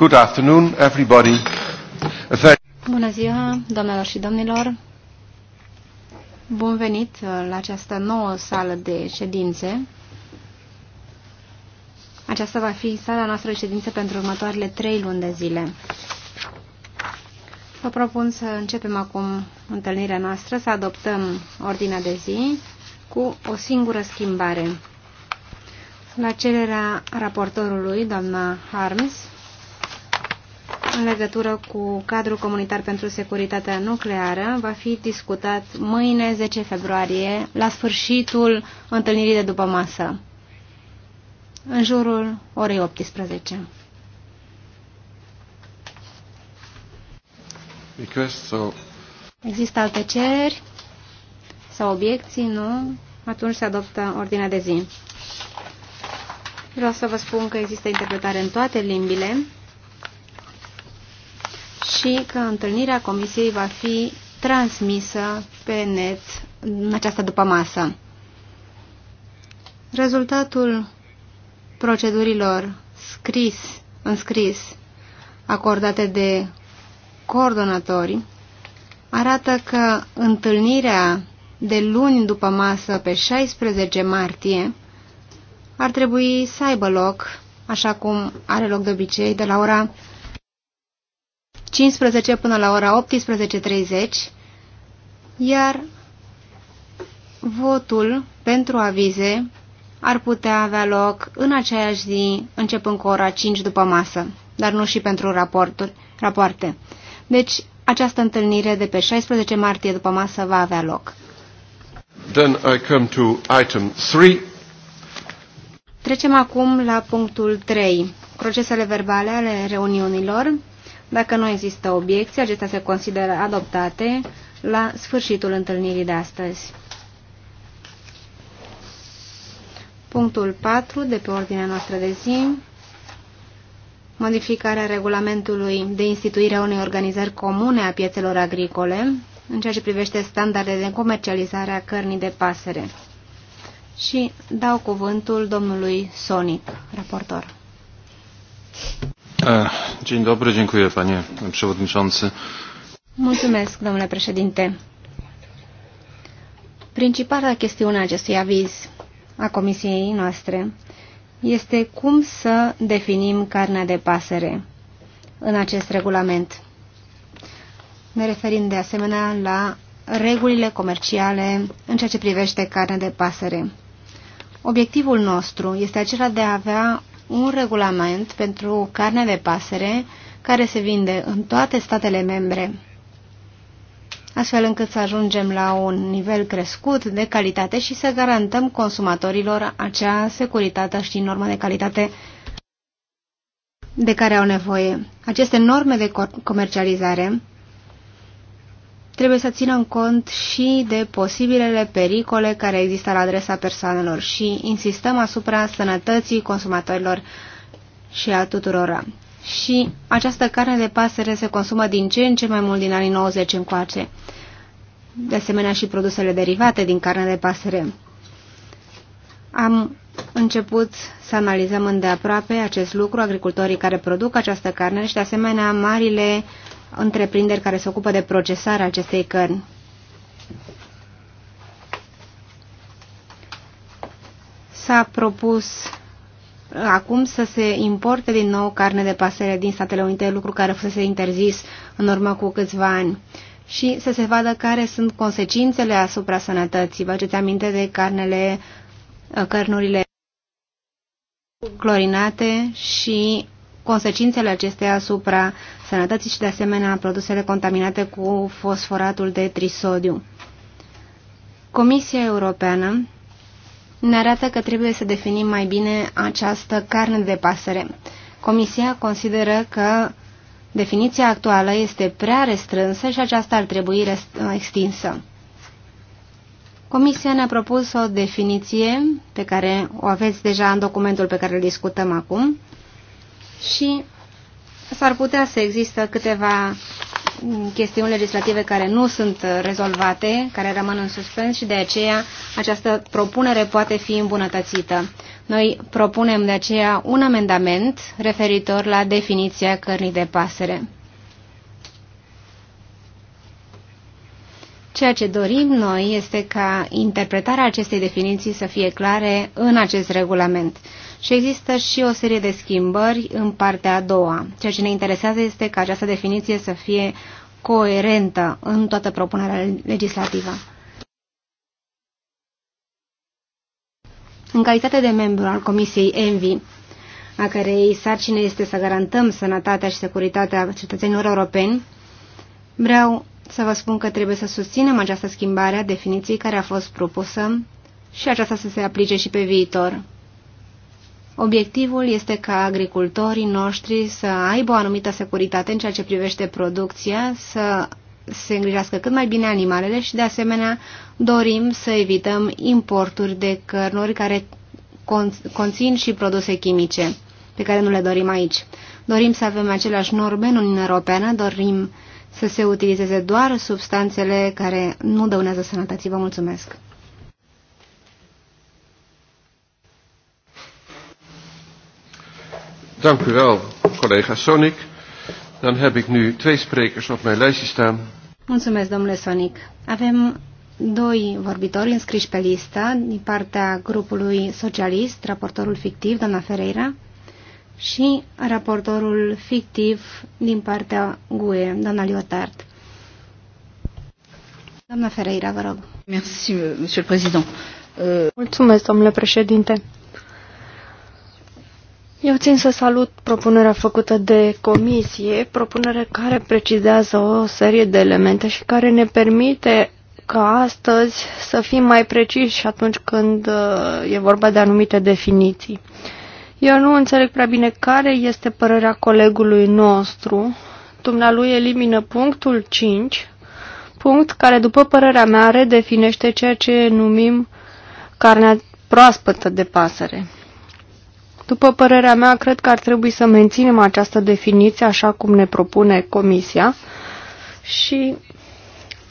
Good afternoon, everybody. Bună ziua, domnilor și domnilor. Bun venit uh, la această nouă sală de ședințe. Aceasta va fi sala noastră de ședințe pentru următoarele trei luni de zile. Vă propun să începem acum întâlnirea noastră, să adoptăm ordinea de zi cu o singură schimbare. La cererea raportorului, doamna Harms, în legătură cu cadrul comunitar pentru securitatea nucleară va fi discutat mâine 10 februarie la sfârșitul întâlnirii de după masă în jurul orei 18. Există alte cereri sau obiecții? Nu? Atunci se adoptă ordinea de zi. Vreau să vă spun că există interpretare în toate limbile și că întâlnirea comisiei va fi transmisă pe net în această după masă. Rezultatul procedurilor scris, înscris, acordate de coordonatori, arată că întâlnirea de luni după masă pe 16 martie ar trebui să aibă loc, așa cum are loc de obicei, de la ora 15 până la ora 18.30, iar votul pentru avize ar putea avea loc în aceeași zi, începând cu ora 5 după masă, dar nu și pentru raportul rapoarte. Deci, această întâlnire de pe 16 martie după masă va avea loc. Then I come to item 3. Trecem acum la punctul 3. Procesele verbale ale reuniunilor dacă nu există obiecții, acestea se consideră adoptate la sfârșitul întâlnirii de astăzi. Punctul 4 de pe ordinea noastră de zi, modificarea regulamentului de instituire a unei organizări comune a piețelor agricole în ceea ce privește standarde de comercializare a cărnii de pasăre. Și dau cuvântul domnului Sonic, raportor. Eh, dzień dobry, dziękuję panie przewodniczący. Mulțumesc, domnule președinte. Principala chestiune a acestui aviz a comisiei noastre este cum să definim carnea de pasăre în acest regulament. Ne referim de asemenea la regulile comerciale în ceea ce privește carnea de pasăre. Obiectivul nostru este acela de a avea un regulament pentru carne de pasăre care se vinde în toate statele membre, astfel încât să ajungem la un nivel crescut de calitate și să garantăm consumatorilor acea securitate și normă de calitate de care au nevoie. Aceste norme de comercializare trebuie să țină cont și de posibilele pericole care există la adresa persoanelor și insistăm asupra sănătății consumatorilor și a tuturora. Și această carne de pasăre se consumă din ce în ce mai mult din anii 90 încoace. De asemenea și produsele derivate din carne de pasăre. Am început să analizăm îndeaproape acest lucru, agricultorii care produc această carne și de asemenea marile uh, întreprinderi care se ocupă de procesarea acestei cărni. S-a propus uh, acum să se importe din nou carne de pasăre din Statele Unite, lucru care fusese interzis în urmă cu câțiva ani și să se vadă care sunt consecințele asupra sănătății. Vă aduceți aminte de carnele, uh, cărnurile clorinate și consecințele acestea asupra sănătății și de asemenea produsele contaminate cu fosforatul de trisodiu. Comisia Europeană ne arată că trebuie să definim mai bine această carne de pasăre. Comisia consideră că definiția actuală este prea restrânsă și aceasta ar trebui extinsă. Comisia ne-a propus o definiție pe care o aveți deja în documentul pe care îl discutăm acum și s-ar putea să există câteva mm, chestiuni legislative care nu sunt rezolvate, care rămân în suspens și de aceea această propunere poate fi îmbunătățită. Noi propunem de aceea un amendament referitor la definiția cărnii de pasăre. Ceea ce dorim noi este ca interpretarea acestei definiții să fie clare în acest regulament. Și există și o serie de schimbări în partea a doua. Ceea ce ne interesează este ca această definiție să fie coerentă în toată propunerea legislativă. În calitate de membru al Comisiei ENVI, a cărei sarcine este să garantăm sănătatea și securitatea cetățenilor europeni, vreau să vă spun că trebuie să susținem această schimbare a definiției care a fost propusă și aceasta să se aplice și pe viitor. Obiectivul este ca agricultorii noștri să aibă o anumită securitate în ceea ce privește producția, să se îngrijească cât mai bine animalele și, de asemenea, dorim să evităm importuri de cărnuri care conțin și produse chimice, pe care nu le dorim aici. Dorim să avem aceleași norme în Uniunea Europeană, dorim să se utilizeze doar substanțele care nu dăunează sănătății. Vă mulțumesc! Dank u wel, collega Sonic. Dan heb ik nu twee sprekers op mijn lijstje staan. Mulțumesc, domnule Sonic. Avem doi vorbitori înscriși pe listă din partea grupului socialist, raportorul fictiv, doamna Ferreira și raportorul fictiv din partea GUE, doamna Liotard. Doamna Ferreira, vă rog. Merci, monsieur le président. Euh, Mulțumesc, domnule președinte. Eu țin să salut propunerea făcută de comisie, propunere care precizează o serie de elemente și care ne permite ca astăzi să fim mai preciși atunci când uh, e vorba de anumite definiții. Uh, eu nu înțeleg prea bine care este părerea colegului nostru. Dumnealui elimină punctul 5, punct care, după părerea mea, redefinește ceea ce numim carnea proaspătă de pasăre. După părerea mea, cred că ar trebui să menținem această definiție așa cum ne propune Comisia și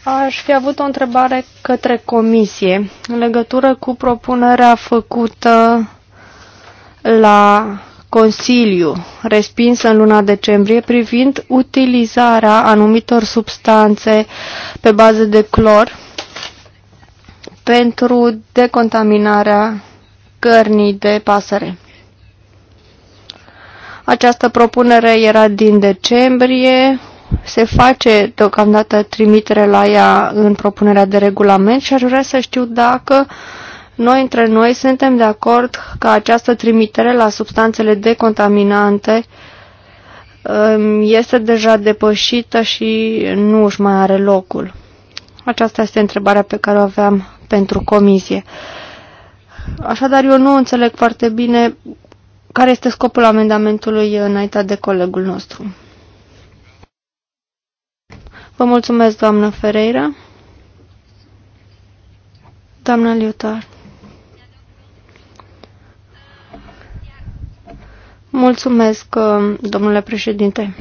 aș fi avut o întrebare către Comisie în legătură cu propunerea făcută la Consiliu, respinsă în luna decembrie, privind utilizarea anumitor substanțe pe bază de clor pentru decontaminarea cărnii de pasăre. Această propunere era din decembrie, se face deocamdată trimitere la ea în propunerea de regulament și aș vrea să știu dacă uh, noi între noi suntem de acord că această trimitere la substanțele decontaminante um, este deja depășită și nu își mai are locul. Aceasta este întrebarea pe care o aveam pentru comisie. Așadar, eu nu înțeleg foarte bine care este scopul amendamentului înaintea de colegul nostru. Vă mulțumesc, doamnă Ferreira. Doamna Liotard. Mulțumesc, uh, domnule președinte.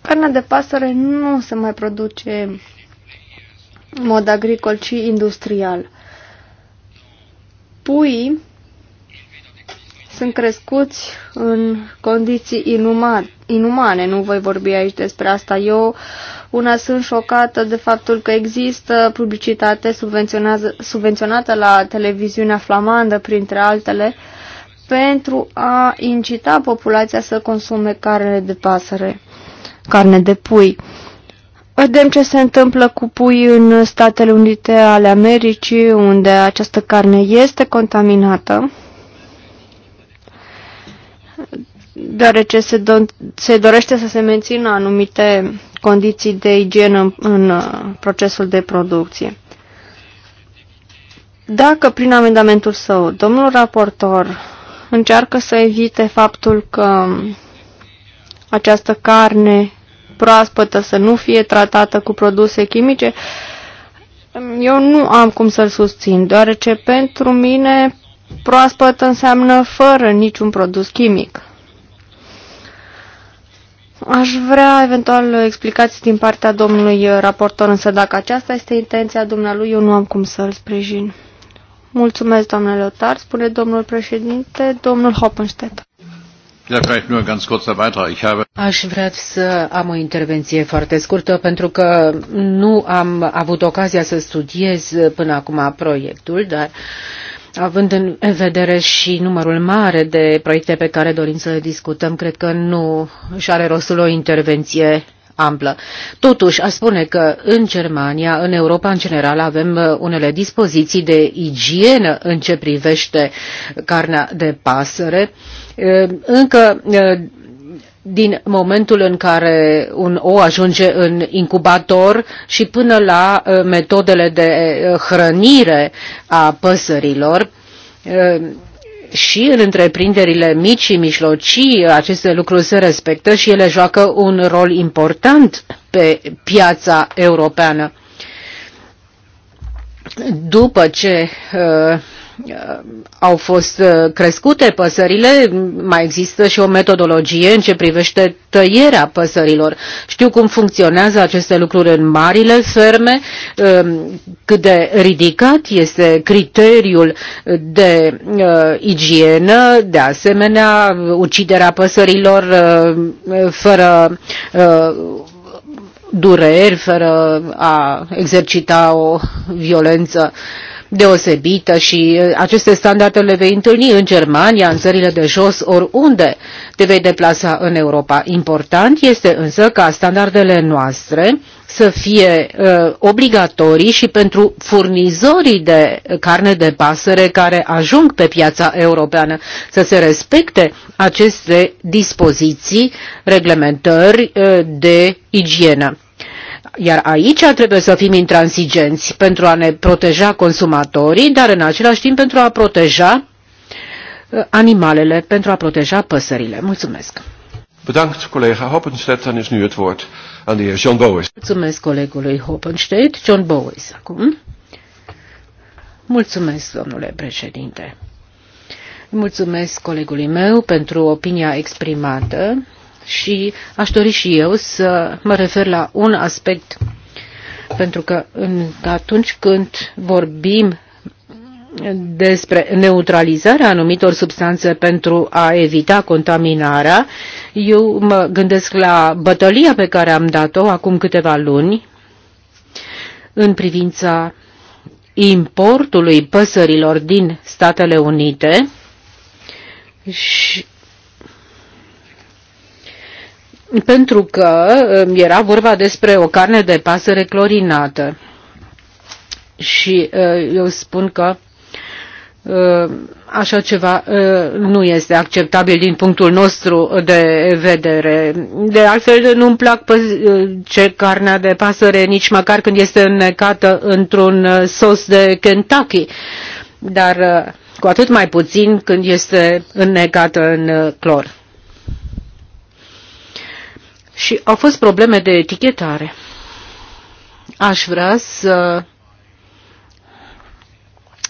Carnea de pasăre nu se mai produce în mod agricol, ci industrial. Puii sunt crescuți în condiții inuma inumane. Nu voi vorbi aici despre asta. Eu una, sunt șocată de faptul că există publicitate subvenționată la televiziunea flamandă, printre altele, pentru a incita populația să consume carne de pasăre, carne de pui. Vedem ce se întâmplă cu pui în Statele Unite ale Americii, unde această carne este contaminată deoarece se, do- se dorește să se mențină anumite condiții de igienă în, în uh, procesul de producție. Dacă prin amendamentul său domnul raportor încearcă să evite faptul că această carne proaspătă să nu fie tratată cu produse chimice, eu nu am cum să-l susțin, deoarece pentru mine proaspăt înseamnă fără niciun produs chimic. Aș vrea eventual explicații din partea domnului raportor, însă dacă aceasta este intenția dumnealui, eu nu am cum să îl sprijin. Mulțumesc, doamne Lotar, spune domnul președinte, domnul Hoppenstedt. Aș vrea să am o intervenție foarte scurtă pentru că nu am avut ocazia să studiez până acum proiectul, dar uh, având în vedere și numărul mare de proiecte pe care dorim să le discutăm, cred că nu și are rostul o intervenție amplă. Totuși, a spune că în Germania, în Europa în general, avem uh, unele dispoziții de igienă în ce privește carnea de pasăre. Uh, încă uh, din momentul în care un ou ajunge în incubator și până la uh, metodele de uh, hrănire a păsărilor. Uh, și în întreprinderile mici și mijlocii aceste lucruri se respectă și ele joacă un rol important pe piața europeană. După ce uh, Uh, au fost uh, crescute păsările, mai există și o metodologie în ce privește tăierea păsărilor. Știu cum funcționează aceste lucruri în marile ferme, um, cât de ridicat este criteriul de uh, igienă, de asemenea uciderea păsărilor fără dureri, fără a exercita o violență uh, deosebită și uh, aceste standarde le vei întâlni în Germania, în țările de jos, oriunde te vei deplasa în Europa. Important este însă ca standardele noastre să fie uh, obligatorii și pentru furnizorii de carne de pasăre care ajung pe piața europeană să se respecte aceste dispoziții, reglementări uh, de igienă. Iar aici trebuie să fim intransigenți pentru a ne proteja consumatorii, dar în același timp pentru a proteja uh, animalele, pentru a proteja păsările. Mulțumesc! Bedankt, collega Hoppenstedt. Dan is nu het woord aan de heer John Bowes. Mulțumesc colegului Hoppenstedt. John Bowes, acum. Mulțumesc, domnule președinte. Mulțumesc colegului meu pentru opinia exprimată și aș dori și eu să mă refer la un aspect, pentru că în, atunci când vorbim despre neutralizarea anumitor substanțe pentru a evita contaminarea, eu mă gândesc la bătălia pe care am dat-o acum câteva luni în privința importului păsărilor din Statele Unite și pentru că um, era vorba despre o carne de pasăre clorinată. Și uh, eu spun că uh, așa ceva uh, nu este acceptabil din punctul nostru de vedere. De altfel, nu-mi plac ce carnea de pasăre nici măcar când este înnecată într-un sos de Kentucky, dar cu atât mai puțin când este înnecată în clor și au fost probleme de etichetare. Aș vrea să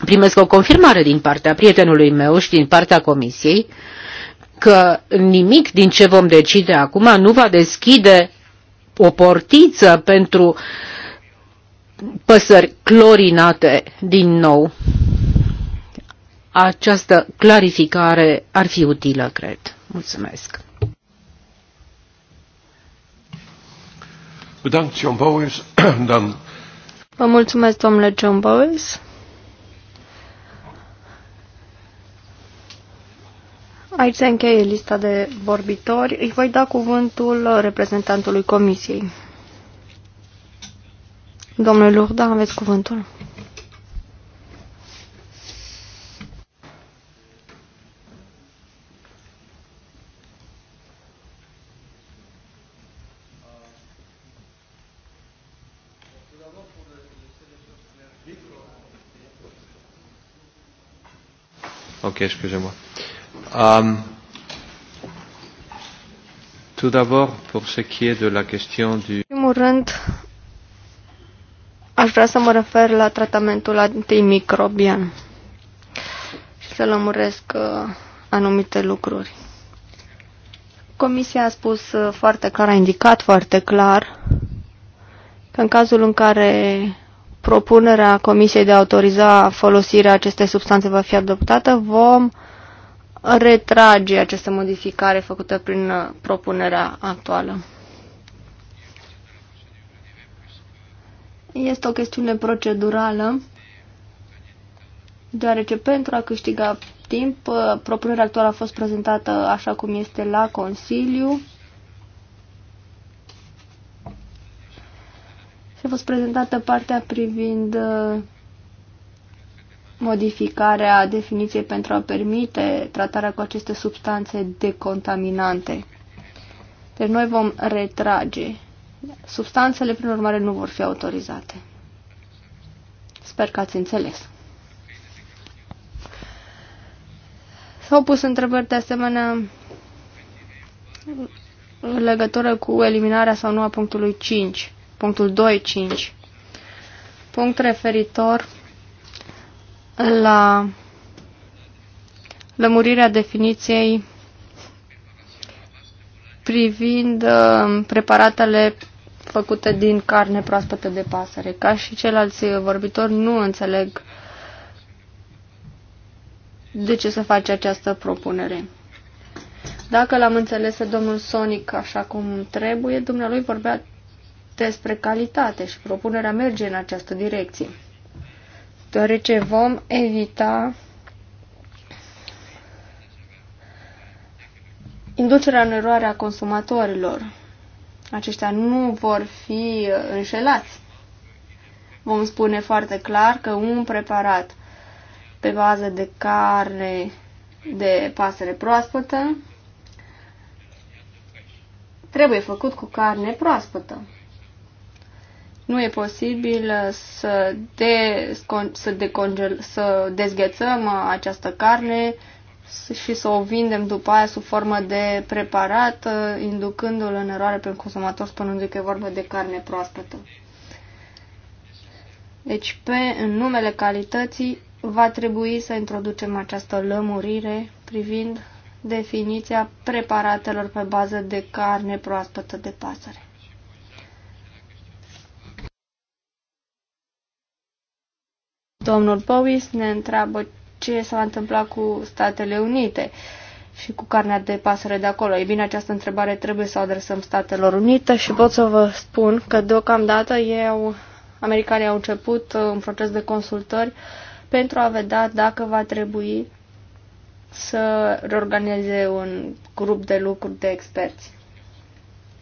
primesc o confirmare din partea prietenului meu și din partea comisiei că nimic din ce vom decide acum nu va deschide o portiță pentru păsări clorinate din nou. Această clarificare ar fi utilă, cred. Mulțumesc. Bedankt, John Dan... Vă mulțumesc, domnule John Bowis. Aici se încheie lista de vorbitori. Îi voi da cuvântul reprezentantului Comisiei. Domnule Lourdes, aveți cuvântul. Ok, excusez-moi. Um, tout d'abord, pour ce qui est de la question du... primul rând, aș vrea să mă refer la tratamentul antimicrobian și să lămuresc uh, anumite lucruri. Comisia a spus uh, foarte clar, a indicat foarte clar că în cazul în care propunerea Comisiei de a autoriza folosirea acestei substanțe va fi adoptată, vom retrage această modificare făcută prin uh, propunerea actuală. Este o chestiune procedurală, deoarece pentru a câștiga timp, uh, propunerea actuală a fost prezentată așa cum este la Consiliu a fost prezentată partea privind uh, modificarea definiției pentru a permite tratarea cu aceste substanțe decontaminante. Deci noi vom retrage. Substanțele, prin urmare, nu vor fi autorizate. Sper că ați înțeles. S-au pus întrebări de asemenea în legătură cu eliminarea sau nu a punctului 5 punctul 2.5. Punct referitor la lămurirea definiției privind uh, preparatele făcute din carne proaspătă de pasăre. Ca și ceilalți vorbitori, nu înțeleg de ce să face această propunere. Dacă l-am înțeles domnul Sonic așa cum trebuie, dumnealui vorbea despre calitate și propunerea merge în această direcție, deoarece vom evita inducerea în eroare a consumatorilor. Aceștia nu vor fi înșelați. Vom spune foarte clar că un preparat pe bază de carne de pasăre proaspătă trebuie făcut cu carne proaspătă. Nu e posibil să, de, să, decongel- să dezghețăm această carne și să o vindem după aia sub formă de preparat, inducându-l în eroare pe consumator, spunându-i că e vorba de carne proaspătă. Deci, pe, în numele calității, va trebui să introducem această lămurire privind definiția preparatelor pe bază de carne proaspătă de pasăre. Domnul Powis ne întreabă ce s-a întâmplat cu Statele Unite și cu carnea de pasăre de acolo. Ei bine, această întrebare trebuie să o adresăm Statelor Unite și pot să vă spun că deocamdată eu, americanii au început uh, un proces de consultări pentru a vedea dacă va trebui să reorganizeze un grup de lucru de experți.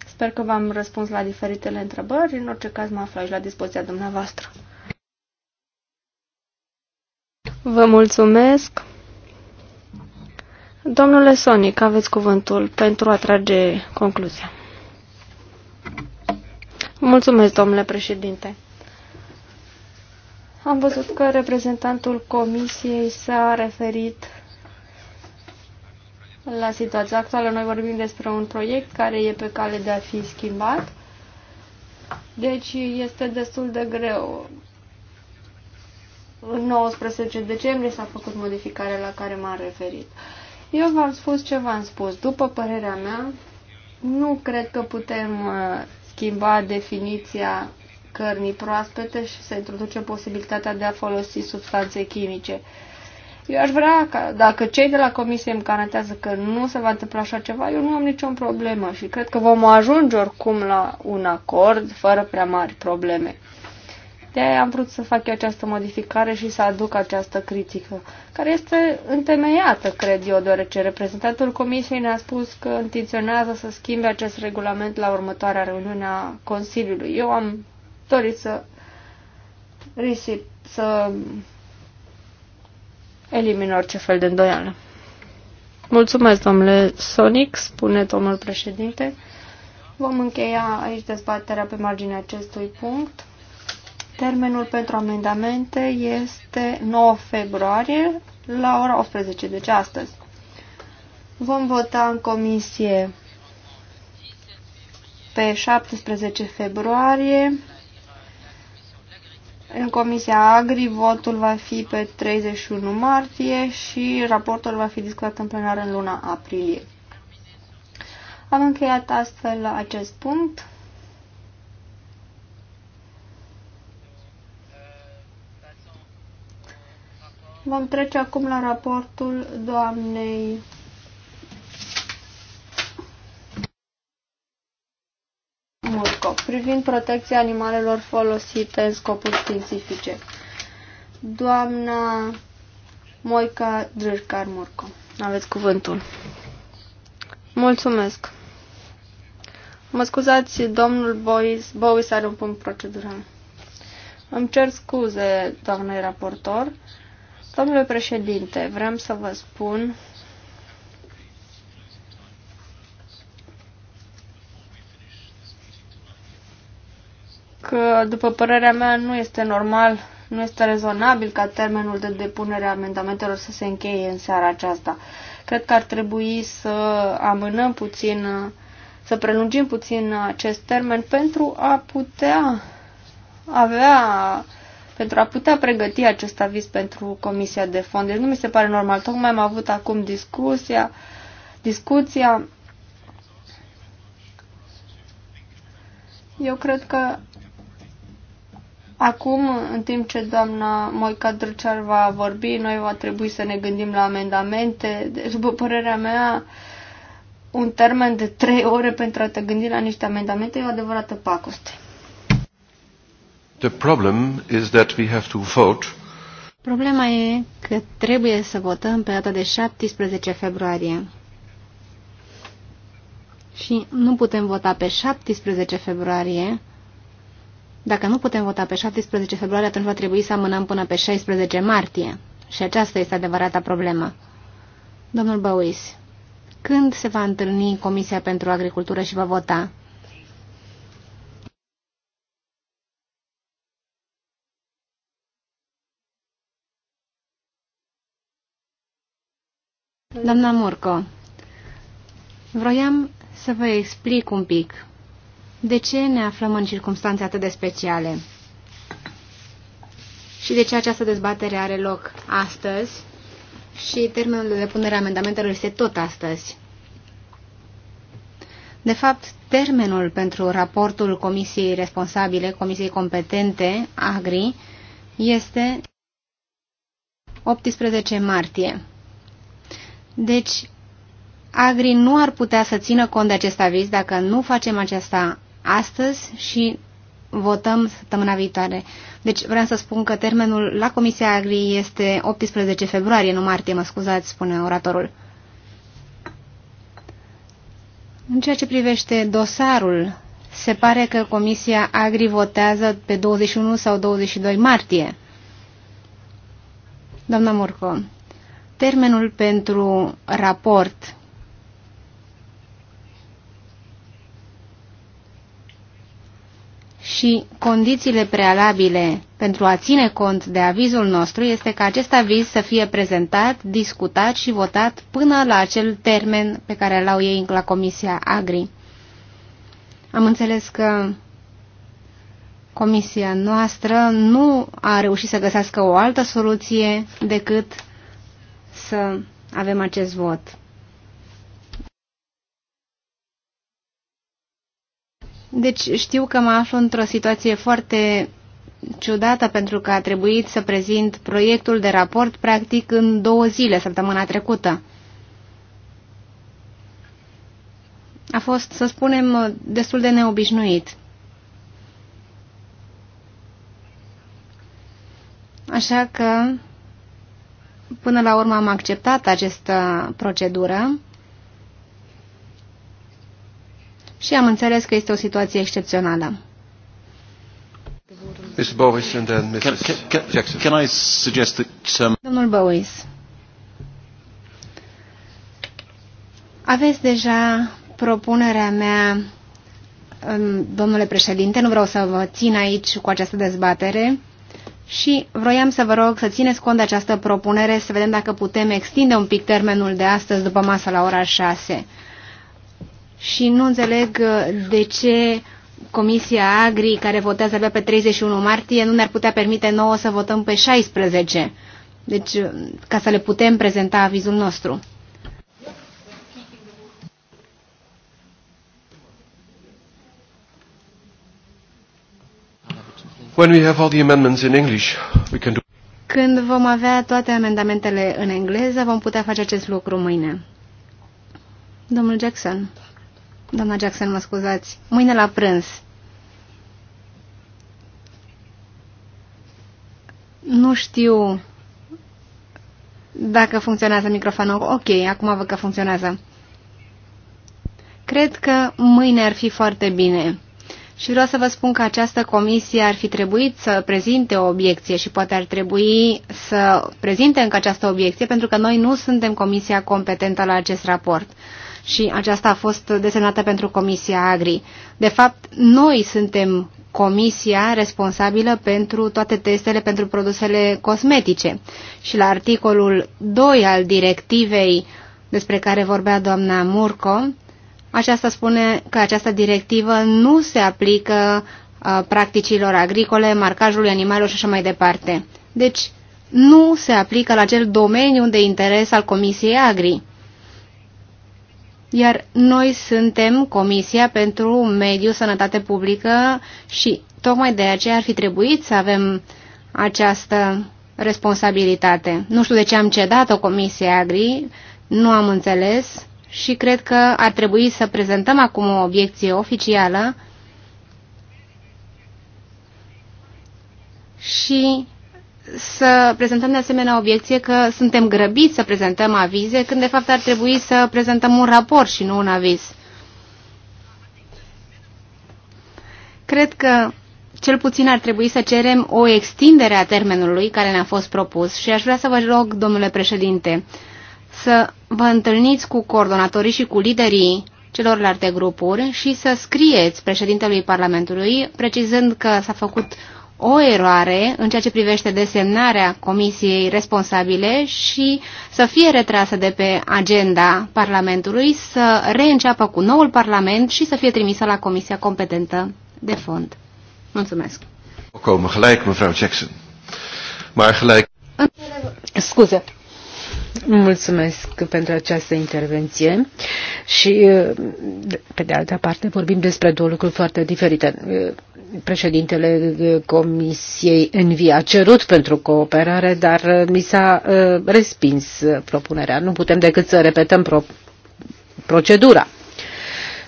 Sper că v-am răspuns la diferitele întrebări. În orice caz, mă aflu aici la dispoziția dumneavoastră. Vă mulțumesc. Domnule Sonic, aveți cuvântul pentru a trage concluzia. Mulțumesc, domnule președinte. Am văzut că reprezentantul comisiei s-a referit la situația actuală. Noi vorbim despre un proiect care e pe cale de a fi schimbat, deci este destul de greu în 19 decembrie s-a făcut modificarea la care m-am referit. Eu v-am spus ce v-am spus. După părerea mea, nu cred că putem uh, schimba definiția cărnii proaspete și să introduce posibilitatea de a folosi substanțe chimice. Eu aș vrea ca, dacă cei de la comisie îmi garantează că nu se va întâmpla așa ceva, eu nu am nicio problemă și cred că vom ajunge oricum la un acord fără prea mari probleme. De aia am vrut să fac eu această modificare și să aduc această critică, care este întemeiată, cred eu, deoarece reprezentantul Comisiei ne-a spus că intenționează să schimbe acest regulament la următoarea reuniune a Consiliului. Eu am dorit să risip, să elimin orice fel de îndoială. Mulțumesc, domnule Sonic, spune domnul președinte. Vom încheia aici dezbaterea pe marginea acestui punct. Termenul pentru amendamente este 9 februarie la ora 18, deci astăzi. Vom vota în comisie pe 17 februarie. În Comisia Agri votul va fi pe 31 martie și raportul va fi discutat în plenar în luna aprilie. Am încheiat astfel acest punct. Vom trece acum la raportul doamnei Murco privind protecția animalelor folosite în scopuri științifice. Doamna Moica Drârcar Murco, aveți cuvântul. Mulțumesc. Mă scuzați, domnul Bois, Bois are un punct procedural. Îmi cer scuze, doamnei raportor. Domnule președinte, vreau să vă spun că, după părerea mea, nu este normal, nu este rezonabil ca termenul de depunere a amendamentelor să se încheie în seara aceasta. Cred că ar trebui să amânăm puțin, să prelungim puțin acest termen pentru a putea avea pentru a putea pregăti acest aviz pentru Comisia de Fond. Deci nu mi se pare normal. Tocmai am avut acum discuția, discuția. Eu cred că acum, în timp ce doamna Moica Drăcear va vorbi, noi va trebui să ne gândim la amendamente. Deci, după părerea mea, un termen de trei ore pentru a te gândi la niște amendamente e o adevărată pacoste. The problem is that we have to vote. Problema e că trebuie să votăm pe data de 17 februarie. Și nu putem vota pe 17 februarie. Dacă nu putem vota pe 17 februarie, atunci va trebui să amânăm până pe 16 martie. Și aceasta este adevărata problemă. Domnul Băuis, când se va întâlni Comisia pentru Agricultură și va vota? Doamna Murco, vroiam să vă explic un pic de ce ne aflăm în circunstanțe atât de speciale și de ce această dezbatere are loc astăzi și termenul de depunere a amendamentelor este tot astăzi. De fapt, termenul pentru raportul comisiei responsabile, comisiei competente, AGRI, este 18 martie. Deci, Agri nu ar putea să țină cont de acest aviz dacă nu facem aceasta astăzi și votăm săptămâna viitoare. Deci vreau să spun că termenul la Comisia Agri este 18 februarie, nu martie, mă scuzați, spune oratorul. În ceea ce privește dosarul, se pare că Comisia Agri votează pe 21 sau 22 martie. Doamna Murco. Termenul pentru raport și condițiile prealabile pentru a ține cont de avizul nostru este ca acest aviz să fie prezentat, discutat și votat până la acel termen pe care l-au ei la Comisia Agri. Am înțeles că Comisia noastră nu a reușit să găsească o altă soluție decât să avem acest vot. Deci știu că mă aflu într-o situație foarte ciudată pentru că a trebuit să prezint proiectul de raport practic în două zile, săptămâna trecută. A fost, să spunem, destul de neobișnuit. Așa că Până la urmă am acceptat această procedură și am înțeles că este o situație excepțională. Mr. Bowies and then Mrs. Can, Jackson. Can I suggest that, um, Domnul Bowies, aveți deja propunerea mea, um, domnule președinte, nu vreau să vă țin aici cu această dezbatere, și vroiam să vă rog să țineți cont de această propunere, să vedem dacă putem extinde un pic termenul de astăzi după masa la ora 6. Și nu înțeleg uh, de ce Comisia Agri, care votează abia pe 31 martie, nu ne-ar putea permite nouă să votăm pe 16. Deci, uh, ca să le putem prezenta avizul nostru. When we have all the amendments in English, we can do... Când vom avea toate amendamentele în engleză, vom putea face acest lucru mâine. Domnul Jackson. Doamna Jackson, mă scuzați. Mâine la prânz. Nu știu dacă funcționează microfonul. Ok, acum văd că funcționează. Cred că mâine ar fi foarte bine. Și vreau să vă spun că această comisie ar fi trebuit să prezinte o obiecție și poate ar trebui să prezinte încă această obiecție, pentru că noi nu suntem comisia competentă la acest raport. Și aceasta a fost desemnată pentru Comisia Agri. De fapt, noi suntem comisia responsabilă pentru toate testele pentru produsele cosmetice. Și la articolul 2 al directivei despre care vorbea doamna Murco, aceasta spune că această directivă nu se aplică uh, practicilor agricole, marcajului animalelor și așa mai departe. Deci, nu se aplică la acel domeniu de interes al Comisiei Agri. Iar noi suntem Comisia pentru Mediu, Sănătate Publică și tocmai de aceea ar fi trebuit să avem această responsabilitate. Nu știu de ce am cedat-o Comisiei Agri, nu am înțeles și cred că ar trebui să prezentăm acum o obiecție oficială și să prezentăm de asemenea obiecție că suntem grăbiți să prezentăm avize, când de fapt ar trebui să prezentăm un raport și nu un aviz. Cred că cel puțin ar trebui să cerem o extindere a termenului care ne-a fost propus și aș vrea să vă rog, domnule președinte, să vă întâlniți cu coordonatorii și cu liderii celorlalte grupuri și să scrieți președintelui Parlamentului, precizând că s-a făcut o eroare în ceea ce privește desemnarea comisiei responsabile și să fie retrasă de pe agenda Parlamentului, să reînceapă cu noul Parlament și să fie trimisă la comisia competentă de fond. Mulțumesc. Jackson. Scuze. Mulțumesc pentru această intervenție și, uh, pe de altă parte, vorbim despre două lucruri foarte diferite. Uh, președintele uh, Comisiei Envi a cerut pentru cooperare, dar mi s-a respins propunerea. Nu putem decât să repetăm pro procedura.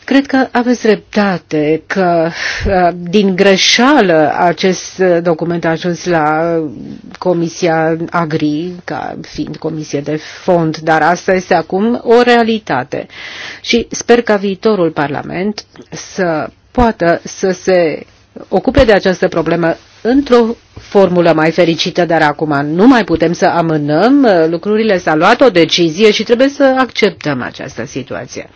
Cred că aveți dreptate că uh, din greșeală acest document a ajuns la Comisia Agri, ca fiind comisie de fond, dar asta este acum o realitate. Și sper ca viitorul Parlament să poată să se ocupe de această problemă într-o formulă mai fericită, dar acum nu mai putem să amânăm, uh, lucrurile s-a luat o decizie și trebuie să acceptăm această situație.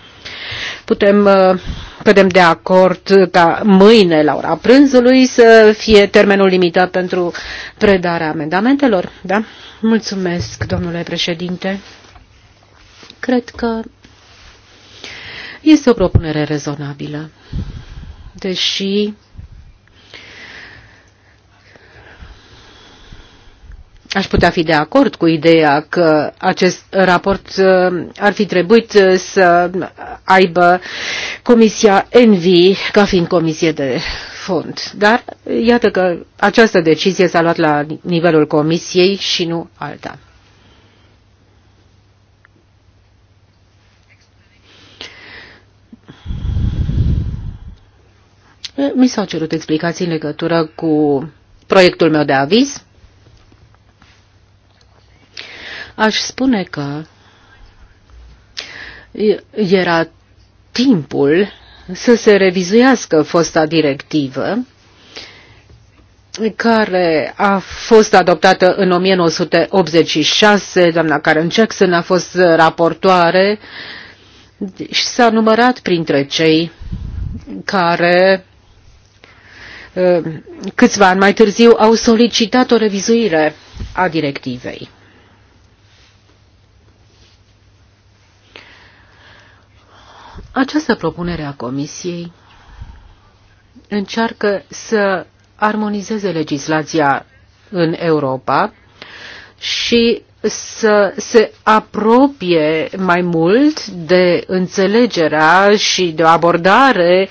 Putem uh, cădem de acord ca mâine la ora prânzului să fie termenul limitat pentru predarea amendamentelor. Da? Mulțumesc, domnule președinte. Cred că este o propunere rezonabilă, deși Aș putea fi de acord cu ideea că acest raport uh, ar fi trebuit uh, să aibă Comisia Envi ca fiind comisie de fond. Dar iată că această decizie s-a luat la nivelul Comisiei și nu alta. Mi s-au cerut explicații în legătură cu proiectul meu de aviz Aș spune că era timpul să se revizuiască fosta directivă care a fost adoptată în 1986, doamna Karen Jackson a fost raportoare și s-a numărat printre cei care uh, câțiva ani mai târziu au solicitat o revizuire a directivei. Această propunere a Comisiei încearcă să armonizeze legislația în Europa și să se apropie mai mult de înțelegerea și de o abordare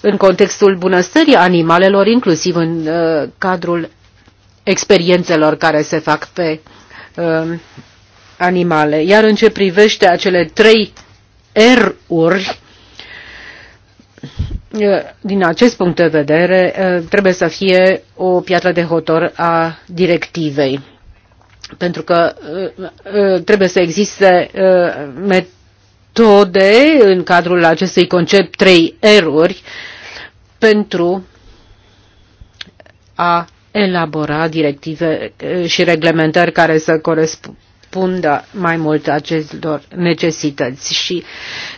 în contextul bunăstării animalelor, inclusiv în uh, cadrul experiențelor care se fac pe uh, animale. Iar în ce privește acele trei R-uri, din acest punct de vedere, trebuie să fie o piatră de hotor a directivei, pentru că trebuie să existe metode în cadrul acestui concept trei erori pentru a elabora directive și reglementări care să corespundă răspundă mai mult acestor necesități și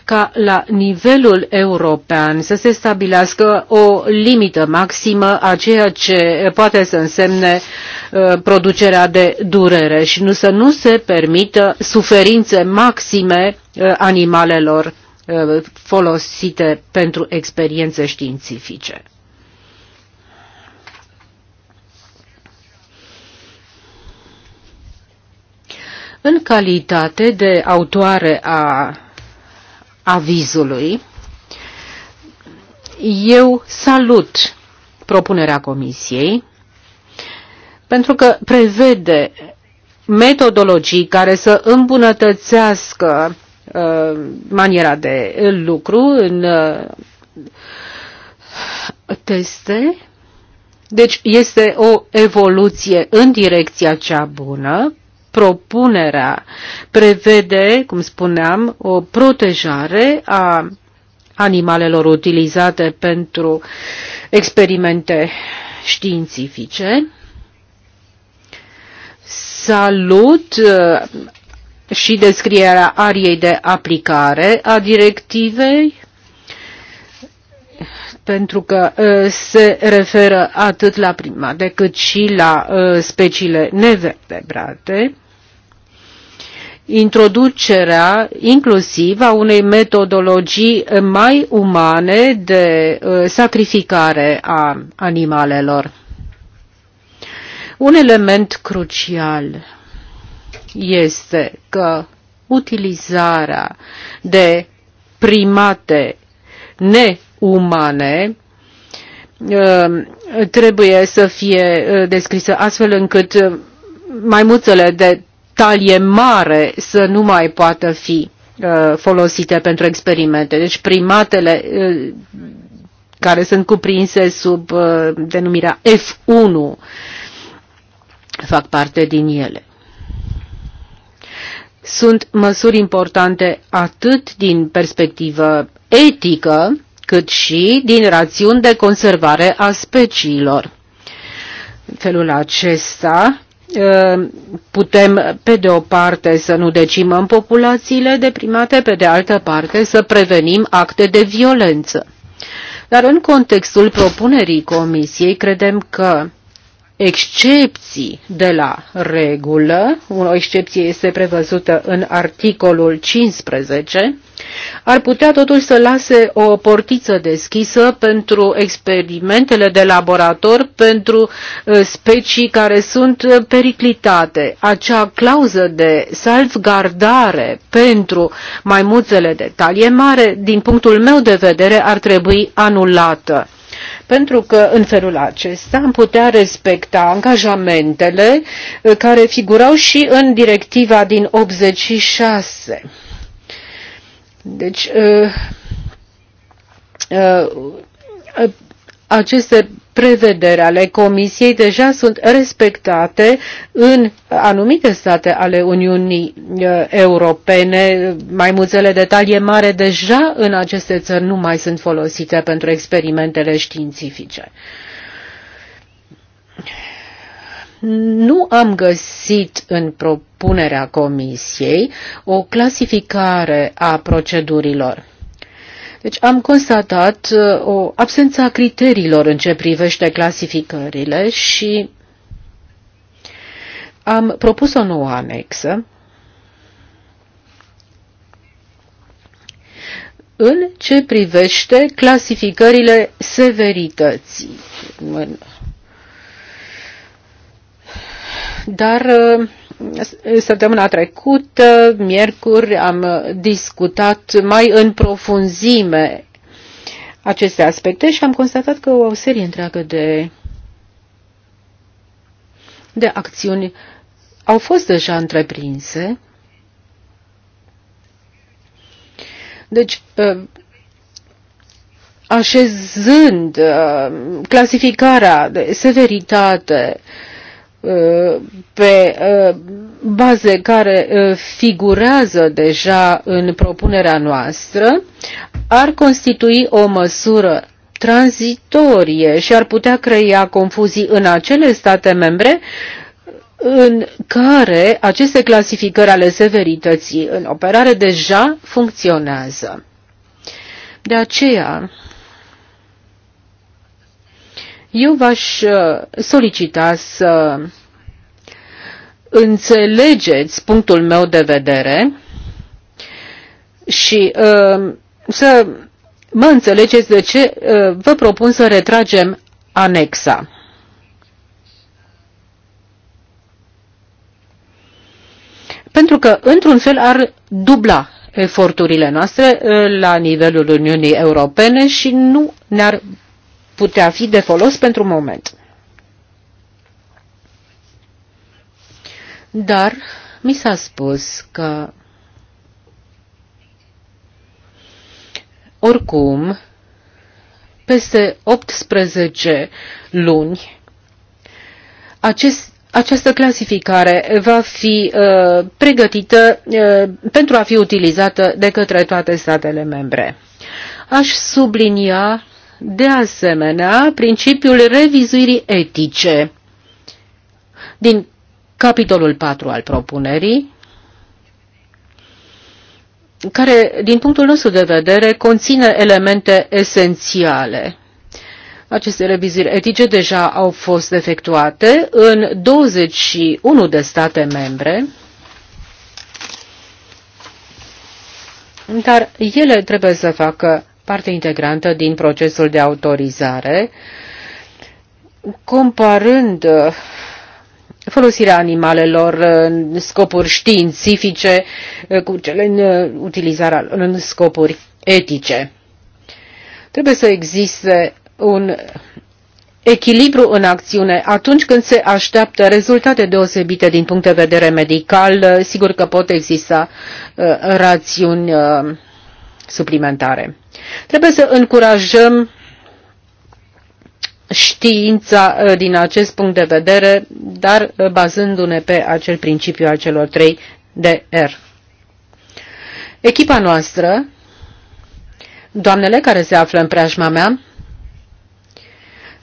ca la nivelul european să se stabilească o limită maximă a ceea ce poate să însemne uh, producerea de durere și nu să nu se permită suferințe maxime uh, animalelor uh, folosite pentru experiențe științifice. În calitate de autoare a avizului, eu salut propunerea Comisiei pentru că prevede metodologii care să îmbunătățească uh, maniera de lucru în uh, teste. Deci este o evoluție în direcția cea bună propunerea prevede, cum spuneam, o protejare a animalelor utilizate pentru experimente științifice. Salut uh, și descrierea ariei de aplicare a directivei pentru că uh, se referă atât la prima decât și la uh, speciile nevertebrate introducerea inclusiv a unei metodologii mai umane de uh, sacrificare a animalelor. Un element crucial este că utilizarea de primate neumane uh, trebuie să fie uh, descrisă astfel încât maimuțele de talie mare să nu mai poată fi uh, folosite pentru experimente. Deci primatele uh, care sunt cuprinse sub uh, denumirea F1 fac parte din ele. Sunt măsuri importante atât din perspectivă etică, cât și din rațiuni de conservare a speciilor. În felul acesta, putem, pe de o parte, să nu decimăm populațiile deprimate, pe de altă parte, să prevenim acte de violență. Dar în contextul propunerii Comisiei, credem că excepții de la regulă, o excepție este prevăzută în articolul 15, ar putea totuși să lase o portiță deschisă pentru experimentele de laborator pentru uh, specii care sunt uh, periclitate. Acea clauză de salvgardare pentru maimuțele de talie mare, din punctul meu de vedere, ar trebui anulată pentru că în felul acesta am putea respecta angajamentele uh, care figurau și în directiva din 86. Deci, uh, uh, uh, aceste prevederi ale Comisiei deja sunt respectate în anumite state ale Uniunii Europene. Mai multele detalii mare deja în aceste țări nu mai sunt folosite pentru experimentele științifice. Nu am găsit în propunere propunerea Comisiei o clasificare a procedurilor. Deci am constatat uh, o absență a criteriilor în ce privește clasificările și am propus o nouă anexă în ce privește clasificările severității. Dar uh, Săptămâna trecută, miercuri, am discutat mai în profunzime aceste aspecte și am constatat că o serie întreagă de, de acțiuni au fost deja întreprinse. Deci, ă, așezând ă, clasificarea de severitate, pe uh, baze care uh, figurează deja în propunerea noastră ar constitui o măsură tranzitorie și ar putea crea confuzii în acele state membre în care aceste clasificări ale severității în operare deja funcționează. De aceea, eu v-aș uh, solicita să înțelegeți punctul meu de vedere și uh, să mă înțelegeți de ce uh, vă propun să retragem anexa. Pentru că, într-un fel, ar dubla eforturile noastre uh, la nivelul Uniunii Europene și nu ne-ar putea fi de folos pentru moment. Dar mi s-a spus că oricum peste 18 luni acest, această clasificare va fi uh, pregătită uh, pentru a fi utilizată de către toate statele membre. Aș sublinia de asemenea principiul revizuirii etice din capitolul 4 al propunerii, care, din punctul nostru de vedere, conține elemente esențiale. Aceste reviziri etice deja au fost efectuate în 21 de state membre, dar ele trebuie să facă parte integrantă din procesul de autorizare, comparând uh, folosirea animalelor în scopuri științifice uh, cu cele în uh, utilizarea în scopuri etice. Trebuie să existe un echilibru în acțiune atunci când se așteaptă rezultate deosebite din punct de vedere medical, sigur că pot exista rațiuni suplimentare. Trebuie să încurajăm știința uh, din acest punct de vedere, dar uh, bazându-ne pe acel principiu al celor trei de R. Echipa noastră, doamnele care se află în preajma mea,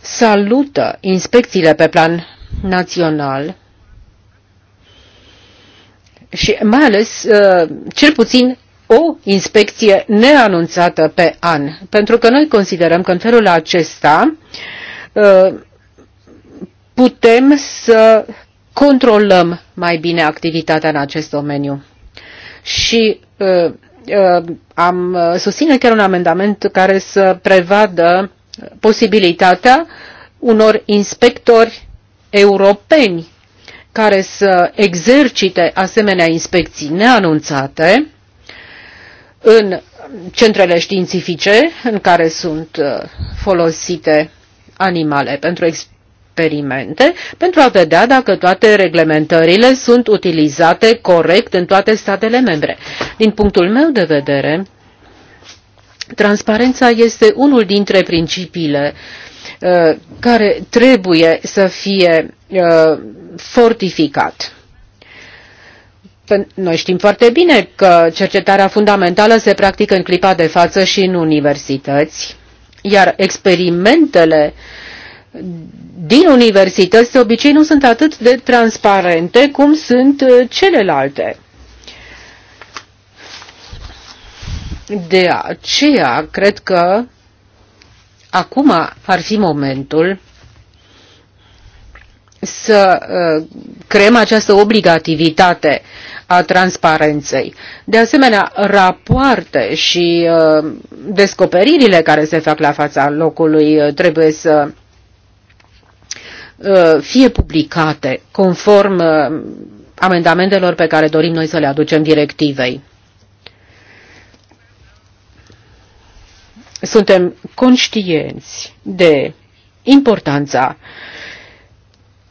salută inspecțiile pe plan național și mai ales, uh, cel puțin o inspecție neanunțată pe an, pentru că noi considerăm că în felul acesta ă, putem să controlăm mai bine activitatea în acest domeniu. Și ă, ă, am susține chiar un amendament care să prevadă posibilitatea unor inspectori europeni care să exercite asemenea inspecții neanunțate în centrele științifice în care sunt uh, folosite animale pentru experimente, pentru a vedea dacă toate reglementările sunt utilizate corect în toate statele membre. Din punctul meu de vedere, transparența este unul dintre principiile uh, care trebuie să fie uh, fortificat. Noi știm foarte bine că cercetarea fundamentală se practică în clipa de față și în universități, iar experimentele din universități de obicei nu sunt atât de transparente cum sunt uh, celelalte. De aceea, cred că acum ar fi momentul să ă, creăm această obligativitate a transparenței. De asemenea, rapoarte și ă, descoperirile care se fac la fața locului ă, trebuie să fie publicate conform amendamentelor pe care dorim noi să le aducem directivei. Suntem conștienți de importanța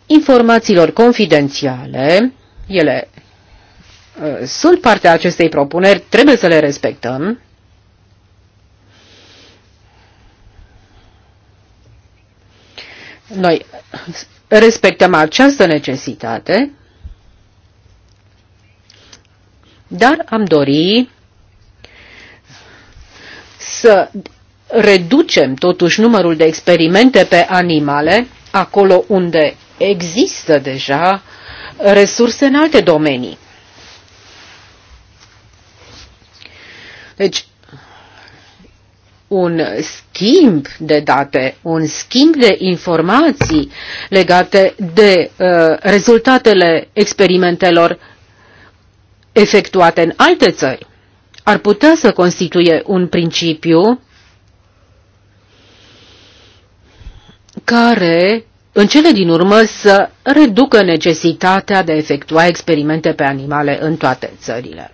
informațiilor confidențiale, ele uh, sunt partea acestei propuneri, trebuie să le respectăm. Noi respectăm această necesitate, dar am dori să reducem totuși numărul de experimente pe animale acolo unde există deja resurse în alte domenii. Deci, un schimb de date, un schimb de informații legate de uh, rezultatele experimentelor efectuate în alte țări ar putea să constituie un principiu care în cele din urmă să reducă necesitatea de a efectua experimente pe animale în toate țările.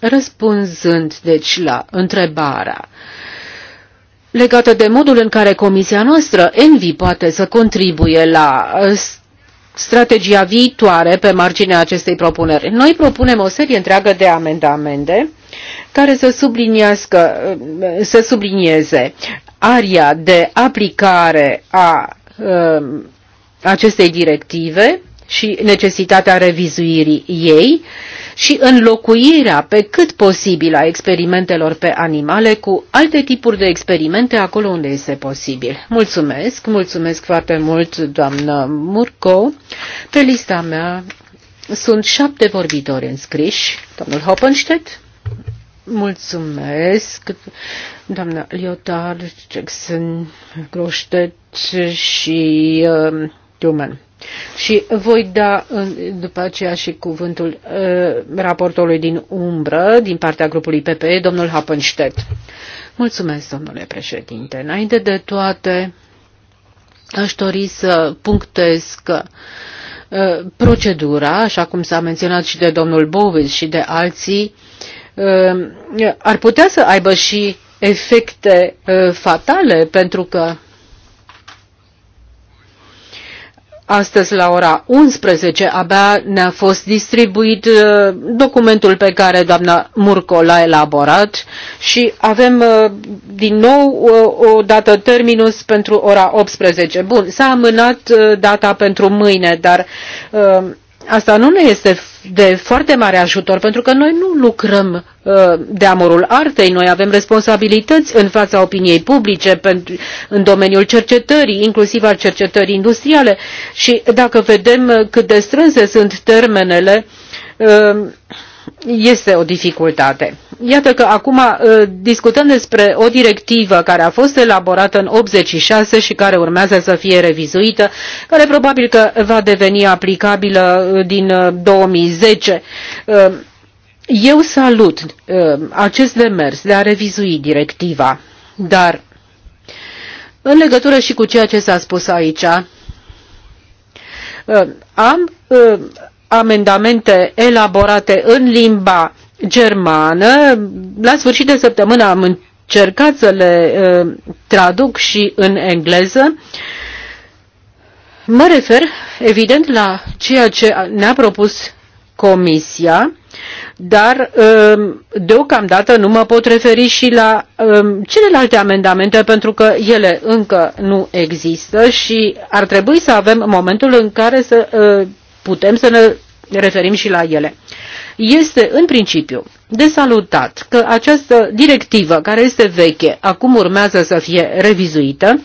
Răspunzând, deci, la întrebarea legată de modul în care comisia noastră, ENVI, poate să contribuie la uh, strategia viitoare pe marginea acestei propuneri. Noi propunem o serie întreagă de amendamente care să, subliniască, să sublinieze aria de aplicare a um, acestei directive și necesitatea revizuirii ei și înlocuirea pe cât posibil a experimentelor pe animale cu alte tipuri de experimente acolo unde este posibil. Mulțumesc, mulțumesc foarte mult, doamnă Murco. Pe lista mea sunt șapte vorbitori înscriși. Domnul Hoppenstedt? Mulțumesc, doamna Liotard, Jackson, Groștet și uh, Truman. Și voi da um, după aceea și cuvântul uh, raportului din umbră, din partea grupului PPE, domnul Happenstedt. Mulțumesc, domnule președinte. Înainte de toate, aș dori să punctez că uh, procedura, așa cum s-a menționat și de domnul Bovis și de alții, Ehm, ar putea să aibă și efecte fatale, pentru că Astăzi, la ora 11, abia ne-a fost distribuit documentul pe care doamna Murco l-a elaborat și avem din nou o dată terminus pentru ora 18. Bun, s-a amânat data pentru mâine, dar asta nu ne este de foarte mare ajutor, pentru că noi nu lucrăm uh, de amorul artei, noi avem responsabilități în fața opiniei publice, în domeniul cercetării, inclusiv al cercetării industriale. Și dacă vedem uh, cât de strânse sunt termenele, uh, este o dificultate. Iată că acum ă, discutăm despre o directivă care a fost elaborată în 86 și care urmează să fie revizuită, care probabil că va deveni aplicabilă ă, din 2010. Ă, eu salut acest demers de a revizui directiva, dar în legătură și cu ceea ce s-a spus aici, am amendamente elaborate în limba germană. La sfârșit de săptămână am încercat să le uh, traduc și în engleză. Mă refer, evident, la ceea ce ne-a propus Comisia, dar uh, deocamdată nu mă pot referi și la uh, celelalte amendamente pentru că ele încă nu există și ar trebui să avem momentul în care să putem să ne ne referim și la ele. Este în principiu de salutat că această directivă, care este veche, acum urmează să fie revizuită.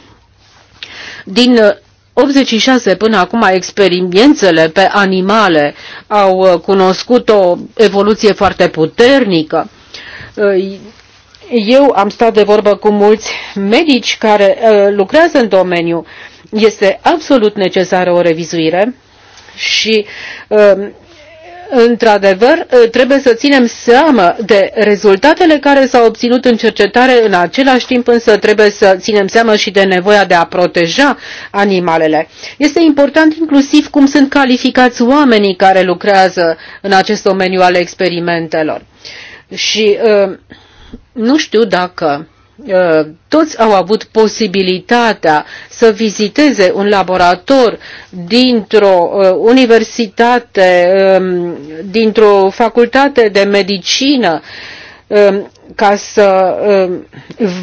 Din 86 uh, până acum experiențele pe animale au uh, cunoscut o evoluție foarte puternică. Uh, eu am stat de vorbă cu mulți medici care lucrează în domeniu. Este absolut necesară o revizuire și um, Într-adevăr, uh, trebuie să ținem seama de rezultatele care s-au obținut în cercetare, în același timp însă trebuie să ținem seama și de nevoia de a proteja animalele. Este important inclusiv cum sunt calificați oamenii care lucrează în acest domeniu al experimentelor. Și um, nu știu dacă Uh, toți au avut posibilitatea să viziteze un laborator dintr-o uh, universitate, um, dintr-o facultate de medicină, um, ca să um,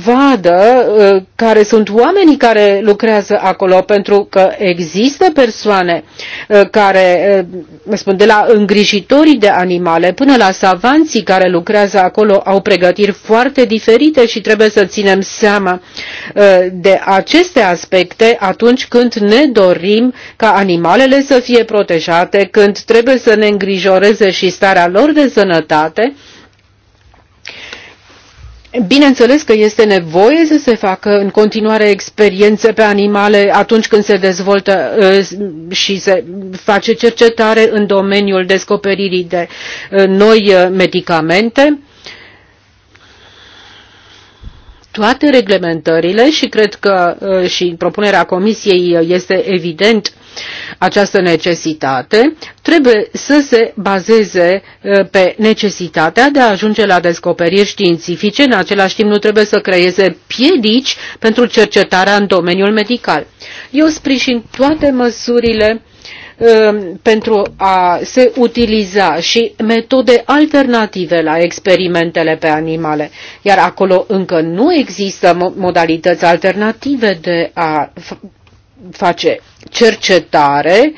vadă uh, care sunt oamenii care lucrează acolo, pentru că există persoane uh, care, uh, spun, de la îngrijitorii de animale până la savanții care lucrează acolo au pregătiri foarte diferite și trebuie să ținem seama de aceste aspecte atunci când ne dorim ca animalele să fie protejate, când trebuie să ne îngrijoreze și starea lor de sănătate, Bineînțeles că este nevoie să se facă în continuare experiențe pe animale atunci când se dezvoltă uh, și se face cercetare în domeniul descoperirii de uh, noi uh, medicamente. Toate reglementările și cred că și propunerea Comisiei este evident această necesitate trebuie să se bazeze uh, pe necesitatea de a ajunge la descoperiri științifice, în același timp nu trebuie să creeze piedici pentru cercetarea în domeniul medical. Eu sprijin toate măsurile uh, pentru a se utiliza și metode alternative la experimentele pe animale, iar acolo încă nu există modalități alternative de a face cercetare,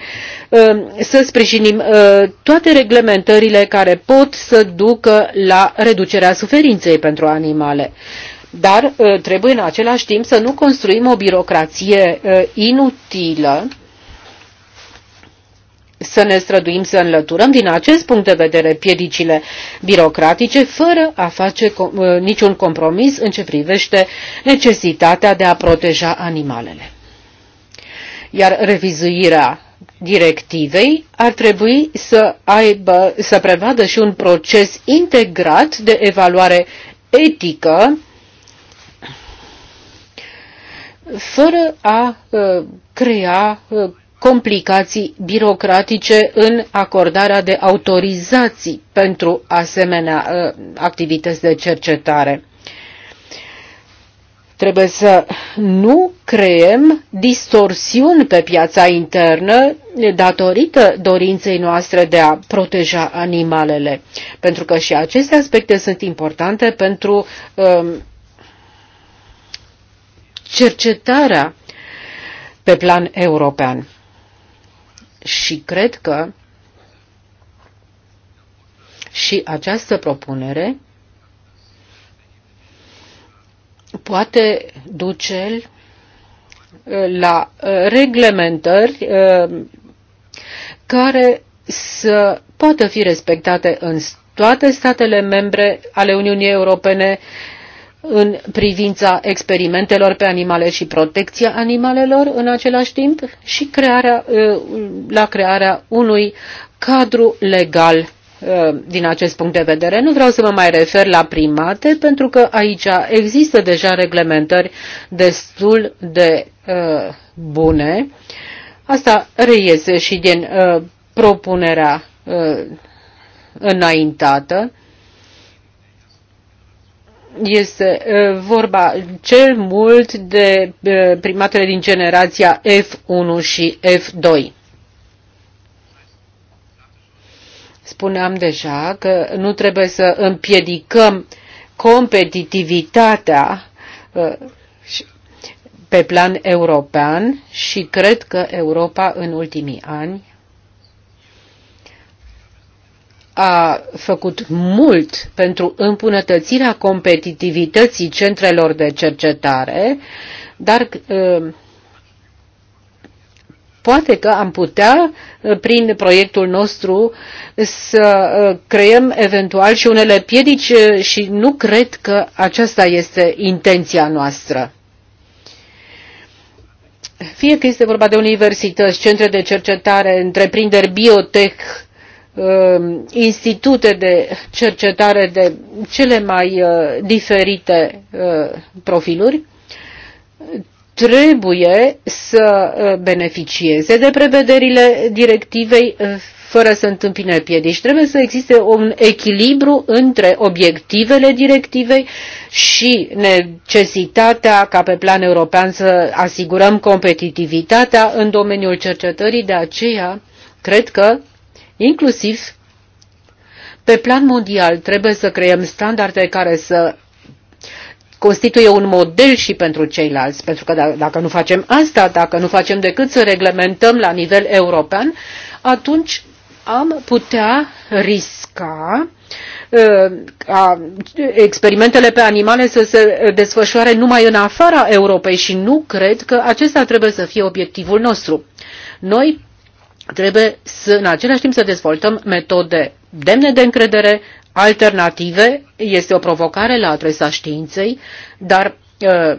um, să sprijinim uh, toate reglementările care pot să ducă la reducerea suferinței pentru animale. Dar uh, trebuie în același timp să nu construim o birocrație uh, inutilă, să ne străduim să înlăturăm din acest punct de vedere piedicile birocratice fără a face niciun compromis în ce privește necesitatea de a proteja animalele. Iar revizuirea directivei ar trebui să, aibă, să prevadă și un proces integrat de evaluare etică fără a uh, crea uh, complicații birocratice în acordarea de autorizații pentru asemenea uh, activități de cercetare. Trebuie să nu creem distorsiuni pe piața internă datorită dorinței noastre de a proteja animalele, pentru că și aceste aspecte sunt importante pentru um, cercetarea pe plan european. Și cred că și această propunere poate duce uh, la uh, reglementări uh, care să poată fi respectate în toate statele membre ale Uniunii Europene în privința experimentelor pe animale și protecția animalelor în același timp și crearea, la crearea unui cadru legal Uh, din acest punct de vedere. Nu vreau să mă mai refer la primate, pentru că aici există deja reglementări destul de uh, bune. Asta reiese și din uh, propunerea uh, înaintată. Este uh, vorba cel mult de uh, primatele din generația F1 și F2. Spuneam deja că nu trebuie să împiedicăm competitivitatea uh, pe plan european și cred că Europa în ultimii ani a făcut mult pentru îmbunătățirea competitivității centrelor de cercetare, dar uh, Poate că am putea, uh, prin proiectul nostru, să uh, creăm eventual și unele piedici uh, și nu cred că aceasta este intenția noastră. Fie că este vorba de universități, centre de cercetare, întreprinderi biotech, um, institute de cercetare de cele mai diferite profiluri, trebuie să uh, beneficieze de prevederile directivei uh, fără să întâmpine piedici. Deci trebuie să existe un echilibru între obiectivele directivei și necesitatea ca pe plan european să asigurăm competitivitatea în domeniul cercetării. De aceea, cred că inclusiv pe plan mondial trebuie să creăm standarde care să constituie un model și pentru ceilalți, pentru că da- dacă nu facem asta, dacă nu facem decât să reglementăm la nivel european, atunci am putea risca ă, ca experimentele pe animale să se desfășoare numai în afara Europei și nu cred că acesta trebuie să fie obiectivul nostru. Noi trebuie să, în același timp să dezvoltăm metode demne de încredere, alternative este o provocare la adresa științei, dar ă,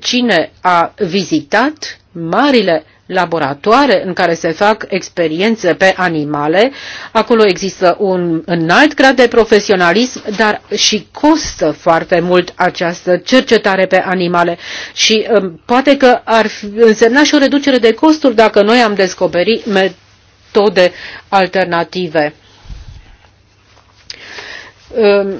cine a vizitat marile laboratoare în care se fac experiențe pe animale. Acolo există un înalt grad de profesionalism, dar și costă foarte mult această cercetare pe animale și um, poate că ar însemna și o reducere de costuri dacă noi am descoperit metode alternative. Um,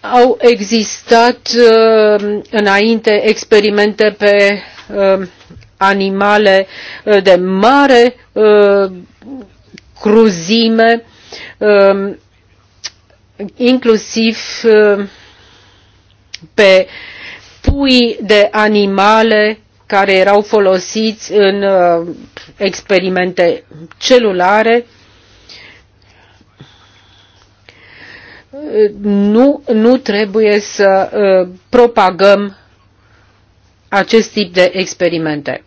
au existat um, înainte experimente pe um, animale uh, de mare uh, cruzime, inclusiv pe pui de animale care erau folosiți în uh, experimente celulare nu, nu trebuie să uh, propagăm acest tip de experimente.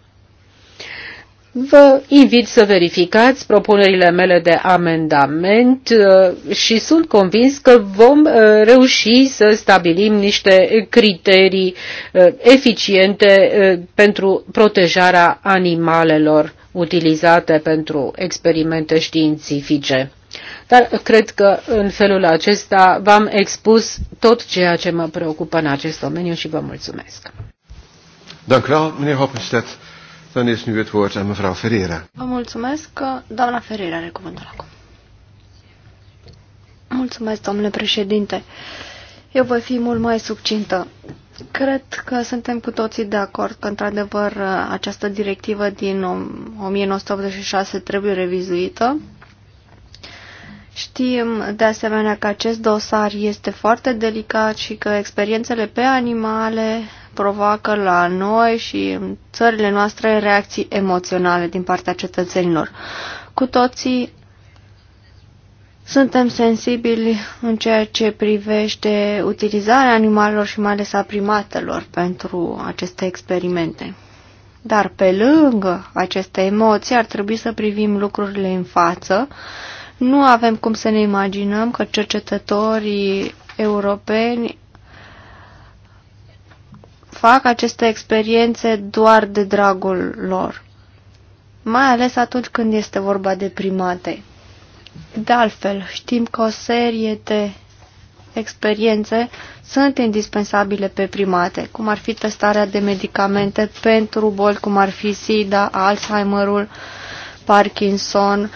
Vă invit să verificați propunerile mele de amendament uh, și sunt convins că vom uh, reuși să stabilim niște criterii eficiente pentru protejarea animalelor utilizate pentru experimente științifice. Dar cred că în felul acesta v-am expus tot ceea ce mă preocupă în acest domeniu și vă mulțumesc. meneer Ferreira. Vă mulțumesc. Doamna Ferreira are cuvântul acum. Mulțumesc, domnule președinte. Eu voi fi mult mai subcintă. Cred că suntem cu toții de acord că, într-adevăr, această directivă din 1986 trebuie revizuită Știm de asemenea că acest dosar este foarte delicat și că experiențele pe animale provoacă la noi și în țările noastre reacții emoționale din partea cetățenilor. Cu toții suntem sensibili în ceea ce privește utilizarea animalelor și mai ales a primatelor pentru aceste experimente. Dar pe lângă aceste emoții ar trebui să privim lucrurile în față nu avem cum să ne imaginăm că cercetătorii europeni fac aceste experiențe doar de dragul lor, mai ales atunci când este vorba de primate. De altfel, știm că o serie de experiențe sunt indispensabile pe primate, cum ar fi testarea de medicamente pentru boli cum ar fi SIDA, Alzheimerul, Parkinson,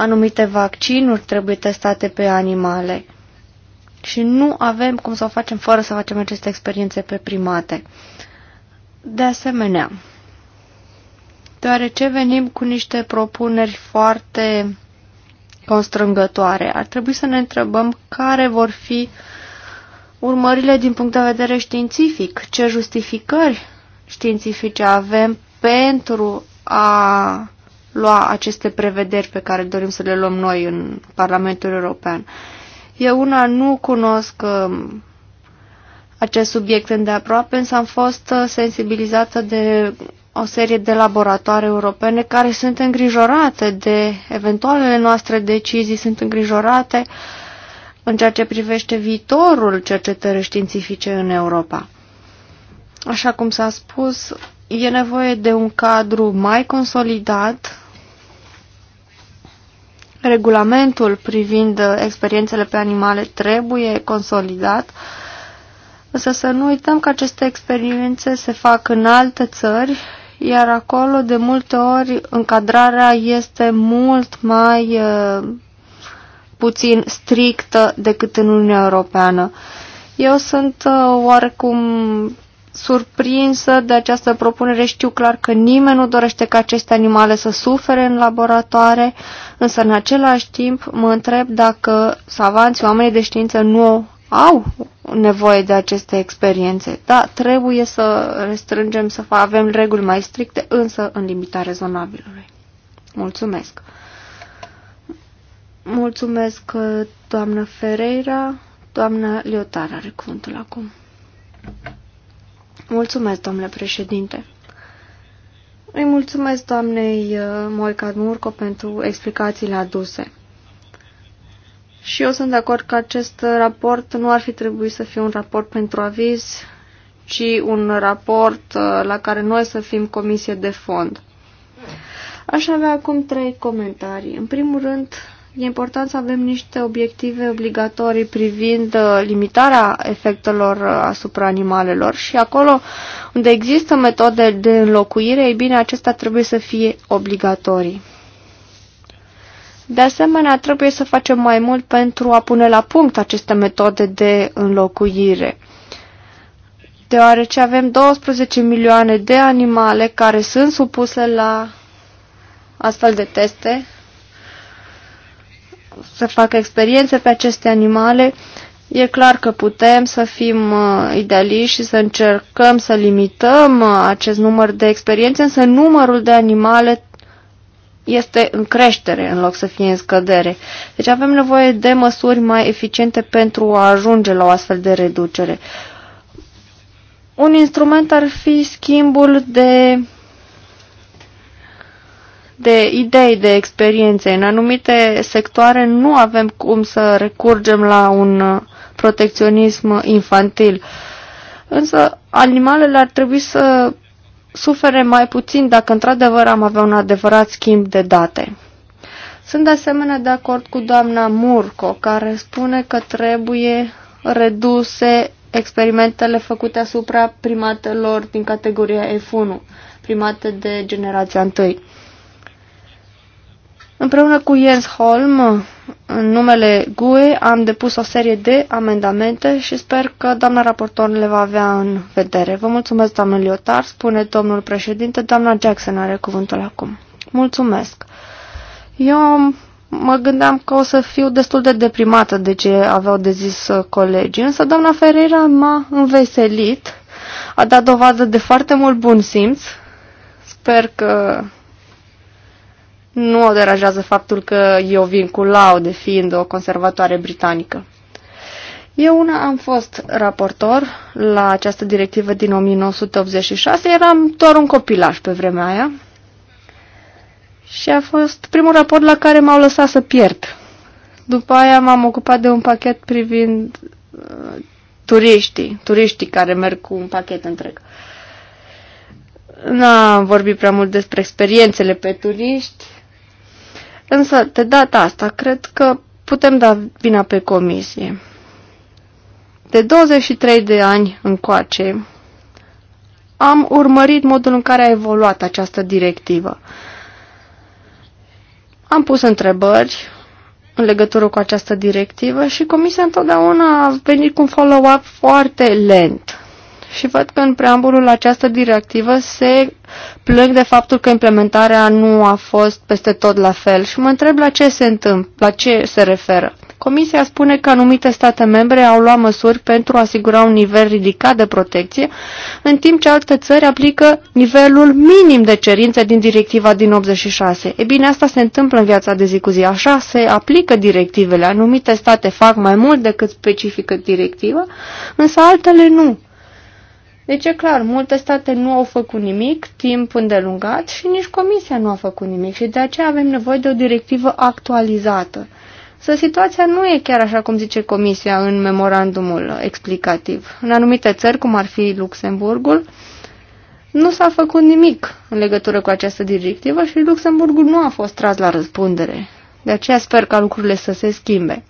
anumite vaccinuri trebuie testate pe animale. Și nu avem cum să o facem fără să facem aceste experiențe pe primate. De asemenea, deoarece venim cu niște propuneri foarte constrângătoare, ar trebui să ne întrebăm care vor fi urmările din punct de vedere științific, ce justificări științifice avem pentru a lua aceste prevederi pe care dorim să le luăm noi în Parlamentul European. Eu una nu cunosc um, acest subiect îndeaproape, însă am fost uh, sensibilizată de o serie de laboratoare europene care sunt îngrijorate de eventualele noastre decizii, sunt îngrijorate în ceea ce privește viitorul cercetării științifice în Europa. Așa cum s-a spus, e nevoie de un cadru mai consolidat Regulamentul privind experiențele pe animale trebuie consolidat, însă să nu uităm că aceste experiențe se fac în alte țări, iar acolo de multe ori încadrarea este mult mai uh, puțin strictă decât în Uniunea Europeană. Eu sunt uh, oarecum surprinsă de această propunere. Știu clar că nimeni nu dorește ca aceste animale să sufere în laboratoare, însă în același timp mă întreb dacă savanții, oamenii de știință nu au nevoie de aceste experiențe. Da, trebuie să restrângem, să avem reguli mai stricte, însă în limita rezonabilului. Mulțumesc! Mulțumesc, doamnă Ferreira. Doamna Leotar are cuvântul acum. Mulțumesc, domnule președinte. Îi mulțumesc doamnei uh, Moica Murco pentru explicațiile aduse. Și eu sunt de acord că acest raport nu ar fi trebuit să fie un raport pentru aviz, ci un raport uh, la care noi să fim comisie de fond. Aș avea acum trei comentarii. În primul rând, E important să avem niște obiective obligatorii privind uh, limitarea efectelor uh, asupra animalelor și acolo unde există metode de înlocuire, ei bine, acestea trebuie să fie obligatorii. De asemenea, trebuie să facem mai mult pentru a pune la punct aceste metode de înlocuire, deoarece avem 12 milioane de animale care sunt supuse la astfel de teste să facă experiențe pe aceste animale, e clar că putem să fim uh, idealiști și să încercăm să limităm uh, acest număr de experiențe, însă numărul de animale este în creștere în loc să fie în scădere. Deci avem nevoie de măsuri mai eficiente pentru a ajunge la o astfel de reducere. Un instrument ar fi schimbul de de idei, de experiențe. În anumite sectoare nu avem cum să recurgem la un uh, protecționism infantil. Însă animalele ar trebui să sufere mai puțin dacă într-adevăr am avea un adevărat schimb de date. Sunt de asemenea de acord cu doamna Murco, care spune că trebuie reduse experimentele făcute asupra primatelor din categoria F1, primate de generația întâi. Împreună cu Jens Holm, în numele GUE, am depus o serie de amendamente și sper că doamna raportor le va avea în vedere. Vă mulțumesc, doamnă Liotar, spune domnul președinte. Doamna Jackson are cuvântul acum. Mulțumesc. Eu mă gândeam că o să fiu destul de deprimată de ce aveau de zis uh, colegii, însă doamna Ferreira m-a înveselit, a dat dovadă de foarte mult bun simț. Sper că nu o deranjează faptul că eu vin cu laude fiind o conservatoare britanică. Eu una am fost raportor la această directivă din 1986, eram doar un copilaj pe vremea aia și a fost primul raport la care m-au lăsat să pierd. După aia m-am ocupat de un pachet privind uh, turiștii, turiștii care merg cu un pachet întreg. N-am vorbit prea mult despre experiențele pe turiști, Însă, de data asta, cred că putem da vina pe comisie. De 23 de ani încoace, am urmărit modul în care a evoluat această directivă. Am pus întrebări în legătură cu această directivă și Comisia întotdeauna a venit cu un follow-up foarte lent. Și văd că în preambulul această directivă se plâng de faptul că implementarea nu a fost peste tot la fel și mă întreb la ce se întâmplă, la ce se referă. Comisia spune că anumite state membre au luat măsuri pentru a asigura un nivel ridicat de protecție, în timp ce alte țări aplică nivelul minim de cerințe din directiva din 86. E bine, asta se întâmplă în viața de zi cu zi. Așa se aplică directivele. Anumite state fac mai mult decât specifică directiva, însă altele nu. Deci e clar, multe state nu au făcut nimic timp îndelungat și nici Comisia nu a făcut nimic și de aceea avem nevoie de o directivă actualizată. Să situația nu e chiar așa cum zice Comisia în memorandumul explicativ. În anumite țări, cum ar fi Luxemburgul, nu s-a făcut nimic în legătură cu această directivă și Luxemburgul nu a fost tras la răspundere. De aceea sper ca lucrurile să se schimbe.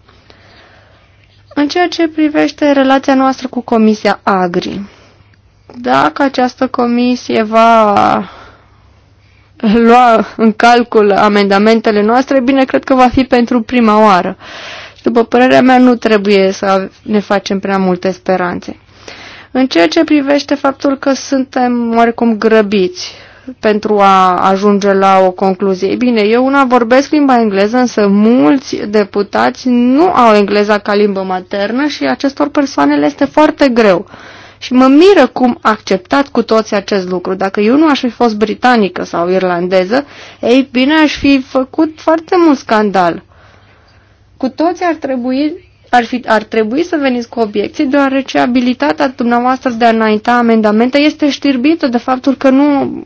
În ceea ce privește relația noastră cu Comisia Agri, dacă această comisie va lua în calcul amendamentele noastre, bine, cred că va fi pentru prima oară. după părerea mea, nu trebuie să ne facem prea multe speranțe. În ceea ce privește faptul că suntem oarecum grăbiți pentru a ajunge la o concluzie. Bine, eu una vorbesc limba engleză, însă mulți deputați nu au engleza ca limbă maternă și acestor persoane le este foarte greu. Uh, și mă miră cum acceptat cu toți acest lucru. Dacă eu nu aș fi fost britanică sau irlandeză, ei bine, aș fi făcut foarte mult scandal. Cu toți ar trebui ar, fi, ar trebui să veniți cu obiecții, deoarece abilitatea dumneavoastră de a înainta amendamente este știrbită de faptul că nu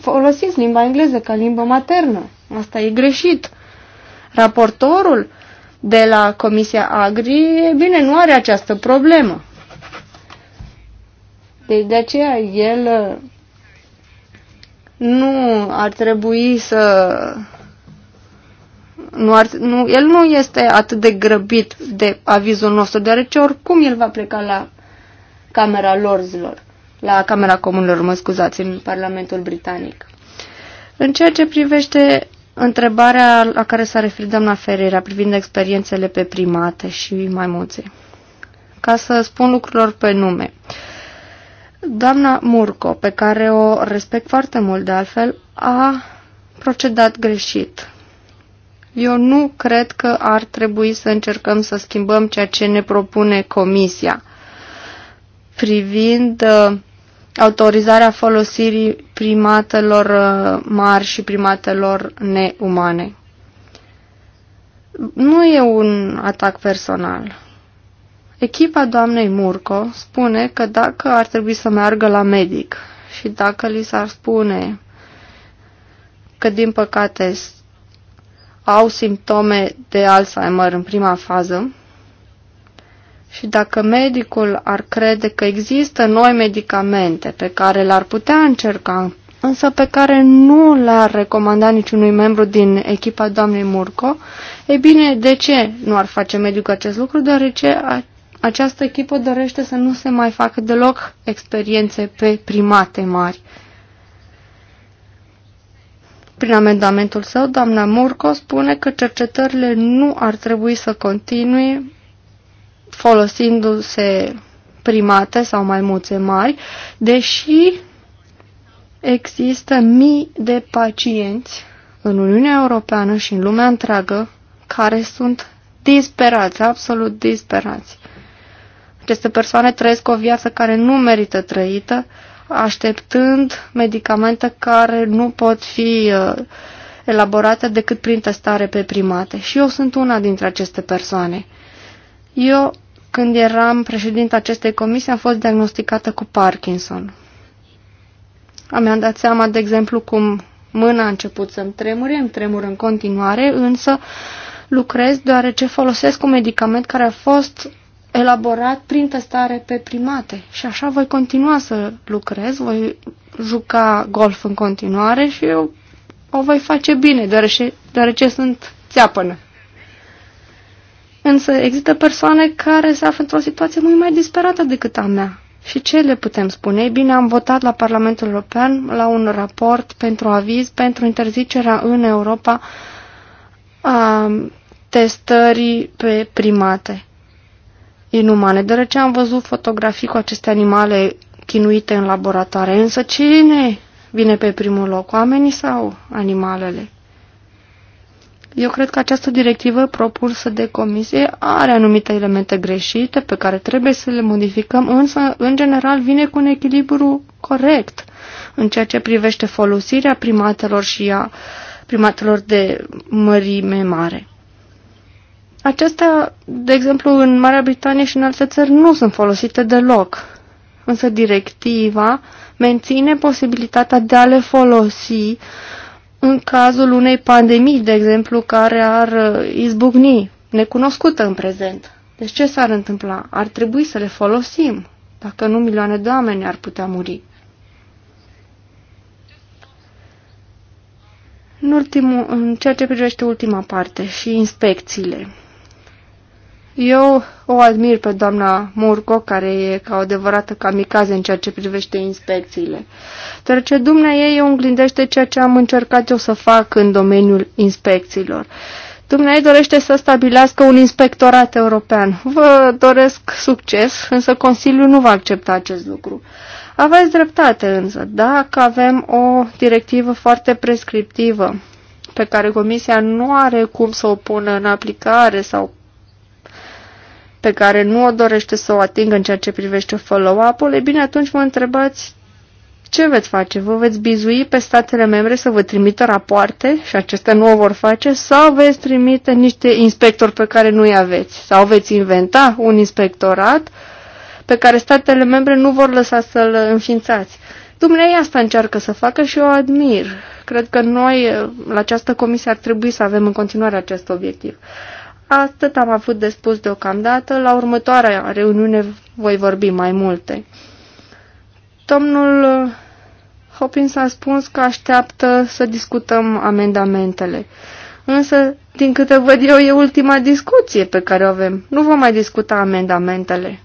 folosiți limba engleză ca limbă maternă. Asta e greșit. Raportorul de la Comisia Agri, bine, nu are această problemă. Deci de aceea el uh, nu ar trebui să... Nu ar, nu, el nu este atât de grăbit de avizul nostru, deoarece oricum el va pleca la Camera Lorzilor, la Camera Comunilor, mă scuzați, în Parlamentul Britanic. În ceea ce privește întrebarea la care s-a referit doamna Ferreira privind experiențele pe primate și mai mulți. ca să spun lucrurilor pe nume, uh, Doamna Murco, pe care o respect foarte mult de altfel, a procedat greșit. Eu nu cred că ar trebui să încercăm să schimbăm ceea ce ne propune Comisia privind uh, autorizarea folosirii primatelor uh, mari și primatelor neumane. Nu e un atac personal. Echipa doamnei Murco spune că dacă ar trebui să meargă la medic și dacă li s-ar spune că, din păcate, au simptome de Alzheimer în prima fază și dacă medicul ar crede că există noi medicamente pe care le-ar putea încerca, însă pe care nu le-ar recomanda niciunui membru din echipa doamnei Murco, e bine, de ce nu ar face medicul acest lucru? Deoarece această echipă dorește să nu se mai facă deloc experiențe pe primate mari. Prin amendamentul său, doamna Murco spune că cercetările nu ar trebui să continue folosindu-se primate sau maimuțe mari, deși există mii de pacienți în Uniunea Europeană și în lumea întreagă care sunt disperați, absolut disperați. Aceste persoane trăiesc o viață care nu merită trăită, așteptând medicamente care nu pot fi uh, elaborate decât prin testare pe primate. Și eu sunt una dintre aceste persoane. Eu, când eram președinte acestei comisii, am fost diagnosticată cu Parkinson. Mi-am dat seama, de exemplu, cum mâna a început să-mi tremure, îmi tremur în continuare, însă lucrez deoarece folosesc un medicament care a fost elaborat prin testare pe primate și așa voi continua să lucrez, voi juca golf în continuare și eu o voi face bine, deoarece, deoarece sunt țeapănă. Însă există persoane care se află într-o situație mult mai disperată decât a mea. Și ce le putem spune? Ei bine, am votat la Parlamentul European la un raport pentru aviz pentru interzicerea în Europa a testării pe primate inumane, deoarece am văzut fotografii cu aceste animale chinuite în laboratoare. Însă cine vine pe primul loc, oamenii sau animalele? Eu cred că această directivă propusă de comisie are anumite elemente greșite pe care trebuie să le modificăm, însă, în general, vine cu un echilibru corect în ceea ce privește folosirea primatelor și a primatelor de mărime mare. Acestea, de exemplu, în Marea Britanie și în alte țări nu sunt folosite deloc. Însă directiva menține posibilitatea de a le folosi în cazul unei pandemii, de exemplu, care ar uh, izbucni, necunoscută în prezent. Deci ce s-ar întâmpla? Ar trebui să le folosim, dacă nu milioane de oameni ar putea muri. În, ultimul, în ceea ce privește ultima parte și inspecțiile. Eu o admir pe doamna Murco, care e ca o adevărată kamikaze în ceea ce privește inspecțiile. Dar ce dumnea ei înglindește ceea ce am încercat eu să fac în domeniul inspecțiilor. Dumnezeu dorește să stabilească un inspectorat european. Vă doresc succes, însă Consiliul nu va accepta acest lucru. Aveți dreptate însă, dacă avem o directivă foarte prescriptivă, pe care Comisia nu are cum să o pună în aplicare sau pe care nu o dorește să o atingă în ceea ce privește follow-up-ul, e bine, atunci vă întrebați ce veți face? Vă veți bizui pe statele membre să vă trimită rapoarte și acestea nu o vor face sau veți trimite niște inspectori pe care nu-i aveți sau veți inventa un inspectorat pe care statele membre nu vor lăsa să-l înființați. Dumnezeu asta încearcă să facă și o admir. Cred că noi, la această comisie, ar trebui să avem în continuare acest obiectiv. Astăt am avut de spus deocamdată. La următoarea reuniune voi vorbi mai multe. Domnul Hopkins a spus că așteaptă să discutăm amendamentele. Însă, din câte văd eu, e ultima discuție pe care o avem. Nu vom mai discuta amendamentele.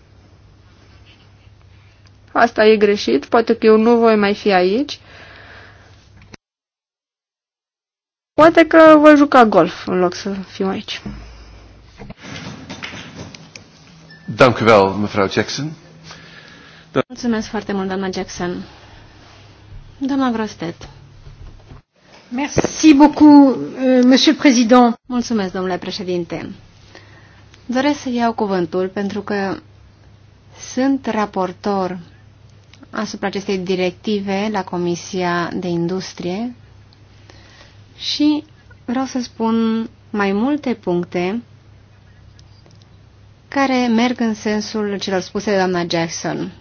Asta e greșit, poate că eu nu voi mai fi aici. Poate că voi juca golf în loc să fiu aici. Dank u wel, mevrouw Jackson. Mulțumesc foarte mult, doamna Jackson. Doamna Grostet. Merci beaucoup, euh, monsieur président. Mulțumesc, domnule președinte. Doresc să iau cuvântul pentru că sunt raportor asupra acestei directive la Comisia de Industrie și vreau să spun mai multe puncte care merg în sensul celor spuse de doamna Jackson.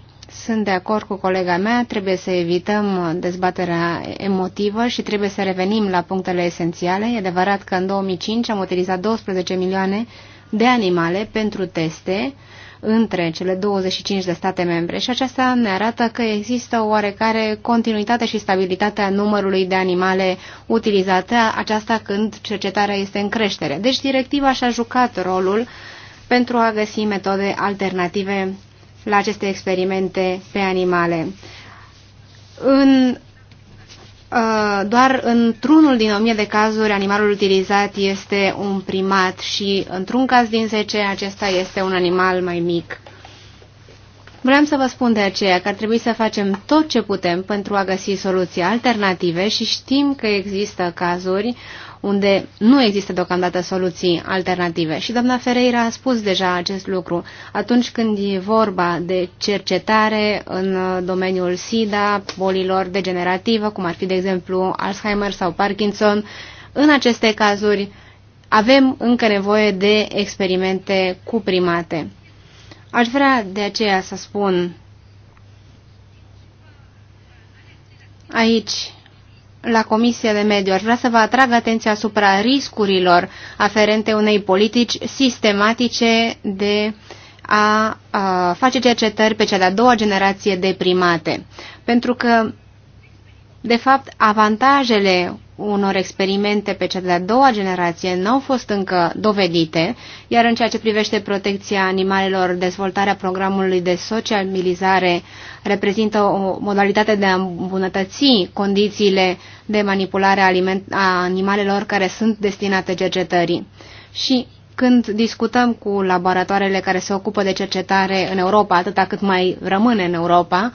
Sunt de acord cu colega mea, trebuie să evităm dezbaterea emotivă și trebuie să revenim la punctele esențiale. E adevărat că în 2005 am utilizat 12 milioane de animale pentru teste între cele 25 de state membre și aceasta ne arată că există o oarecare continuitate și stabilitate a numărului de animale utilizate, aceasta când cercetarea este în creștere. Deci directiva și-a jucat rolul pentru a găsi metode alternative la aceste experimente pe animale. În, uh, doar într-unul din o mie de cazuri animalul utilizat este un primat și într-un caz din 10 acesta este un animal mai mic. Vreau să vă spun de aceea că ar trebui să facem tot ce putem pentru a găsi soluții alternative și știm că există cazuri unde nu există deocamdată soluții alternative. Și doamna Ferreira a spus deja acest lucru. Atunci când e vorba de cercetare în domeniul SIDA, bolilor degenerative, cum ar fi, de exemplu, Alzheimer sau Parkinson, în aceste cazuri avem încă nevoie de experimente cu primate. Aș vrea de aceea să spun aici la Comisia de Mediu. Aș vrea să vă atrag atenția asupra riscurilor aferente unei politici sistematice de a, a face cercetări pe cea de-a doua generație de primate. Pentru că, de fapt, avantajele unor experimente pe cea de-a doua generație n-au fost încă dovedite, iar în ceea ce privește protecția animalelor, dezvoltarea programului de socializare reprezintă o modalitate de a îmbunătăți condițiile de manipulare a, animalelor care sunt destinate cercetării. Și când discutăm cu laboratoarele care se ocupă de cercetare în Europa, atâta cât mai rămâne în Europa,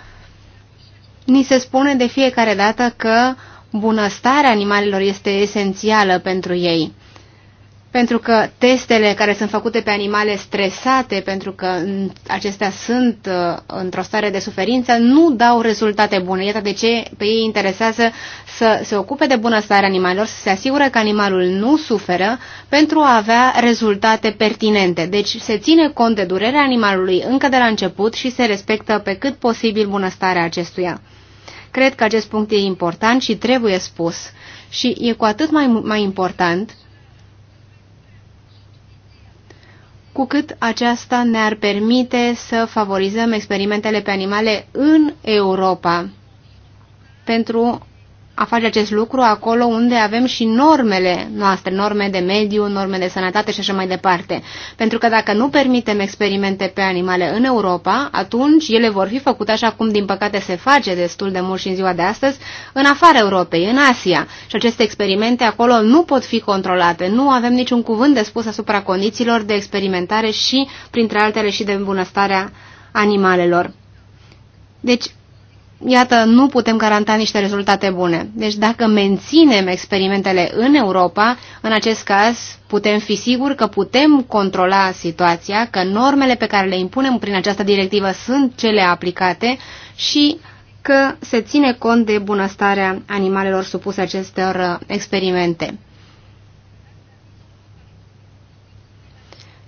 ni se spune de fiecare dată că bunăstarea animalelor este esențială pentru ei. Pentru că testele care sunt făcute pe animale stresate, pentru că acestea sunt uh, într-o stare de suferință, nu dau rezultate bune. Iată de ce pe ei interesează să se ocupe de bunăstarea animalelor, să se asigure că animalul nu suferă pentru a avea rezultate pertinente. Deci se ține cont de durerea animalului încă de la început și se respectă pe cât posibil bunăstarea acestuia. Cred că acest punct e important și trebuie spus. Și e cu atât mai, mai important cu cât aceasta ne-ar permite să favorizăm experimentele pe animale în Europa pentru a face acest lucru acolo unde avem și normele noastre, norme de mediu, norme de sănătate și așa mai departe. Pentru că dacă nu permitem experimente pe animale în Europa, atunci ele vor fi făcute așa cum din păcate se face destul de mult și în ziua de astăzi, în afara Europei, în Asia. Și aceste experimente acolo nu pot fi controlate, nu avem niciun cuvânt de spus asupra condițiilor de experimentare și, printre altele, și de bunăstarea animalelor. Deci, iată, nu putem garanta niște rezultate bune. Deci dacă menținem experimentele în Europa, în acest caz putem fi siguri că putem controla situația, că normele pe care le impunem prin această directivă sunt cele aplicate și că se ține cont de bunăstarea animalelor supuse acestor uh, experimente.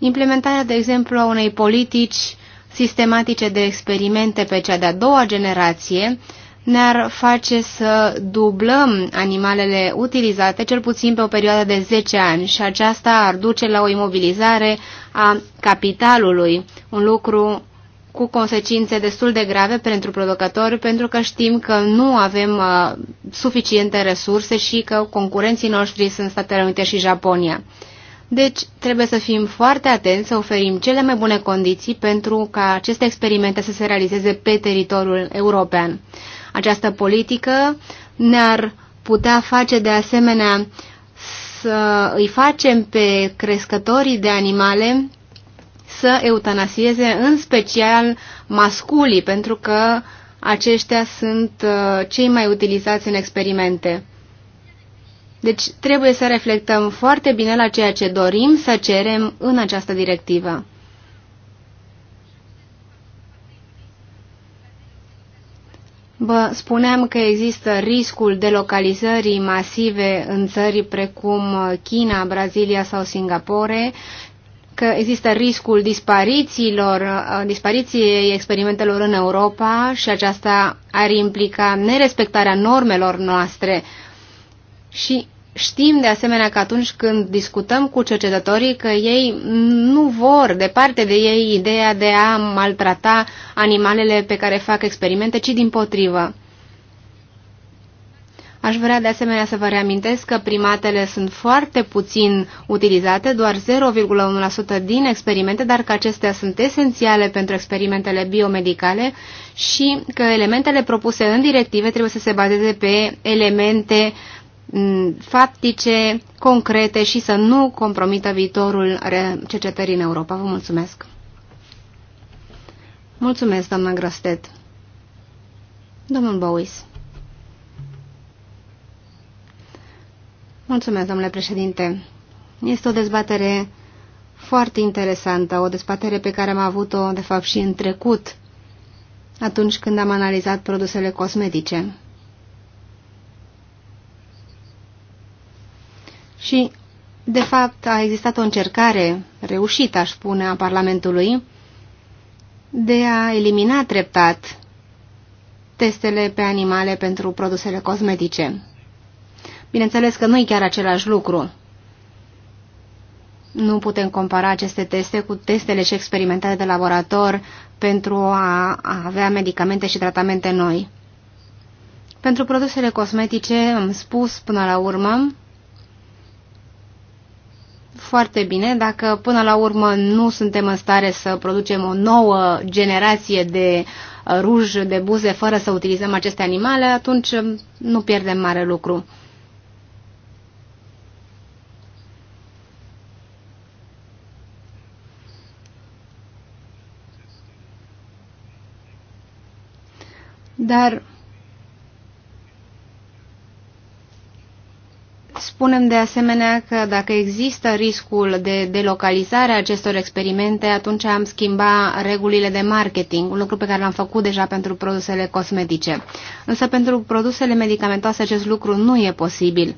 Implementarea, de exemplu, a unei politici sistematice de experimente pe cea de-a doua generație ne-ar face să dublăm animalele utilizate, cel puțin pe o perioadă de 10 ani, și aceasta ar duce la o imobilizare a capitalului, un lucru cu consecințe destul de grave pentru producători, pentru că știm că nu avem uh, suficiente resurse și că concurenții noștri sunt Statele Unite și Japonia. Deci trebuie să fim foarte atenți, să oferim cele mai bune condiții pentru ca aceste experimente să se realizeze pe teritoriul european. Această politică ne-ar putea face de asemenea să îi facem pe crescătorii de animale să eutanasieze în special masculii, pentru că aceștia sunt uh, cei mai utilizați în experimente. Deci trebuie să reflectăm foarte bine la ceea ce dorim să cerem în această directivă. Bă, spuneam că există riscul de localizării masive în țări precum China, Brazilia sau Singapore, că există riscul disparițiilor, dispariției experimentelor în Europa și aceasta ar implica nerespectarea normelor noastre și știm de asemenea că atunci când discutăm cu cercetătorii că ei nu vor, departe de ei, ideea de a maltrata animalele pe care fac experimente, ci din potrivă. Aș vrea de asemenea să vă reamintesc că primatele sunt foarte puțin utilizate, doar 0,1% din experimente, dar că acestea sunt esențiale pentru experimentele biomedicale și că elementele propuse în directive trebuie să se bazeze pe elemente uh, Mm, faptice, concrete și să nu compromită viitorul cercetării în Europa. Vă mulțumesc! Mulțumesc, doamna Grăstet. Domnul Bowis. Mulțumesc, domnule președinte. Este o dezbatere foarte interesantă, o dezbatere pe care am avut-o, de fapt, și în trecut, atunci când am analizat produsele cosmetice. Și, de fapt, a existat o încercare reușită, aș spune, a Parlamentului de a elimina treptat testele pe animale pentru produsele cosmetice. Bineînțeles că nu e chiar același lucru. Nu putem compara aceste teste cu testele și experimentele de laborator pentru a avea medicamente și tratamente noi. Pentru produsele cosmetice am spus până la urmă foarte bine dacă până la urmă nu suntem în stare să producem o nouă generație de uh, ruj, de buze, fără să utilizăm aceste animale, atunci um, nu pierdem mare lucru. Dar Spunem de asemenea că dacă există riscul de delocalizare a acestor experimente, atunci am schimba regulile de marketing, un lucru pe care l-am făcut deja pentru produsele cosmetice. Însă pentru produsele medicamentoase acest lucru nu e posibil.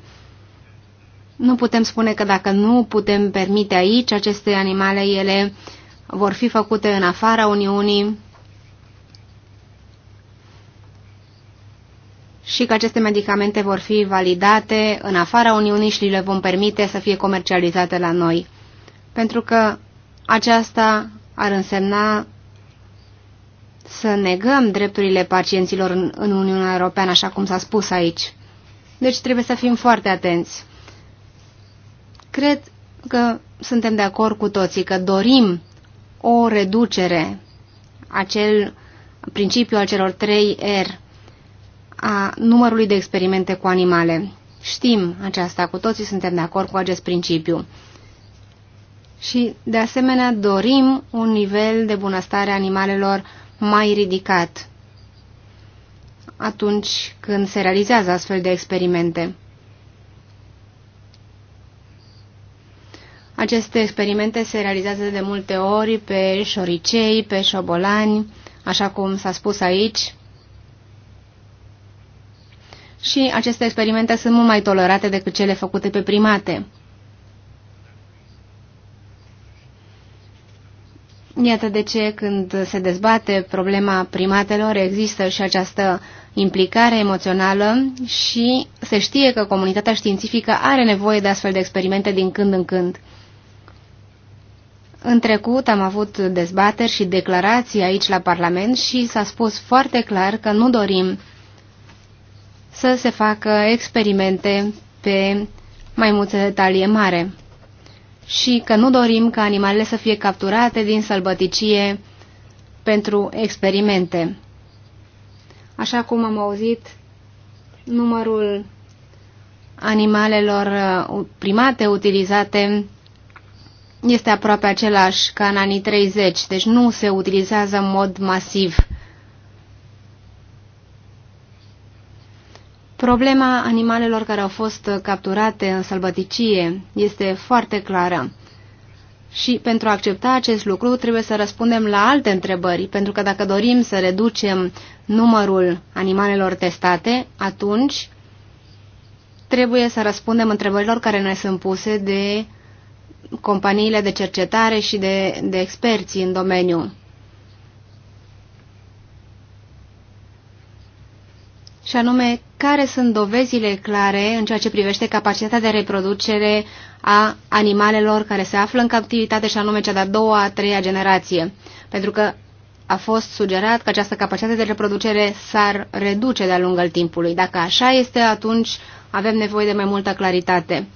Nu putem spune că dacă nu putem permite aici aceste animale, ele vor fi făcute în afara Uniunii și că aceste medicamente vor fi validate în afara Uniunii și le vom permite să fie comercializate la noi. Pentru că aceasta ar însemna să negăm drepturile pacienților în, în Uniunea Europeană, așa cum s-a spus aici. Deci trebuie să fim foarte atenți. Cred că suntem de acord cu toții că dorim o reducere, acel principiu al celor 3 R, a numărului de experimente cu animale. Știm aceasta, cu toții suntem de acord cu acest principiu. Și, de asemenea, dorim un nivel de bunăstare a animalelor mai ridicat atunci când se realizează astfel de experimente. Aceste experimente se realizează de multe ori pe șoricei, pe șobolani, așa cum s-a spus aici, și aceste experimente sunt mult mai tolerate decât cele făcute pe primate. Iată de ce când se dezbate problema primatelor există și această implicare emoțională și se știe că comunitatea științifică are nevoie de astfel de experimente din când în când. În trecut am avut dezbateri și declarații aici la Parlament și s-a spus foarte clar că nu dorim să se facă experimente pe maimuțe de talie mare și că nu dorim ca animalele să fie capturate din sălbăticie pentru experimente. Așa cum am auzit, numărul animalelor uh, primate utilizate este aproape același ca în anii 30, deci nu se utilizează în mod masiv Problema animalelor care au fost capturate în sălbăticie este foarte clară. Și pentru a accepta acest lucru trebuie să răspundem la alte întrebări, pentru că dacă dorim să reducem numărul animalelor testate, atunci trebuie să răspundem întrebărilor care ne sunt puse de companiile de cercetare și de, de experți în domeniu. și anume care sunt dovezile clare în ceea ce privește capacitatea de reproducere a animalelor care se află în captivitate și anume cea de-a doua, a treia generație. Pentru că a fost sugerat că această capacitate de reproducere s-ar reduce de-a lungul timpului. Dacă așa este, atunci avem nevoie de mai multă claritate.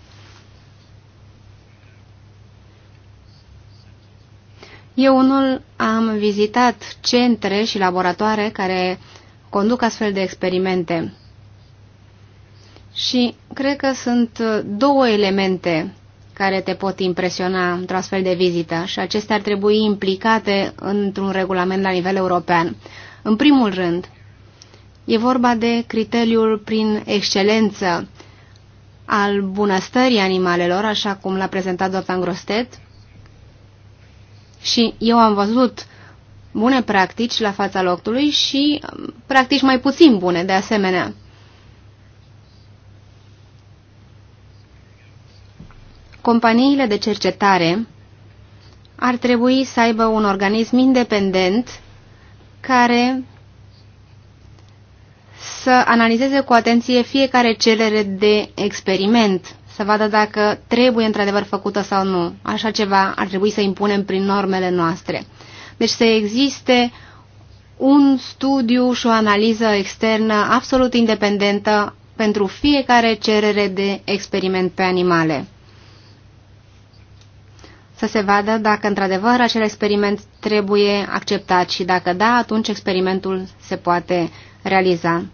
Eu unul am vizitat centre și laboratoare care conduc astfel de experimente. Și cred că sunt două elemente care te pot impresiona într-o astfel de vizită și acestea ar trebui implicate într-un regulament la nivel european. În primul rând, e vorba de criteriul prin excelență al bunăstării animalelor, așa cum l-a prezentat doamna Grostet. Și eu am văzut bune practici la fața locului și um, practici mai puțin bune de asemenea. Companiile de cercetare ar trebui să aibă un organism independent care să analizeze cu atenție fiecare cerere de experiment, să vadă dacă trebuie într-adevăr făcută sau nu. Așa ceva ar trebui să impunem prin normele noastre. Deci să existe un studiu și o analiză externă absolut independentă pentru fiecare cerere de experiment pe animale. Să se vadă dacă într-adevăr acel experiment trebuie acceptat și dacă da, atunci experimentul se poate realiza.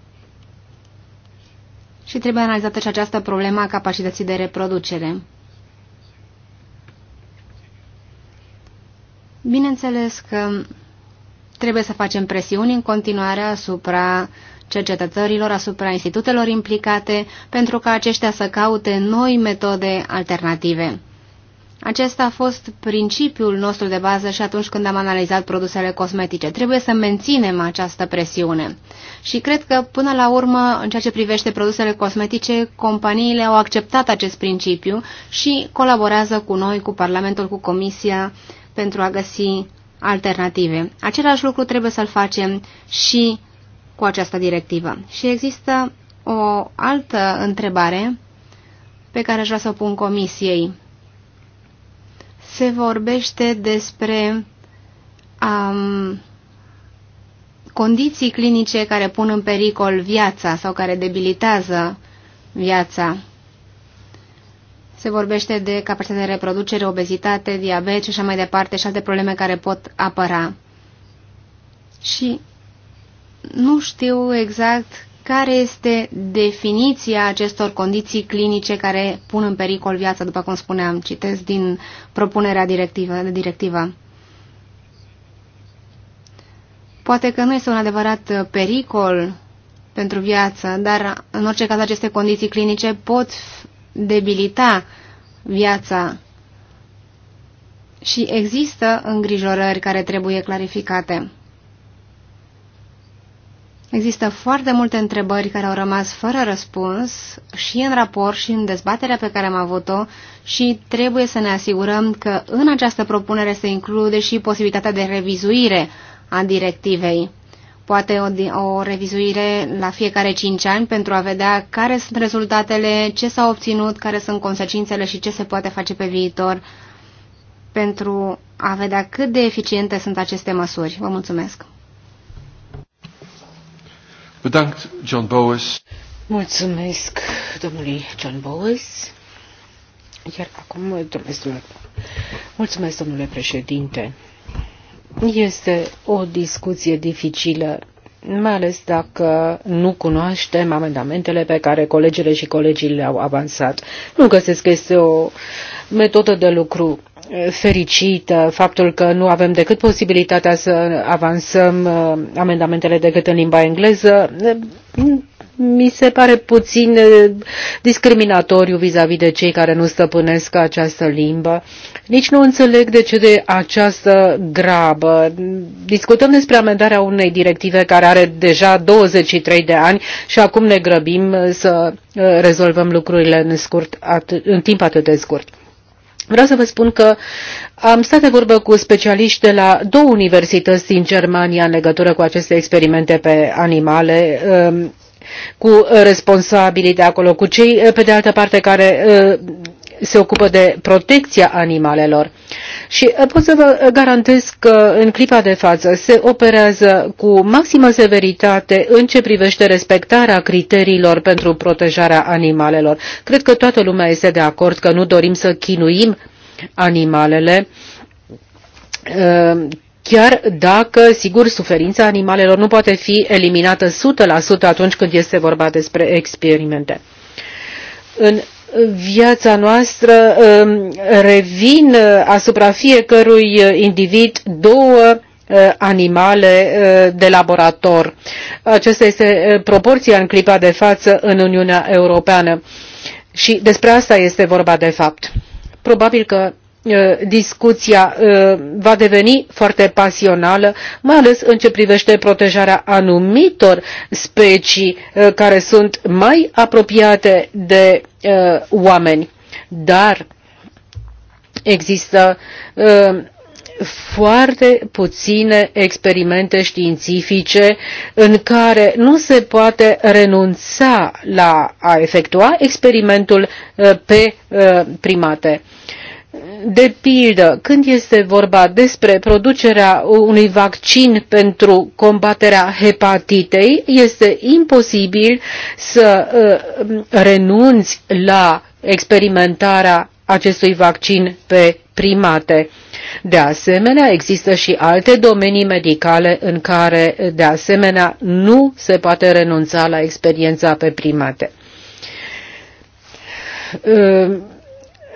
Și trebuie analizată și această problemă a capacității de reproducere. Bineînțeles că trebuie să facem presiuni în continuare asupra cercetătorilor, asupra institutelor implicate, pentru ca aceștia să caute noi metode alternative. Acesta a fost principiul nostru de bază și atunci când am analizat produsele cosmetice. Trebuie să menținem această presiune. Și cred că, până la urmă, în ceea ce privește produsele cosmetice, companiile au acceptat acest principiu și colaborează cu noi, cu Parlamentul, cu Comisia, pentru a găsi alternative. Același lucru trebuie să-l facem și cu această directivă. Și există o altă întrebare pe care aș vrea să o pun comisiei. Se vorbește despre um, condiții clinice care pun în pericol viața sau care debilitează viața se vorbește de capacitatea de reproducere, obezitate, diabet și așa mai departe și alte probleme care pot apăra. Și nu știu exact care este definiția acestor condiții clinice care pun în pericol viața, după cum spuneam, citesc din propunerea directivă. directivă. Poate că nu este un adevărat pericol pentru viață, dar în orice caz aceste condiții clinice pot debilita viața și există îngrijorări care trebuie clarificate. Există foarte multe întrebări care au rămas fără răspuns și în raport și în dezbaterea pe care am avut-o și trebuie să ne asigurăm că în această propunere se include și posibilitatea de revizuire a directivei poate o, o revizuire la fiecare 5 ani pentru a vedea care sunt rezultatele, ce s-a obținut, care sunt consecințele și ce se poate face pe viitor pentru a vedea cât de eficiente sunt aceste măsuri. Vă mulțumesc! Bedankt, John Bowes. Mulțumesc, domnului John Bowes. Iar acum, domnule, mulțumesc, domnule președinte. Este o discuție dificilă, mai ales dacă nu cunoaștem amendamentele pe care colegele și colegii le-au avansat. Nu găsesc că este o metodă de lucru eh, fericită faptul că nu avem decât posibilitatea să avansăm eh, amendamentele decât în limba engleză eh, mi se pare puțin eh, discriminatoriu vis-a-vis -vis de cei care nu stăpânesc această limbă. Nici nu înțeleg de ce de această grabă. Discutăm despre amendarea unei directive care are deja 23 de ani și acum ne grăbim eh, să eh, rezolvăm lucrurile în, scurt, în timp atât de scurt. Vreau să vă spun că am stat de vorbă cu specialiști de la două universități din Germania în legătură cu aceste experimente pe animale. Ehm, cu uh, responsabilii de acolo, cu cei, uh, pe de altă parte, care uh, se ocupă de protecția animalelor. Și pot să vă garantez că în clipa de față se operează cu maximă severitate în ce privește respectarea criteriilor pentru protejarea animalelor. Cred că toată lumea este de acord că nu dorim să chinuim animalele chiar dacă, sigur, suferința animalelor nu poate fi eliminată 100% atunci când este vorba despre experimente. În viața noastră um, revin uh, asupra fiecărui uh, individ două uh, animale de laborator. Aceasta este proporția în clipa de față în Uniunea Europeană. Și despre asta este vorba de fapt. Probabil că discuția va deveni foarte pasională, mai ales în ce privește protejarea anumitor specii care sunt mai apropiate de oameni. Dar există foarte puține experimente științifice în care nu se poate renunța la a efectua experimentul pe primate. De pildă, când este vorba despre producerea unui vaccin pentru combaterea hepatitei, este imposibil să uh, renunți la experimentarea acestui vaccin pe primate. De asemenea, există și alte domenii medicale în care, de asemenea, nu se poate renunța la experiența pe primate uh,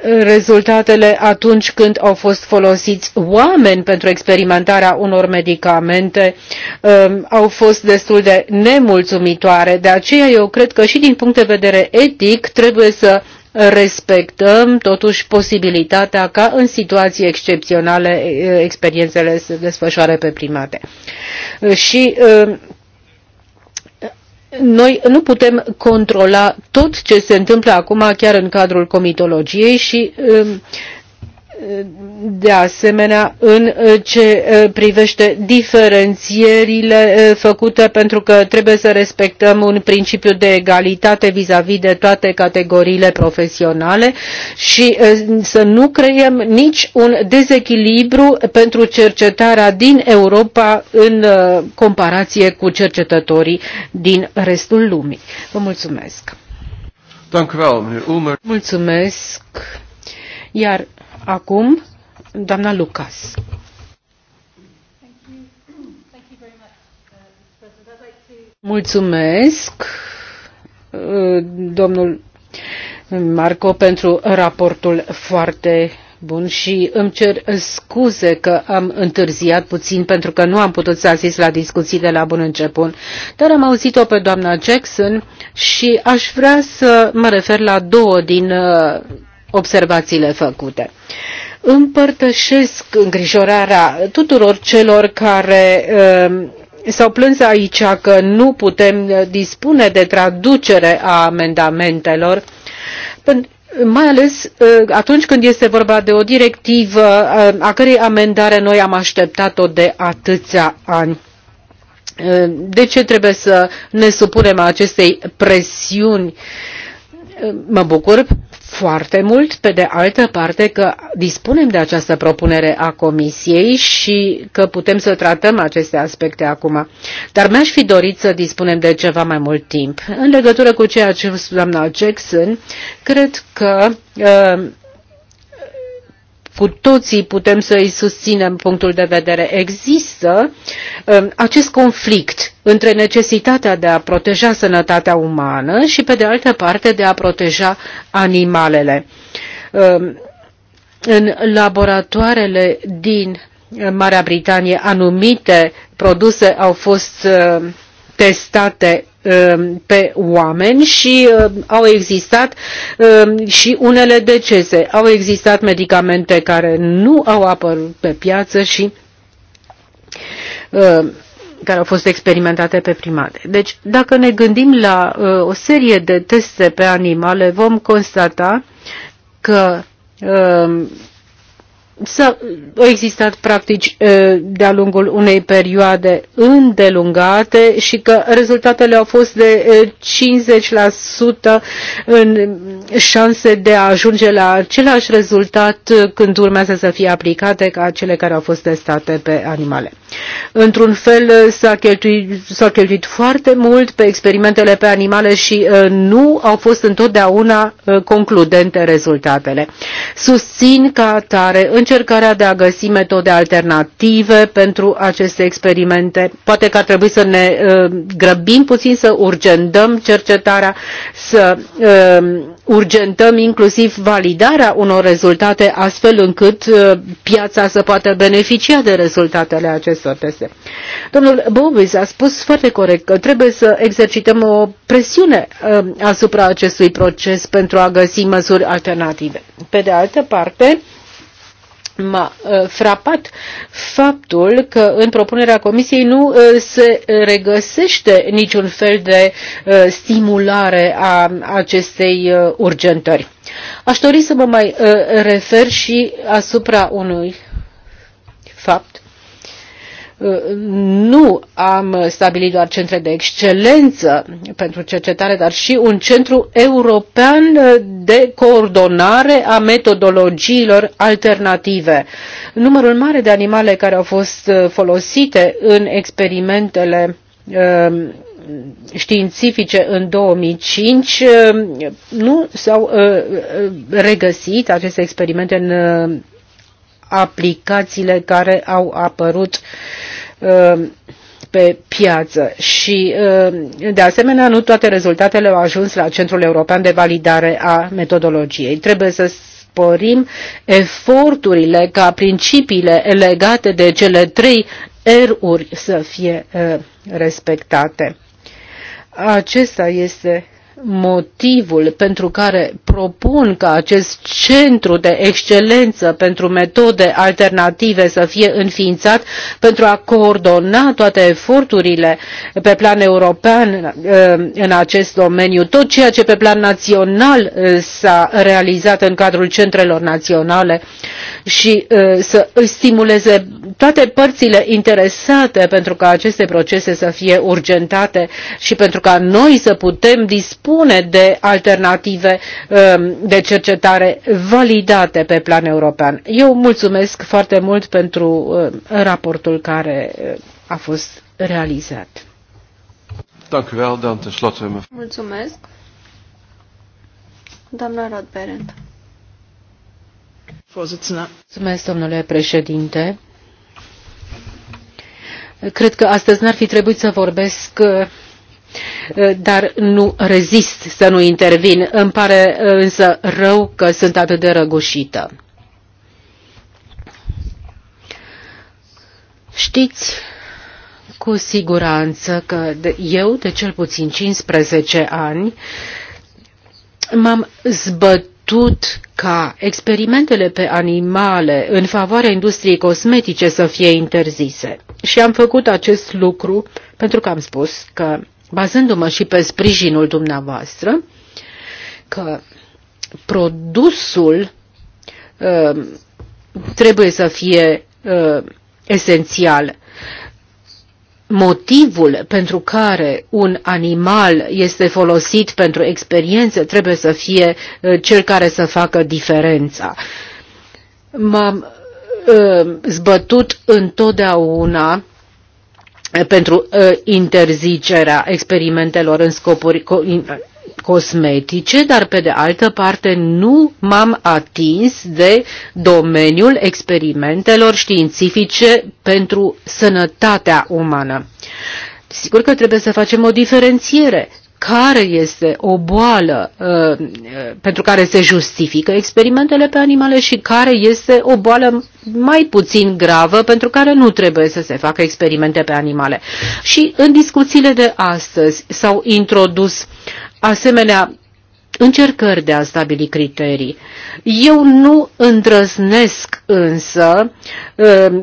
rezultatele atunci când au fost folosiți oameni pentru experimentarea unor medicamente um, au fost destul de nemulțumitoare. De aceea eu cred că și din punct de vedere etic trebuie să respectăm totuși posibilitatea ca în situații excepționale experiențele să desfășoare pe primate. Și um, noi nu putem controla tot ce se întâmplă acum chiar în cadrul comitologiei și um, de asemenea, în uh, ce uh, privește diferențierile uh, făcute, pentru că trebuie să respectăm un principiu de egalitate vis-a-vis -vis de toate categoriile profesionale și să nu creăm nici un dezechilibru pentru cercetarea din Europa în comparație cu cercetătorii din restul lumii. Vă mulțumesc! Mulțumesc! Iar Acum, doamna Lucas. Mulțumesc, uh, domnul Marco, pentru raportul foarte bun și îmi cer scuze că am întârziat puțin pentru că nu am putut să asist la discuții de la bun început, dar am auzit-o pe doamna Jackson și aș vrea să mă refer la două din uh, observațiile făcute. Împărtășesc îngrijorarea tuturor celor care uh, s-au plâns aici că nu putem dispune de traducere a amendamentelor, mai ales uh, atunci când este vorba de o directivă uh, a cărei amendare noi am așteptat-o de atâția ani. Uh, de ce trebuie să ne supunem acestei presiuni uh, mă bucur foarte mult, pe de altă parte, că dispunem de această propunere a Comisiei și că putem să tratăm aceste aspecte acum. Dar mi-aș fi dorit să dispunem de ceva mai mult timp. În legătură cu ceea ce doamna Jackson, cred că uh, cu toții putem să îi susținem punctul de vedere. Există um, acest conflict între necesitatea de a proteja sănătatea umană și, pe de altă parte, de a proteja animalele. Um, în laboratoarele din Marea Britanie anumite produse au fost uh, testate Um, pe oameni și um, au existat um, și unele decese. Au existat medicamente care nu au apărut pe piață și care au fost experimentate pe primate. Deci, dacă ne gândim la uh, o serie de teste pe animale, vom constata că să au existat practici de-a lungul unei perioade îndelungate și că rezultatele au fost de 50% în șanse de a ajunge la același rezultat când urmează să fie aplicate ca cele care au fost testate pe animale. Într-un fel s-a cheltuit, cheltuit foarte mult pe experimentele pe animale și nu au fost întotdeauna concludente rezultatele. Susțin ca atare în încercarea de a găsi metode alternative pentru aceste experimente. Poate că ar trebui să ne uh, grăbim puțin, să urgentăm cercetarea, să uh, urgentăm inclusiv validarea unor rezultate astfel încât uh, piața să poată beneficia de rezultatele acestor teste. Domnul Bobis a spus foarte corect că trebuie să exercităm o presiune asupra acestui proces pentru a găsi măsuri alternative. Pe de altă parte, m-a uh, frapat faptul că în propunerea Comisiei nu uh, se regăsește niciun fel de uh, stimulare a acestei urgentări. Aș dori să mă mai refer și asupra unui fapt nu am stabilit doar centre de excelență pentru cercetare, dar și un centru european de coordonare a metodologiilor alternative. Numărul mare de animale care au fost uh, folosite în experimentele um, științifice în 2005 uh, nu s-au uh, regăsit aceste experimente în aplicațiile care au apărut uh, pe piață și, uh, de asemenea, nu toate rezultatele au ajuns la Centrul European de Validare a Metodologiei. Trebuie să sporim eforturile ca principiile legate de cele trei R-uri să fie uh, respectate. Acesta este motivul pentru care propun ca acest centru de excelență pentru metode alternative să fie înființat pentru a coordona toate eforturile pe plan european eh, în acest domeniu, tot ceea ce pe plan național eh, s-a realizat în cadrul centrelor naționale și eh, să stimuleze toate părțile interesate pentru ca aceste procese să fie urgentate și pentru ca noi să putem dispune dispune de alternative um, de cercetare validate pe plan european. Eu mulțumesc foarte mult pentru um, raportul care uh, a fost realizat. Mulțumesc. Doamna Rodberend. Mulțumesc, domnule președinte. Cred că astăzi n-ar fi trebuit să vorbesc uh, Eh, dar nu rezist să nu intervin. Îmi pare eh, însă rău că sunt atât de răgușită. Știți cu siguranță că eu, de cel puțin 15 ani, m-am zbătut ca experimentele pe animale în favoarea industriei cosmetice să fie interzise. Și am făcut acest lucru pentru că am spus că bazându-mă și pe sprijinul dumneavoastră, că produsul uh, trebuie să fie uh, esențial. Motivul pentru care un animal este folosit pentru experiențe trebuie să fie uh, cel care să facă diferența. M-am uh, zbătut întotdeauna pentru ă, interzicerea experimentelor în scopuri cosmetice, dar pe de altă parte nu m-am atins de domeniul experimentelor științifice pentru sănătatea umană. Sigur că trebuie să facem o diferențiere care este o boală uh, uh, pentru care se justifică experimentele pe animale și care este o boală mai puțin gravă pentru care nu trebuie să se facă experimente pe animale. Și în discuțiile de astăzi s-au introdus asemenea încercări de a stabili criterii. Eu nu îndrăznesc însă uh,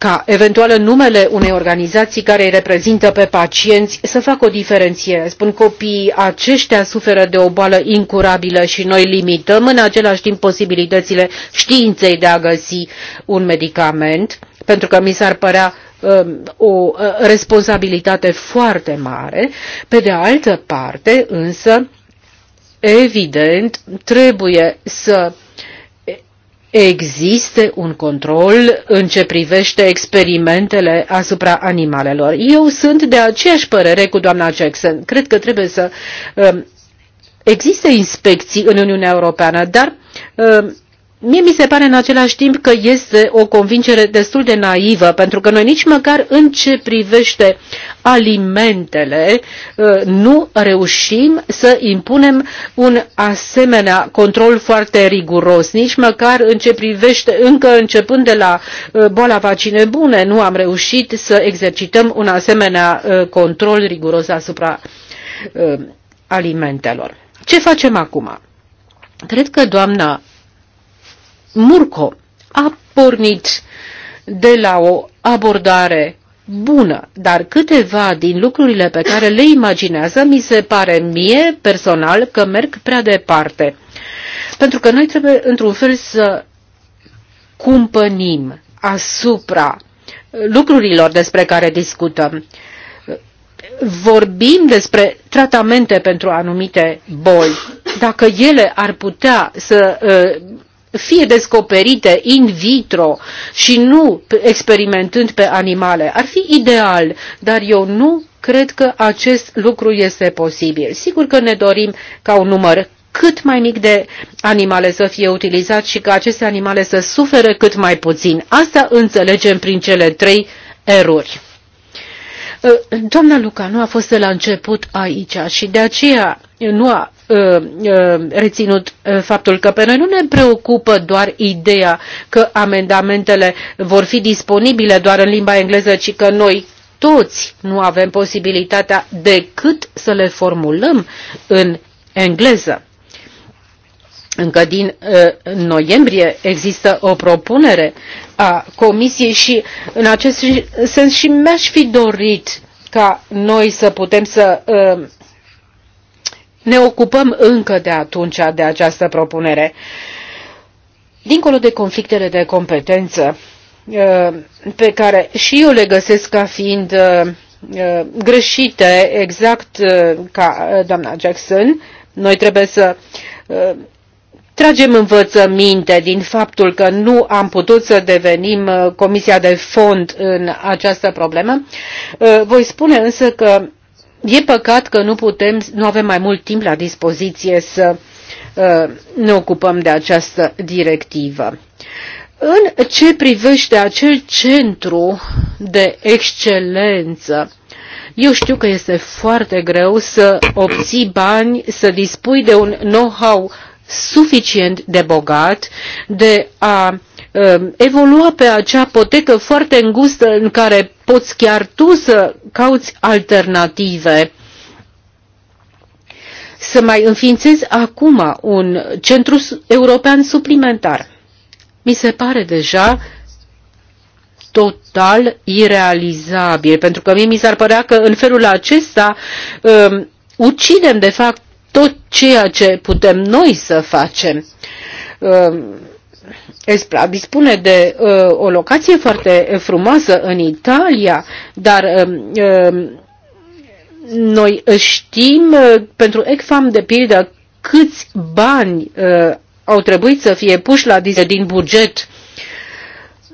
ca eventual în numele unei organizații care îi reprezintă pe pacienți să facă o diferențiere. Spun copiii aceștia suferă de o boală incurabilă și noi limităm în același timp posibilitățile științei de a găsi un medicament, pentru că mi s-ar părea um, o uh, responsabilitate foarte mare. Pe de altă parte, însă, evident, trebuie să existe un control în ce privește experimentele asupra animalelor. Eu sunt de aceeași părere cu doamna Jackson. Cred că trebuie să um, existe inspecții în Uniunea Europeană, dar uh, Mie mi se pare în același timp că este o convingere destul de naivă, pentru că noi nici măcar în ce privește alimentele ă, nu reușim să impunem un asemenea control foarte riguros, nici măcar în ce privește, încă începând de la ă, boala vaccine bune, nu am reușit să exercităm un asemenea ă, control riguros asupra alimentelor. Ce facem acum? Cred că doamna Murco a pornit de la o abordare bună, dar câteva din lucrurile pe care le imaginează mi se pare mie personal că merg prea departe. Pentru că noi trebuie într-un fel să cumpănim asupra lucrurilor despre care discutăm. Vorbim despre tratamente pentru anumite boli. Dacă ele ar putea să uh, fie descoperite in vitro și nu experimentând pe animale. Ar fi ideal, dar eu nu cred că acest lucru este posibil. Sigur că ne dorim ca un număr cât mai mic de animale să fie utilizat și ca aceste animale să sufere cât mai puțin. Asta înțelegem prin cele trei erori. Doamna Luca nu a fost de la început aici și de aceea nu a Uh, uh, reținut uh, faptul că pe noi nu ne preocupă doar ideea că amendamentele vor fi disponibile doar în limba engleză, ci că noi toți nu avem posibilitatea decât să le formulăm în engleză. Încă din uh, noiembrie există o propunere a Comisiei și în acest sens și mi-aș fi dorit ca noi să putem să uh, ne ocupăm încă de atunci de această propunere. Dincolo de conflictele de competență, uh, pe care și eu le găsesc ca fiind uh, uh, greșite, exact ca doamna Jackson, noi trebuie să tragem învățăminte din faptul că nu am putut să devenim comisia de fond în această problemă. Voi spune însă că E păcat că nu putem, nu avem mai mult timp la dispoziție să uh, ne ocupăm de această directivă. În ce privește acel centru de excelență, eu știu că este foarte greu să obții bani, să dispui de un know-how suficient de bogat, de a Ehm, evolua pe acea potecă foarte îngustă în care poți chiar tu să cauți alternative. Să mai înființezi acum un centru european suplimentar. Mi se pare deja total irealizabil, pentru că mie mi s-ar părea că în felul acesta um, ucidem de fapt tot ceea ce putem noi să facem. Um, Espla dispune de uh, o locație foarte frumoasă în Italia, dar uh, noi știm uh, pentru ECFAM de pildă câți bani uh, au trebuit să fie puși la din buget.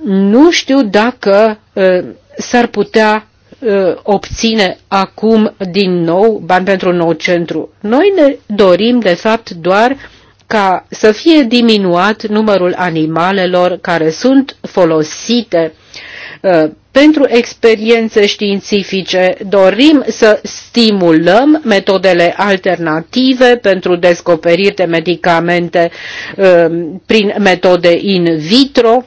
Nu știu dacă uh, s-ar putea uh, obține acum din nou bani pentru un nou centru. Noi ne dorim, de fapt, doar ca să fie diminuat numărul animalelor care sunt folosite uh, pentru experiențe științifice dorim să stimulăm metodele alternative pentru descoperire de medicamente uh, prin metode in vitro,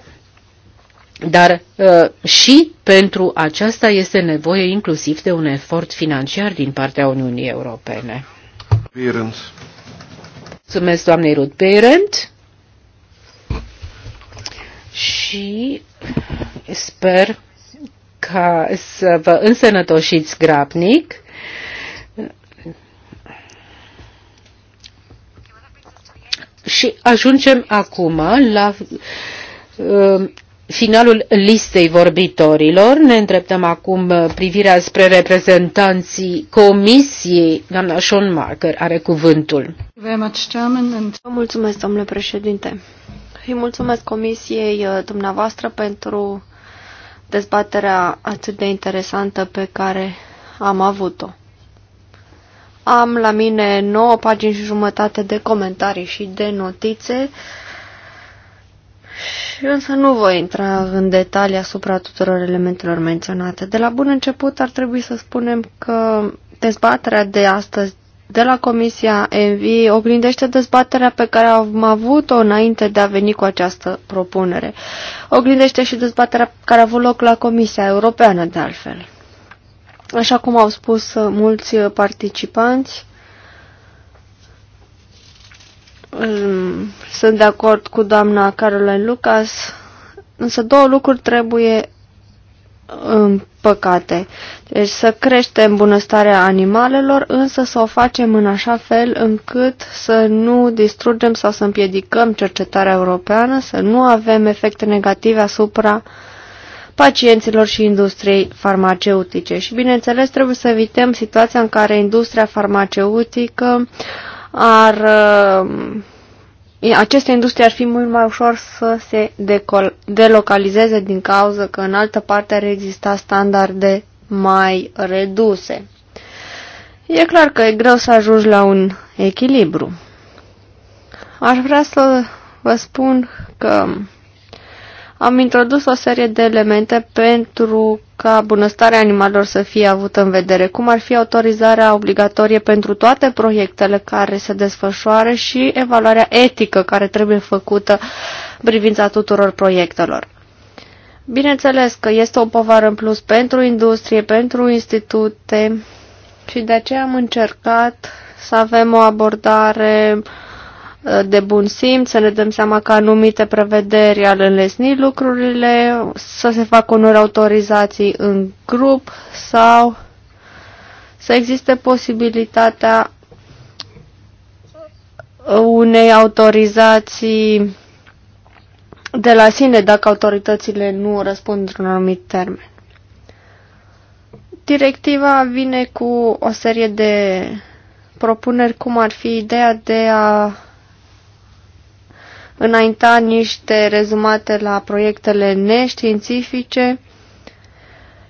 dar uh, și pentru aceasta este nevoie inclusiv de un efort financiar din partea Uniunii Europene. Mulțumesc doamnei Ruth Parent și sper ca să vă însănătoșiți grabnic. Și ajungem acum la uh, finalul listei vorbitorilor. Ne îndreptăm acum uh, privirea spre reprezentanții Comisiei. Doamna Sean Marker are cuvântul. Vă mulțumesc, domnule președinte. Îi mulțumesc Comisiei uh, dumneavoastră pentru dezbaterea atât de interesantă pe care am avut-o. Am la mine 9 pagini și jumătate de comentarii și de notițe. Uh, însă nu voi intra în detalii asupra tuturor elementelor menționate. De la bun început ar trebui să spunem că dezbaterea de astăzi de la Comisia ENVI oglindește dezbaterea pe care am avut-o înainte de a veni cu această propunere. Oglindește și dezbaterea care a avut loc la Comisia Europeană, de altfel. Așa cum au spus mulți participanți, sunt de acord cu doamna Caroline Lucas, însă două lucruri trebuie împăcate. Deci să creștem bunăstarea animalelor, însă să o facem în așa fel încât să nu distrugem sau să împiedicăm cercetarea europeană, să nu avem efecte negative asupra pacienților și industriei farmaceutice. Și bineînțeles trebuie să evităm situația în care industria farmaceutică uh, ar, uh, aceste industrie ar fi mult mai ușor să se delocalizeze din cauza că în altă parte ar exista standarde mai reduse. E clar că e greu să ajungi la un echilibru. Aș vrea să vă spun că am introdus o serie de elemente pentru ca bunăstarea animalelor să fie avută în vedere, cum ar fi autorizarea obligatorie pentru toate proiectele care se desfășoară și evaluarea etică care trebuie făcută privința tuturor proiectelor. Bineînțeles că este o povară în plus pentru industrie, pentru institute și de aceea am încercat să avem o abordare uh, de bun simț, să ne dăm seama că anumite prevederi al înlesni lucrurile, să se facă unor autorizații în grup sau să existe posibilitatea unei autorizații de la sine dacă autoritățile nu răspund într-un anumit termen. Directiva vine cu o serie de propuneri cum ar fi ideea de a înainta niște rezumate la proiectele neștiințifice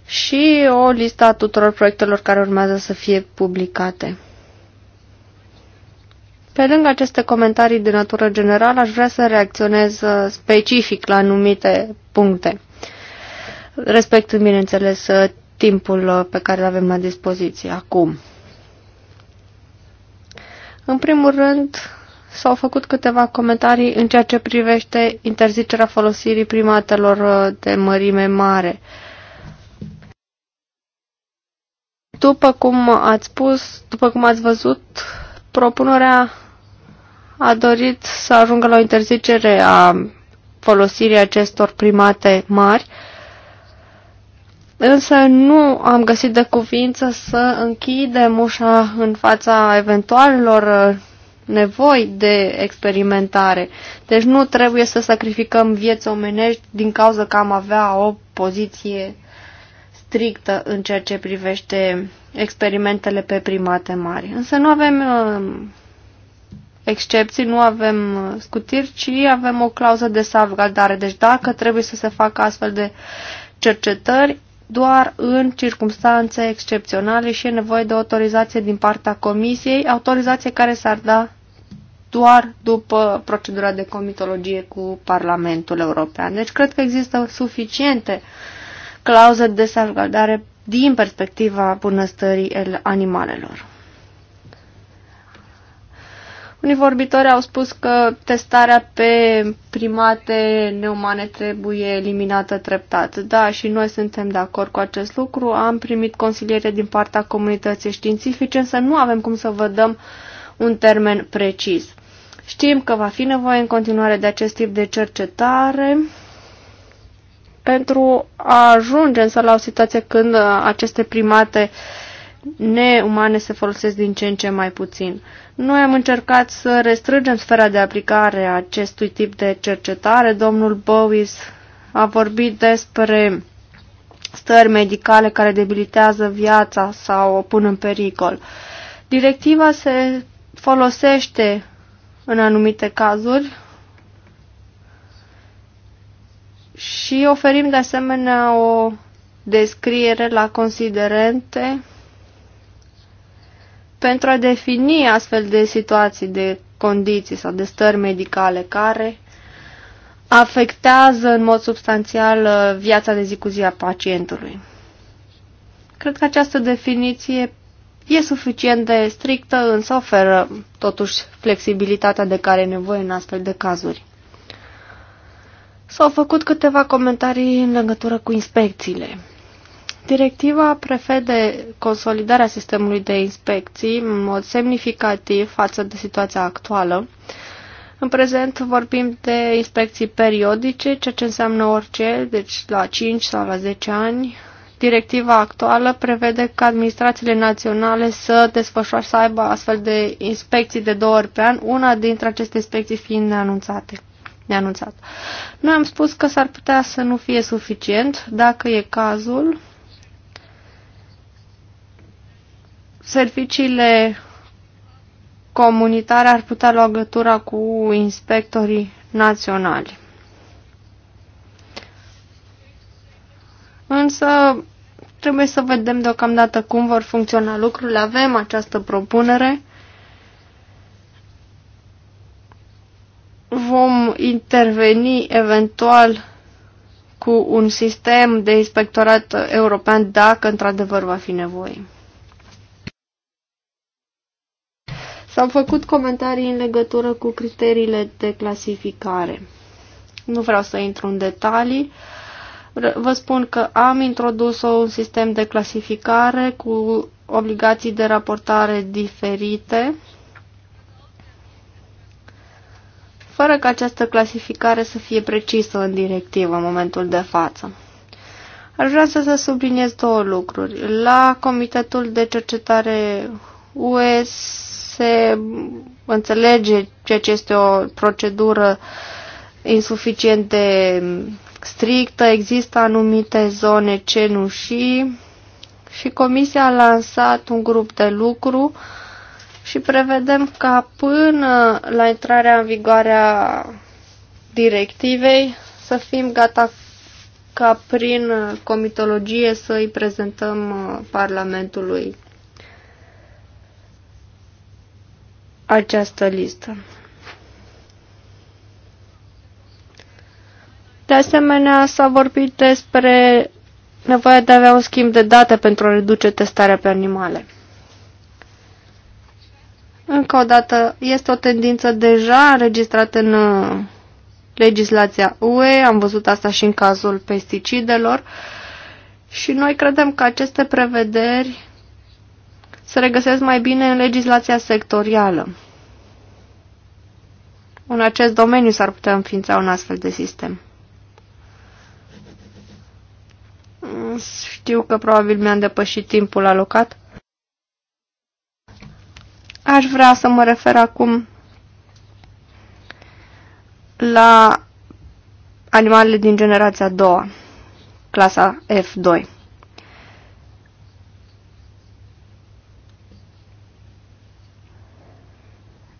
și o listă a tuturor proiectelor care urmează să fie publicate. Pe lângă aceste comentarii de natură generală, aș vrea să reacționez uh, specific la anumite puncte, respectând, bineînțeles, uh, timpul uh, pe care îl avem la dispoziție acum. În primul rând, s-au făcut câteva comentarii în ceea ce privește interzicerea folosirii primatelor uh, de mărime mare. După cum ați spus, după cum ați văzut, propunerea a dorit să ajungă la o interzicere a folosirii acestor primate mari, însă nu am găsit de cuvință să închidem ușa în fața eventualelor uh, nevoi de experimentare. Deci nu trebuie să sacrificăm vieți omenești din cauza că am avea o poziție strictă în ceea ce privește experimentele pe primate mari. Însă nu avem uh, excepții, nu avem uh, scutiri, ci avem o clauză de salvgardare. Deci dacă trebuie să se facă astfel de cercetări, doar în circunstanțe excepționale și e nevoie de autorizație din partea comisiei, autorizație care s-ar da doar după procedura de comitologie cu Parlamentul European. Deci cred că există suficiente clauze de salvgardare din perspectiva bunăstării animalelor. Unii vorbitori au spus că testarea pe primate neumane trebuie eliminată treptat. Da, și noi suntem de acord cu acest lucru. Am primit consiliere din partea comunității științifice, însă nu avem cum să vă dăm un termen precis. Știm că va fi nevoie în continuare de acest tip de cercetare pentru a ajunge însă la o situație când uh, aceste primate neumane se folosesc din ce în ce mai puțin. Noi am încercat să restrângem sfera de aplicare a acestui tip de cercetare. Domnul Bowis a vorbit despre stări medicale care debilitează viața sau o pun în pericol. Directiva se folosește în anumite cazuri și oferim de asemenea o descriere la considerente pentru a defini astfel de situații, de condiții sau de stări medicale care afectează în mod substanțial uh, viața de zi cu zi a pacientului. Cred că această definiție e suficient de strictă, însă oferă totuși flexibilitatea de care e nevoie în astfel de cazuri. S-au făcut câteva comentarii în legătură cu inspecțiile. Directiva prevede consolidarea sistemului de inspecții în mod semnificativ față de situația actuală. În prezent vorbim de inspecții periodice, ceea ce înseamnă orice, deci la 5 sau la 10 ani, Directiva actuală prevede că administrațiile naționale să desfășoare, să aibă astfel de inspecții de două ori pe an, una dintre aceste inspecții fiind neanunțate. Neanunțat. Noi am spus că s-ar putea să nu fie suficient, dacă e cazul, serviciile comunitare ar putea lua legătura cu inspectorii naționali. Însă Trebuie să vedem deocamdată cum vor funcționa lucrurile. Avem această propunere. Vom interveni eventual cu un sistem de inspectorat european dacă într-adevăr va fi nevoie. S-au făcut comentarii în legătură cu criteriile de clasificare. Nu vreau să intru în detalii. Uh, Vă spun că am introdus un sistem de clasificare cu obligații de raportare diferite, fără ca această clasificare să fie precisă în directivă în momentul de față. Aș vrea să, vă subliniez două lucruri. La Comitetul de Cercetare UE se înțelege ceea ce este o procedură insuficient de strictă, există anumite zone cenușii și Comisia a lansat un grup de lucru și prevedem ca până la intrarea în vigoare a directivei să fim gata ca prin comitologie să îi prezentăm uh, Parlamentului această listă. De asemenea, s-a vorbit despre nevoia de a avea un schimb de date pentru a reduce testarea pe animale. Încă o dată, este o tendință deja înregistrată în uh, legislația UE, am văzut asta și în cazul pesticidelor și noi credem că aceste prevederi se regăsesc mai bine în legislația sectorială. În acest domeniu s-ar putea înființa un astfel de sistem. Mm, știu că probabil mi-am depășit timpul alocat. Aș vrea să mă refer acum la animalele din generația a doua, clasa F2.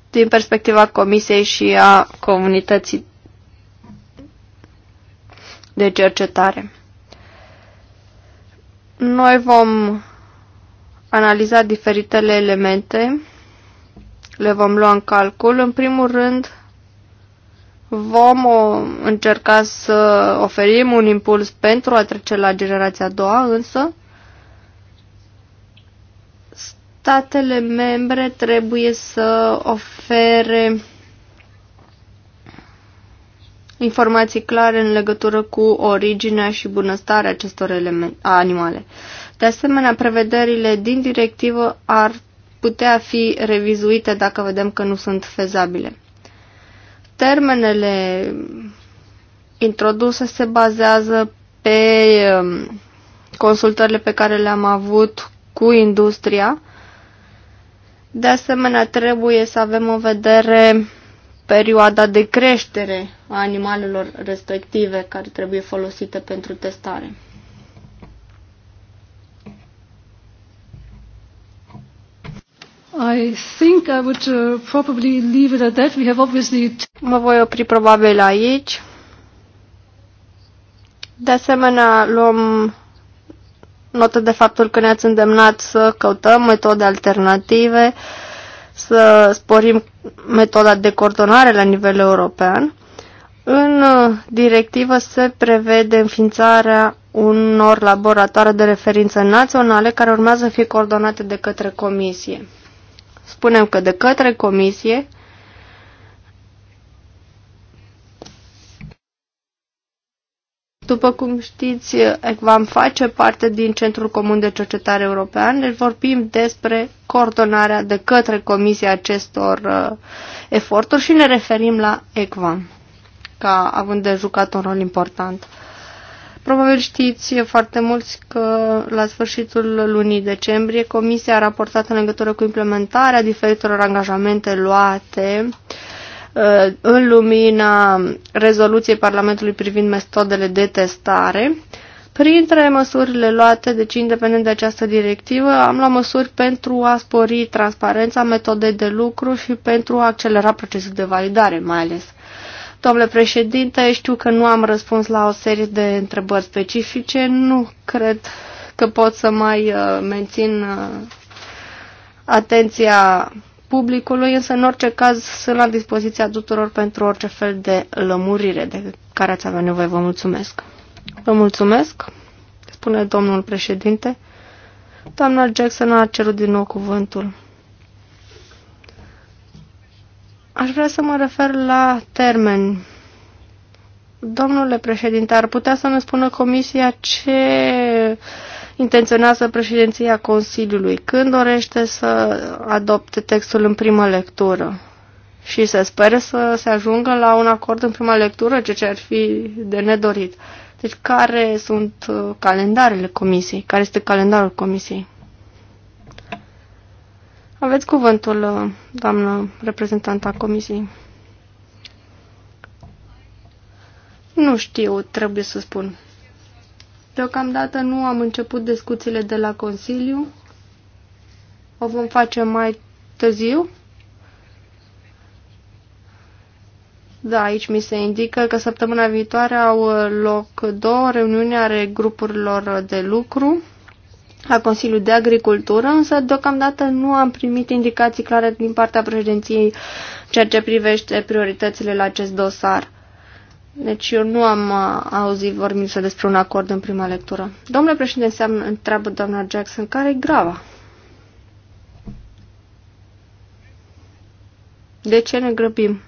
Din perspectiva comisiei și a comunității de cercetare. Noi vom analiza diferitele elemente, le vom lua în calcul. În primul rând, vom încerca să oferim un impuls pentru a trece la generația a doua, însă statele membre trebuie să ofere informații clare în legătură cu originea și bunăstarea acestor element, animale. De asemenea, prevederile din directivă ar putea fi revizuite dacă vedem că nu sunt fezabile. Termenele introduse se bazează pe um, consultările pe care le-am avut cu industria. De asemenea, trebuie să avem o vedere perioada de creștere a animalelor respective care trebuie folosite pentru testare. I think I would uh, probably leave it at that. We have obviously mă voi opri probabil aici. De asemenea, luăm notă de faptul că ne-ați îndemnat să căutăm metode alternative. Uh, să sporim metoda de coordonare la nivel european. În uh, directivă se prevede înființarea unor laboratoare de referință naționale care urmează să fie coordonate de către comisie. Spunem că de către comisie După cum știți, ECVAM face parte din Centrul Comun de Cercetare European, deci vorbim despre coordonarea de către Comisie acestor uh, eforturi și ne referim la ECVAM, ca având de jucat un rol important. Probabil știți foarte mulți că la sfârșitul lunii decembrie Comisia a raportat în legătură cu implementarea diferitelor angajamente luate uh, Uh, în lumina rezoluției Parlamentului privind metodele de testare. Printre măsurile luate, deci independent de această directivă, am luat măsuri pentru a spori transparența metodei de lucru și pentru a accelera procesul de validare, mai ales. Domnule președinte, știu că nu am răspuns la o serie de întrebări specifice, nu cred că pot să mai uh, mențin uh, atenția publicului, însă în orice caz sunt la dispoziția tuturor pentru orice fel de lămurire de care ați avea nevoie. Vă mulțumesc! Vă mulțumesc, spune domnul președinte. Doamna Jackson a cerut din nou cuvântul. Aș vrea să mă refer la termen, Domnule președinte, ar putea să ne spună comisia ce intenționează președinția Consiliului, când dorește să adopte textul în primă lectură și se speră să se ajungă la un acord în prima lectură, ceea ce ar fi de nedorit. Deci care sunt uh, calendarele comisiei? Care este calendarul comisiei? Aveți cuvântul, uh, doamnă reprezentanta comisiei. Nu știu, trebuie să spun. Deocamdată nu am început discuțiile de la Consiliu. O vom face mai târziu. Da, aici mi se indică că săptămâna viitoare au loc două reuniuni ale grupurilor de lucru la Consiliul de Agricultură, însă deocamdată nu am primit indicații clare din partea președinției ceea ce privește prioritățile la acest dosar. Deci eu nu am uh, auzit vorbind să despre un acord în prima lectură. Domnule președinte, înseamnă, întreabă doamna Jackson, care e grava? De ce ne grăbim?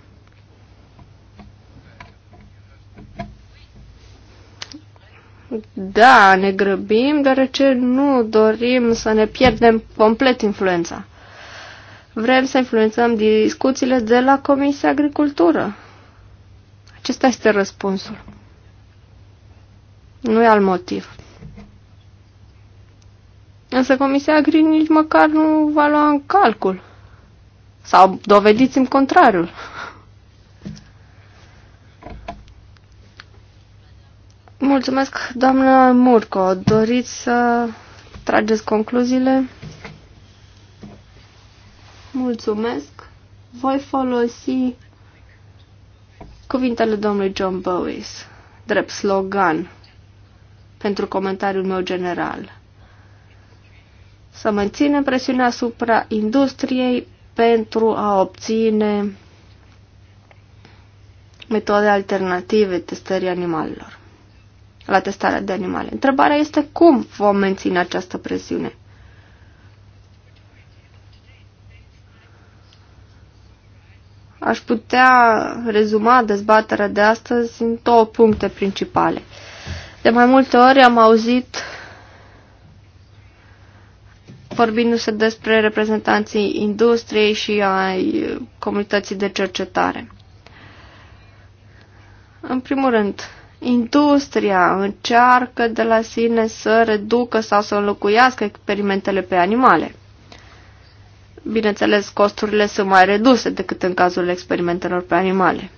Da, ne grăbim, deoarece nu dorim să ne pierdem complet influența. Vrem să influențăm discuțiile de la Comisia Agricultură acesta este răspunsul. Nu e al motiv. Însă Comisia Green nici măcar nu va lua în calcul. Sau dovediți-mi contrariul. Mulțumesc, doamnă Murco. Doriți să trageți concluziile? Mulțumesc. Voi folosi cuvintele domnului John Bowies, drept slogan pentru comentariul meu general. Să menținem presiunea asupra industriei pentru a obține metode alternative testării animalelor, la testarea de animale. Întrebarea este cum vom menține această presiune. Aș putea rezuma dezbaterea de astăzi în două puncte principale. De mai multe ori am auzit vorbindu-se despre reprezentanții industriei și ai comunității de cercetare. În primul rând, industria încearcă de la sine să reducă sau să înlocuiască experimentele pe animale bineînțeles, costurile sunt mai reduse decât în cazul experimentelor pe animale.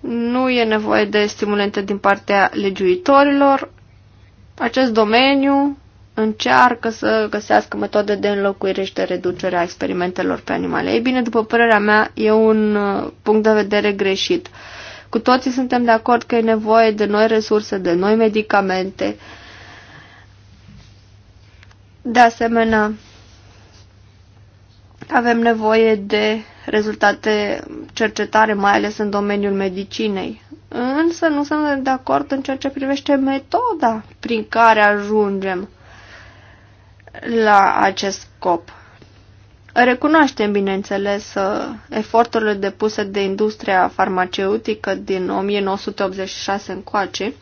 Nu e nevoie de stimulente din partea legiuitorilor. Acest domeniu încearcă să găsească metode de înlocuire și de reducere a experimentelor pe animale. Ei bine, după părerea mea, e un uh, punct de vedere greșit. Cu toții suntem de acord că e nevoie de noi resurse, de noi medicamente, de asemenea, avem nevoie de rezultate cercetare, mai ales în domeniul medicinei. Însă nu sunt de acord în ceea ce privește metoda prin care ajungem la acest scop. Recunoaștem, bineînțeles, uh, eforturile depuse de industria farmaceutică din 1986 încoace,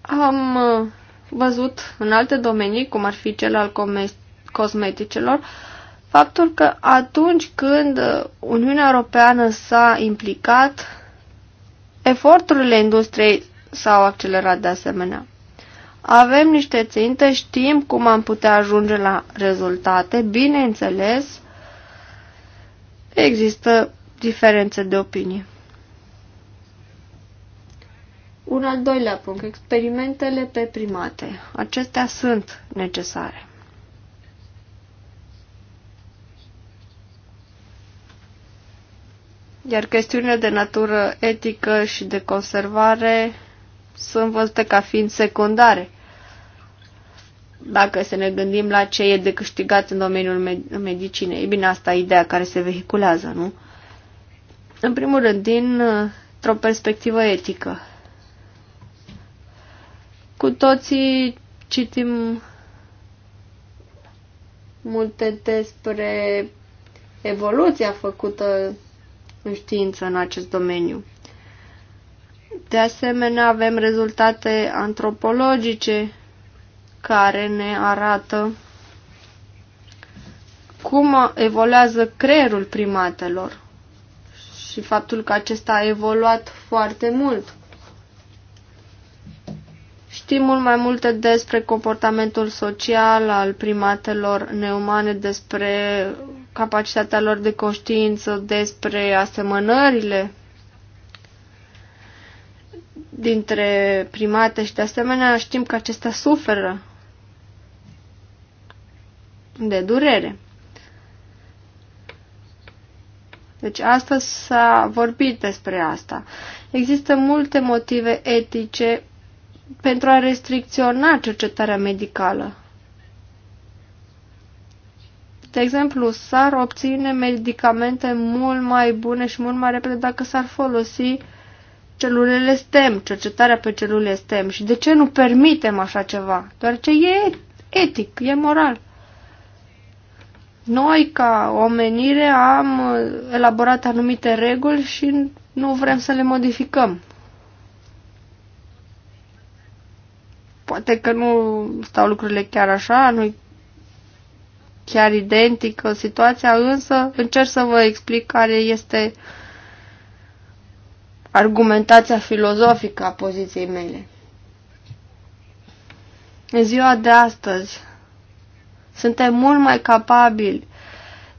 Am uh, văzut în alte domenii, cum ar fi cel al cosmeticelor, faptul că atunci când uh, Uniunea Europeană s-a implicat, eforturile industriei s-au accelerat de asemenea. Avem niște ținte, știm cum am putea ajunge la rezultate, bineînțeles, există diferențe de opinie. Un al doilea punct, experimentele pe primate. Acestea sunt necesare. Iar chestiunile de natură etică și de conservare sunt văzute ca fiind secundare. Dacă să ne gândim la ce e de câștigat în domeniul medicinei, e bine, asta e ideea care se vehiculează, nu? În primul rând, dintr-o perspectivă etică. Cu toții citim multe despre evoluția făcută în știință în acest domeniu. De asemenea, avem rezultate antropologice care ne arată cum evoluează creierul primatelor și faptul că acesta a evoluat foarte mult. Știm mult mai multe despre comportamentul social al primatelor neumane, despre capacitatea lor de conștiință, despre asemănările dintre primate și de asemenea știm că acestea suferă de durere. Deci astăzi s-a vorbit despre asta. Există multe motive etice pentru a restricționa cercetarea medicală. De exemplu, s-ar obține medicamente mult mai bune și mult mai repede dacă s-ar folosi celulele STEM, cercetarea pe celule STEM. Și de ce nu permitem așa ceva? Doar ce e etic, e moral. Noi, ca omenire, am elaborat anumite reguli și nu vrem să le modificăm. Poate că nu stau lucrurile chiar așa, nu chiar identică situația, însă încerc să vă explic care este argumentația filozofică a poziției mele. În ziua de astăzi suntem mult mai capabili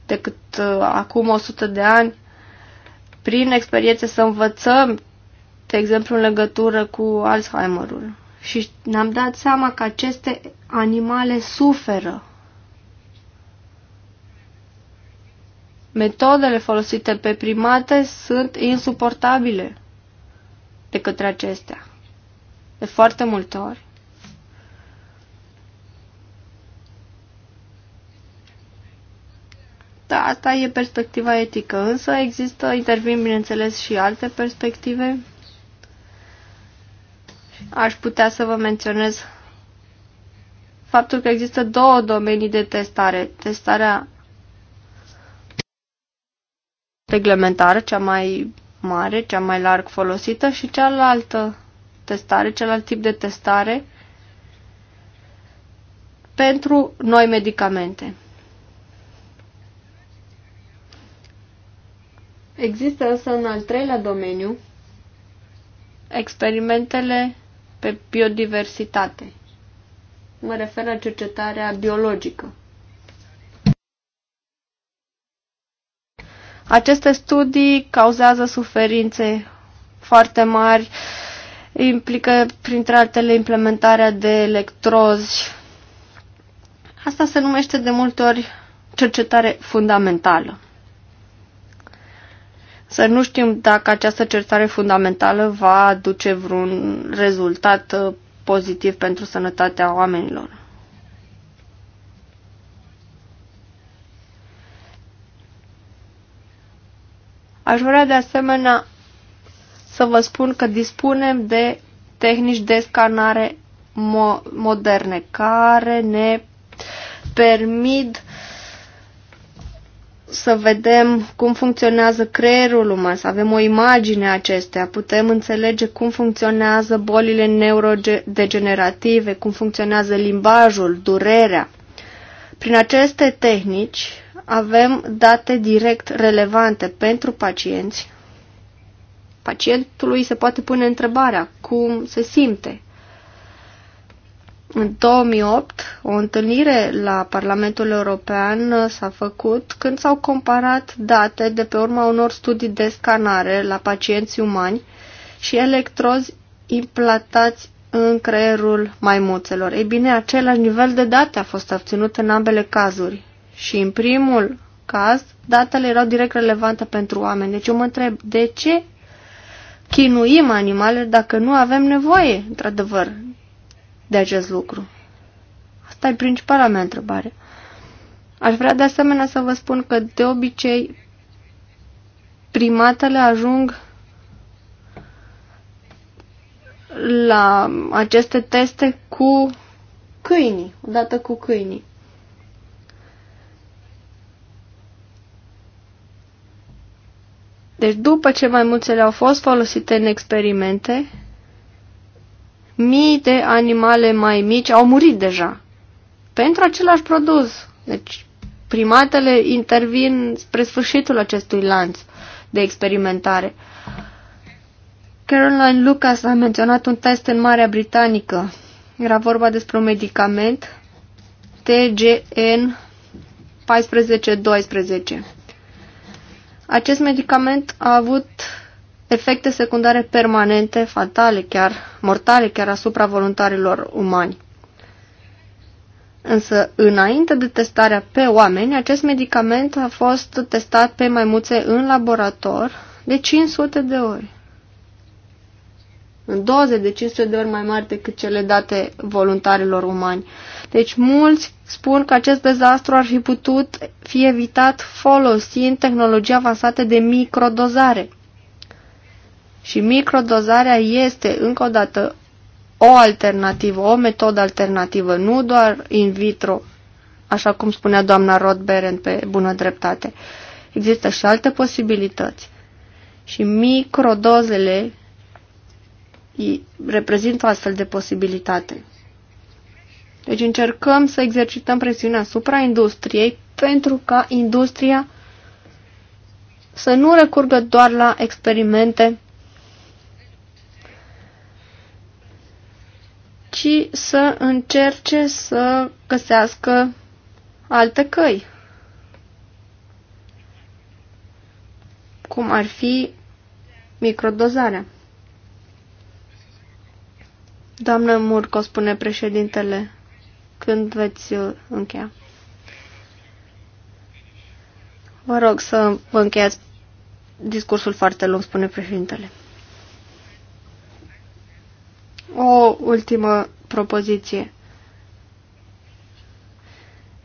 decât uh, acum 100 de ani prin experiențe să învățăm, de exemplu, în legătură cu Alzheimerul. Și ne-am dat seama că aceste animale suferă. Metodele folosite pe primate sunt insuportabile de către acestea. De foarte multe ori. Da, asta e perspectiva etică, însă există, intervin bineînțeles și alte perspective aș putea să vă menționez faptul că există două domenii de testare. Testarea reglementară, cea mai mare, cea mai larg folosită și cealaltă testare, celălalt tip de testare pentru noi medicamente. Există însă în al treilea domeniu experimentele pe biodiversitate. Mă refer la cercetarea biologică. Aceste studii cauzează suferințe foarte mari, implică printre altele implementarea de electrozi. Asta se numește de multe ori cercetare fundamentală să nu știm dacă această cercetare fundamentală va aduce vreun rezultat uh, pozitiv pentru sănătatea oamenilor. Aș vrea de asemenea să vă spun că dispunem de tehnici de scanare mo moderne care ne permit să vedem cum funcționează creierul uman, să avem o imagine a acestea, putem înțelege cum funcționează bolile neurodegenerative, cum funcționează limbajul, durerea. Prin aceste tehnici avem date direct relevante pentru pacienți. Pacientului se poate pune întrebarea cum se simte, în 2008, o întâlnire la Parlamentul European s-a făcut când s-au comparat date de pe urma unor studii de scanare la pacienți umani și electrozi implantați în creierul maimuțelor. Ei bine, același nivel de date a fost obținut în ambele cazuri și în primul caz datele erau direct relevante pentru oameni. Deci eu mă întreb, de ce chinuim animale dacă nu avem nevoie, într-adevăr, de acest lucru? Asta e principala mea întrebare. Aș vrea de asemenea să vă spun că de obicei primatele ajung la aceste teste cu câinii, odată cu câinii. Deci după ce mai mulțele au fost folosite în experimente, mii de animale mai mici au murit deja pentru același produs. Deci primatele intervin spre sfârșitul acestui lanț de experimentare. Caroline Lucas a menționat un test în Marea Britanică. Era vorba despre un medicament TGN 1412. Acest medicament a avut efecte secundare permanente, fatale chiar, mortale chiar asupra voluntarilor umani. Însă, înainte de testarea pe oameni, acest medicament a fost testat pe maimuțe în laborator de 500 de ori. În doze de 500 de ori mai mari decât cele date voluntarilor umani. Deci mulți spun că acest dezastru ar fi putut fi evitat folosind tehnologii avansate de microdozare – și microdozarea este, încă o dată, o alternativă, o metodă alternativă, nu doar in vitro, așa cum spunea doamna Rodberen pe bună dreptate. Există și alte posibilități. Și microdozele reprezintă o astfel de posibilitate. Deci încercăm să exercităm presiunea asupra industriei pentru ca industria să nu recurgă doar la experimente ci să încerce să găsească alte căi. Cum ar fi microdozarea. Doamnă Murco, spune președintele, când veți uh, încheia? Vă rog să vă încheiați discursul foarte lung, spune președintele. O ultimă propoziție.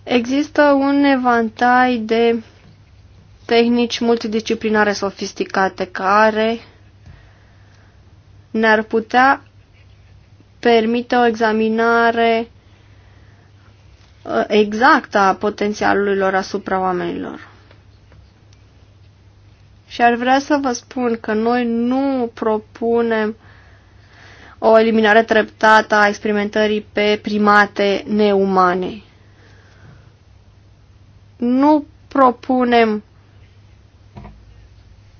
Există un evantai de tehnici multidisciplinare sofisticate care ne-ar putea permite o examinare uh, exactă a potențialului lor asupra oamenilor. Și ar vrea să vă spun că noi nu propunem o eliminare treptată a experimentării pe primate neumane. Nu propunem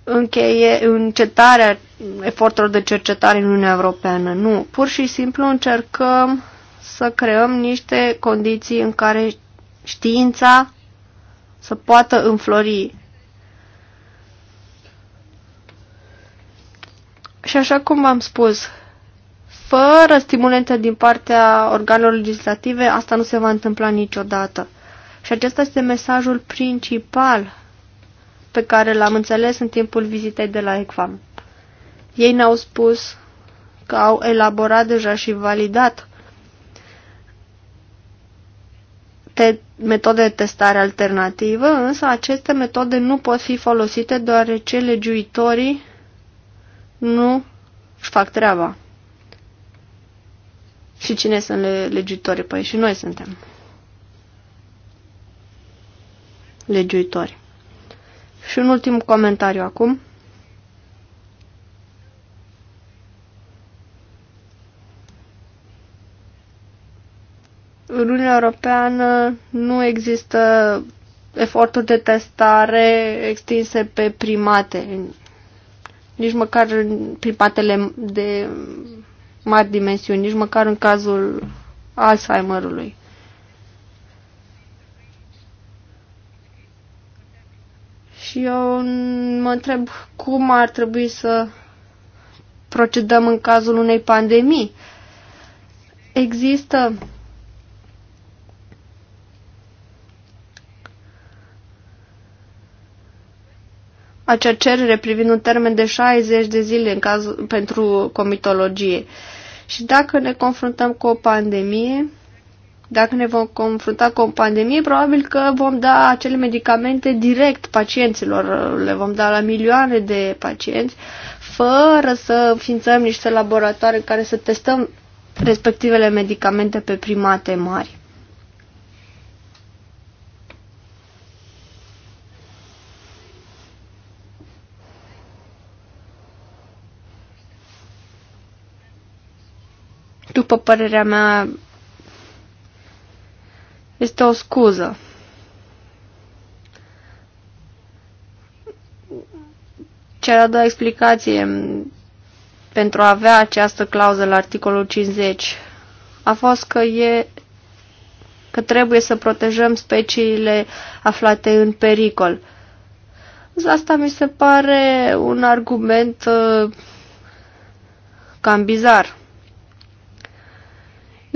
încheie, încetarea eforturilor de cercetare în Uniunea Europeană. Nu, pur și simplu încercăm să creăm niște condiții în care știința să poată înflori. Și așa cum v-am spus, fără stimulente din partea organelor legislative, asta nu se va întâmpla niciodată. Și acesta este mesajul principal pe care l-am înțeles în timpul vizitei de la ECFAM. Ei ne-au spus că au elaborat deja și validat te metode de testare alternativă, însă aceste metode nu pot fi folosite deoarece legiuitorii nu își fac treaba. Și cine sunt legiuitori? Păi și noi suntem legiuitori. Și un ultim comentariu acum. În Uniunea Europeană nu există eforturi de testare extinse pe primate, nici măcar primatele de mari dimensiuni, nici măcar în cazul Alzheimerului. Și eu mă întreb cum ar trebui să procedăm în cazul unei pandemii. Există acea cerere privind un termen de 60 de zile în caz, pentru comitologie. Și dacă ne confruntăm cu o pandemie, dacă ne vom confrunta cu o pandemie, probabil că vom da acele medicamente direct pacienților, le vom da la milioane de pacienți, fără să înființăm niște laboratoare în care să testăm respectivele medicamente pe primate mari. după părerea mea, este o scuză. Cea de explicație pentru a avea această clauză la articolul 50 a fost că e că trebuie să protejăm speciile aflate în pericol. Asta mi se pare un argument uh, cam bizar.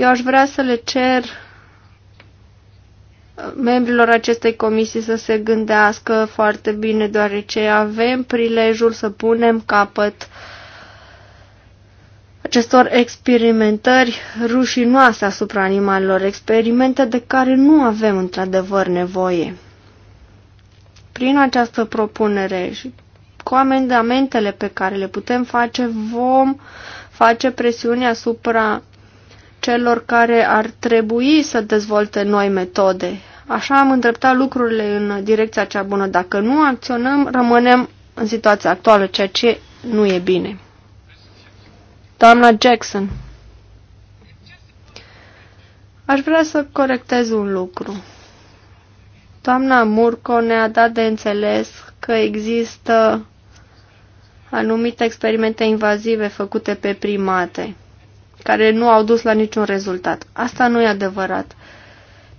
Eu aș vrea să le cer membrilor acestei comisii să se gândească foarte bine, deoarece avem prilejul să punem capăt acestor experimentări rușinoase asupra animalelor, experimente de care nu avem într-adevăr nevoie. Prin această propunere și cu amendamentele pe care le putem face, vom face presiune asupra celor care ar trebui să dezvolte noi metode. Așa am îndreptat lucrurile în direcția cea bună. Dacă nu acționăm, rămânem în situația actuală, ceea ce nu e bine. Doamna Jackson, aș vrea să corectez un lucru. Doamna Murco ne-a dat de înțeles că există anumite experimente invazive făcute pe primate care nu au dus la niciun rezultat. Asta nu e adevărat.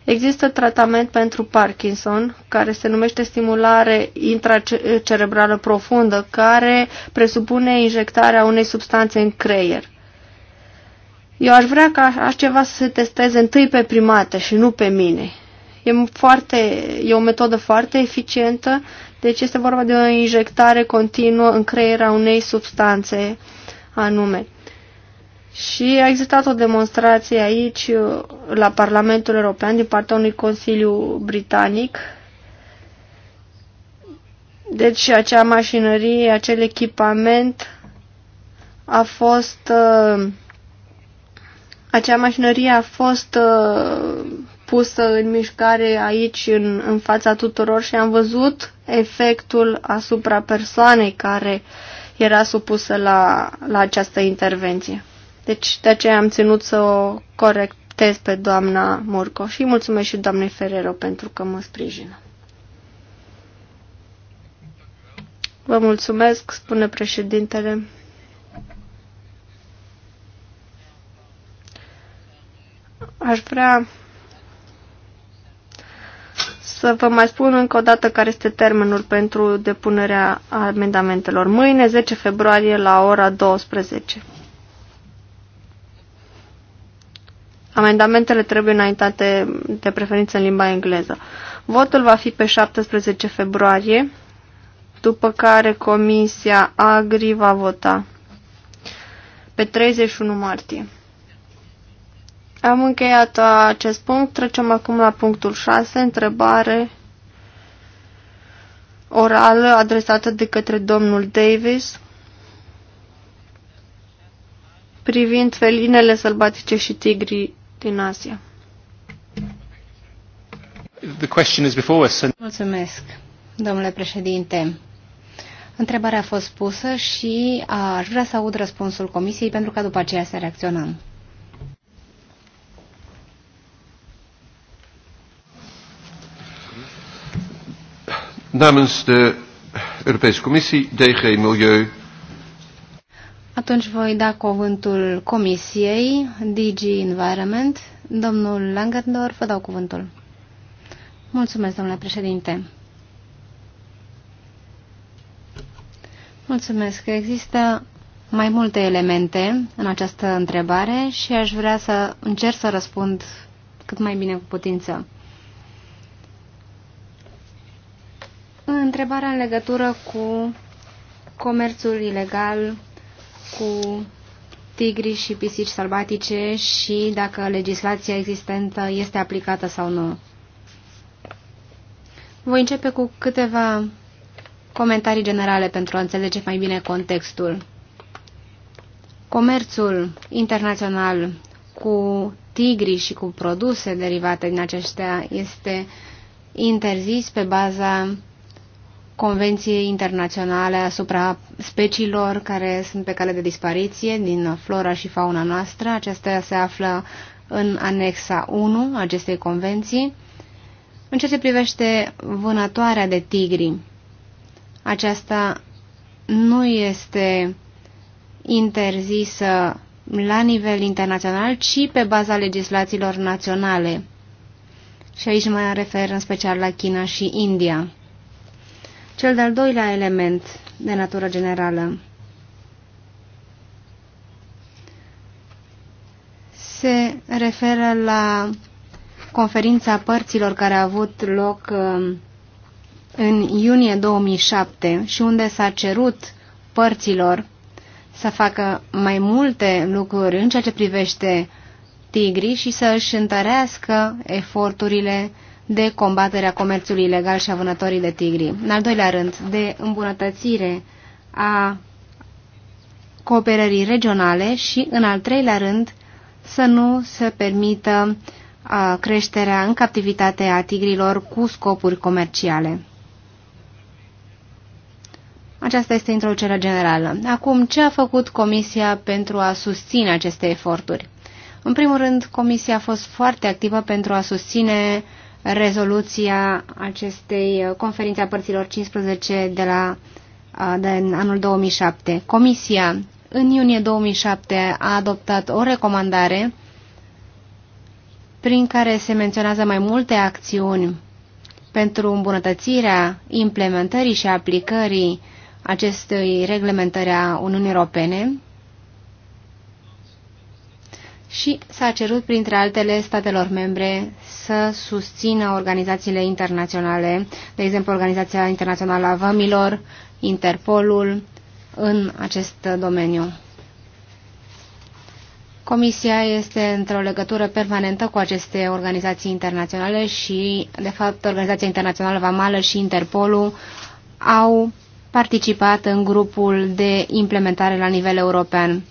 Există tratament pentru Parkinson, care se numește stimulare intracerebrală profundă, care presupune injectarea unei substanțe în creier. Eu aș vrea ca așa ceva să se testeze întâi pe primate și nu pe mine. E, foarte, e o metodă foarte eficientă, deci este vorba de o injectare continuă în creierea unei substanțe anume. Și a existat o demonstrație aici la Parlamentul European din partea unui Consiliu Britanic. Deci acea mașinărie, acel echipament a fost uh, acea mașinărie a fost uh, pusă în mișcare aici în, în fața tuturor și am văzut efectul asupra persoanei care era supusă la, la această intervenție. Deci de aceea am ținut să o corectez pe doamna Murco și mulțumesc și doamnei Ferrero pentru că mă sprijină. Vă mulțumesc, spune președintele. Aș vrea să vă mai spun încă o dată care este termenul pentru depunerea amendamentelor. Mâine, 10 februarie, la ora 12. Amendamentele trebuie înaintate de preferință în limba engleză. Votul va fi pe 17 februarie, după care Comisia Agri va vota pe 31 martie. Am încheiat acest punct. Trecem acum la punctul 6, întrebare orală adresată de către domnul Davis privind felinele sălbatice și tigrii din Asia. The question is before us. Mulțumesc, domnule președinte. Întrebarea a fost pusă și aș vrea să aud răspunsul comisiei pentru ca după aceea să reacționăm. Namens de Europese Commissie, DG Milieu, atunci voi da cuvântul Comisiei DG Environment. Domnul Langendorf, vă dau cuvântul. Mulțumesc, domnule președinte. Mulțumesc. Există mai multe elemente în această întrebare și aș vrea să încerc să răspund cât mai bine cu putință. Întrebarea în legătură cu comerțul ilegal cu tigri și pisici sălbatice și dacă legislația existentă este aplicată sau nu. Voi începe cu câteva comentarii generale pentru a înțelege mai bine contextul. Comerțul internațional cu tigri și cu produse derivate din aceștia este interzis pe baza Convenției Internaționale asupra speciilor care sunt pe cale de dispariție din flora și fauna noastră. Aceasta se află în anexa 1 acestei convenții. În ceea ce privește vânătoarea de tigri, aceasta nu este interzisă la nivel internațional, ci pe baza legislațiilor naționale. Și aici mă refer în special la China și India. Cel de-al doilea element de natură generală se referă la conferința părților care a avut loc um, în iunie 2007 și unde s-a cerut părților să facă mai multe lucruri în ceea ce privește tigrii și să își întărească eforturile de combatere a comerțului ilegal și a vânătorii de tigri. În al doilea rând, de îmbunătățire a cooperării regionale și, în al treilea rând, să nu se permită a, creșterea în captivitate a tigrilor cu scopuri comerciale. Aceasta este introducerea generală. Acum, ce a făcut Comisia pentru a susține aceste eforturi? În primul rând, Comisia a fost foarte activă pentru a susține uh, rezoluția acestei uh, conferințe a părților 15 de la uh, de anul 2007. Comisia, în iunie 2007, a adoptat o recomandare prin care se menționează mai multe acțiuni pentru îmbunătățirea implementării și aplicării acestei reglementări a Uniunii Europene și s-a cerut, printre altele, statelor membre să susțină organizațiile internaționale, de exemplu Organizația Internațională a Vămilor, Interpolul, în acest domeniu. Comisia este într-o legătură permanentă cu aceste organizații internaționale și, de fapt, Organizația Internațională Vamală și Interpolul au participat în grupul de implementare la nivel european.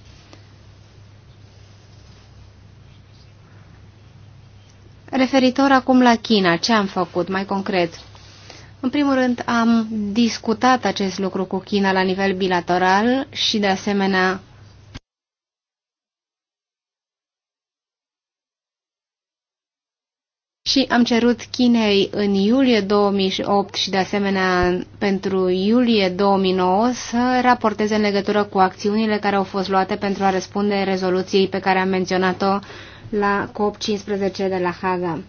Referitor acum la China, ce am făcut mai concret? În primul rând, am discutat acest lucru cu China la nivel bilateral și, de asemenea, și am cerut Chinei în iulie 2008 și de asemenea pentru iulie 2009 să raporteze în legătură cu acțiunile care au fost luate pentru a răspunde rezoluției pe care am menționat-o la COP15 de la Haga.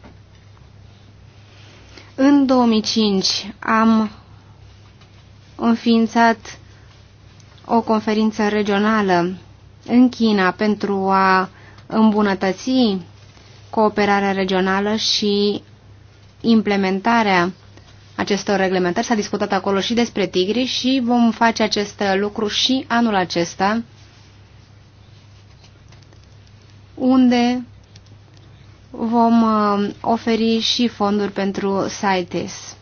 În 2005 am înființat o conferință regională în China pentru a îmbunătăți cooperarea regională și implementarea acestor reglementări. S-a discutat acolo și despre tigri și vom face acest lucru și anul acesta, unde vom uh, oferi și fonduri pentru CITES.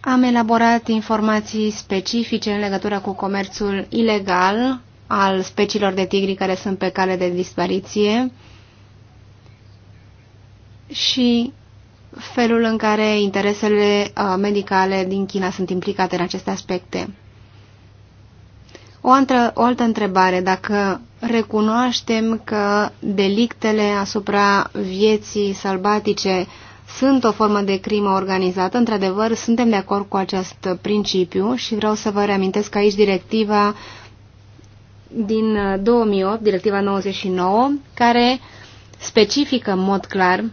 Am elaborat informații specifice în legătură cu comerțul ilegal al speciilor de tigri care sunt pe cale de dispariție și felul în care interesele uh, medicale din China sunt implicate în aceste aspecte. O altă, o altă întrebare, dacă recunoaștem că delictele asupra vieții sălbatice sunt o formă de crimă organizată, într-adevăr suntem de acord cu acest principiu și vreau să vă reamintesc aici directiva din 2008, uh, directiva 99, care specifică în mod clar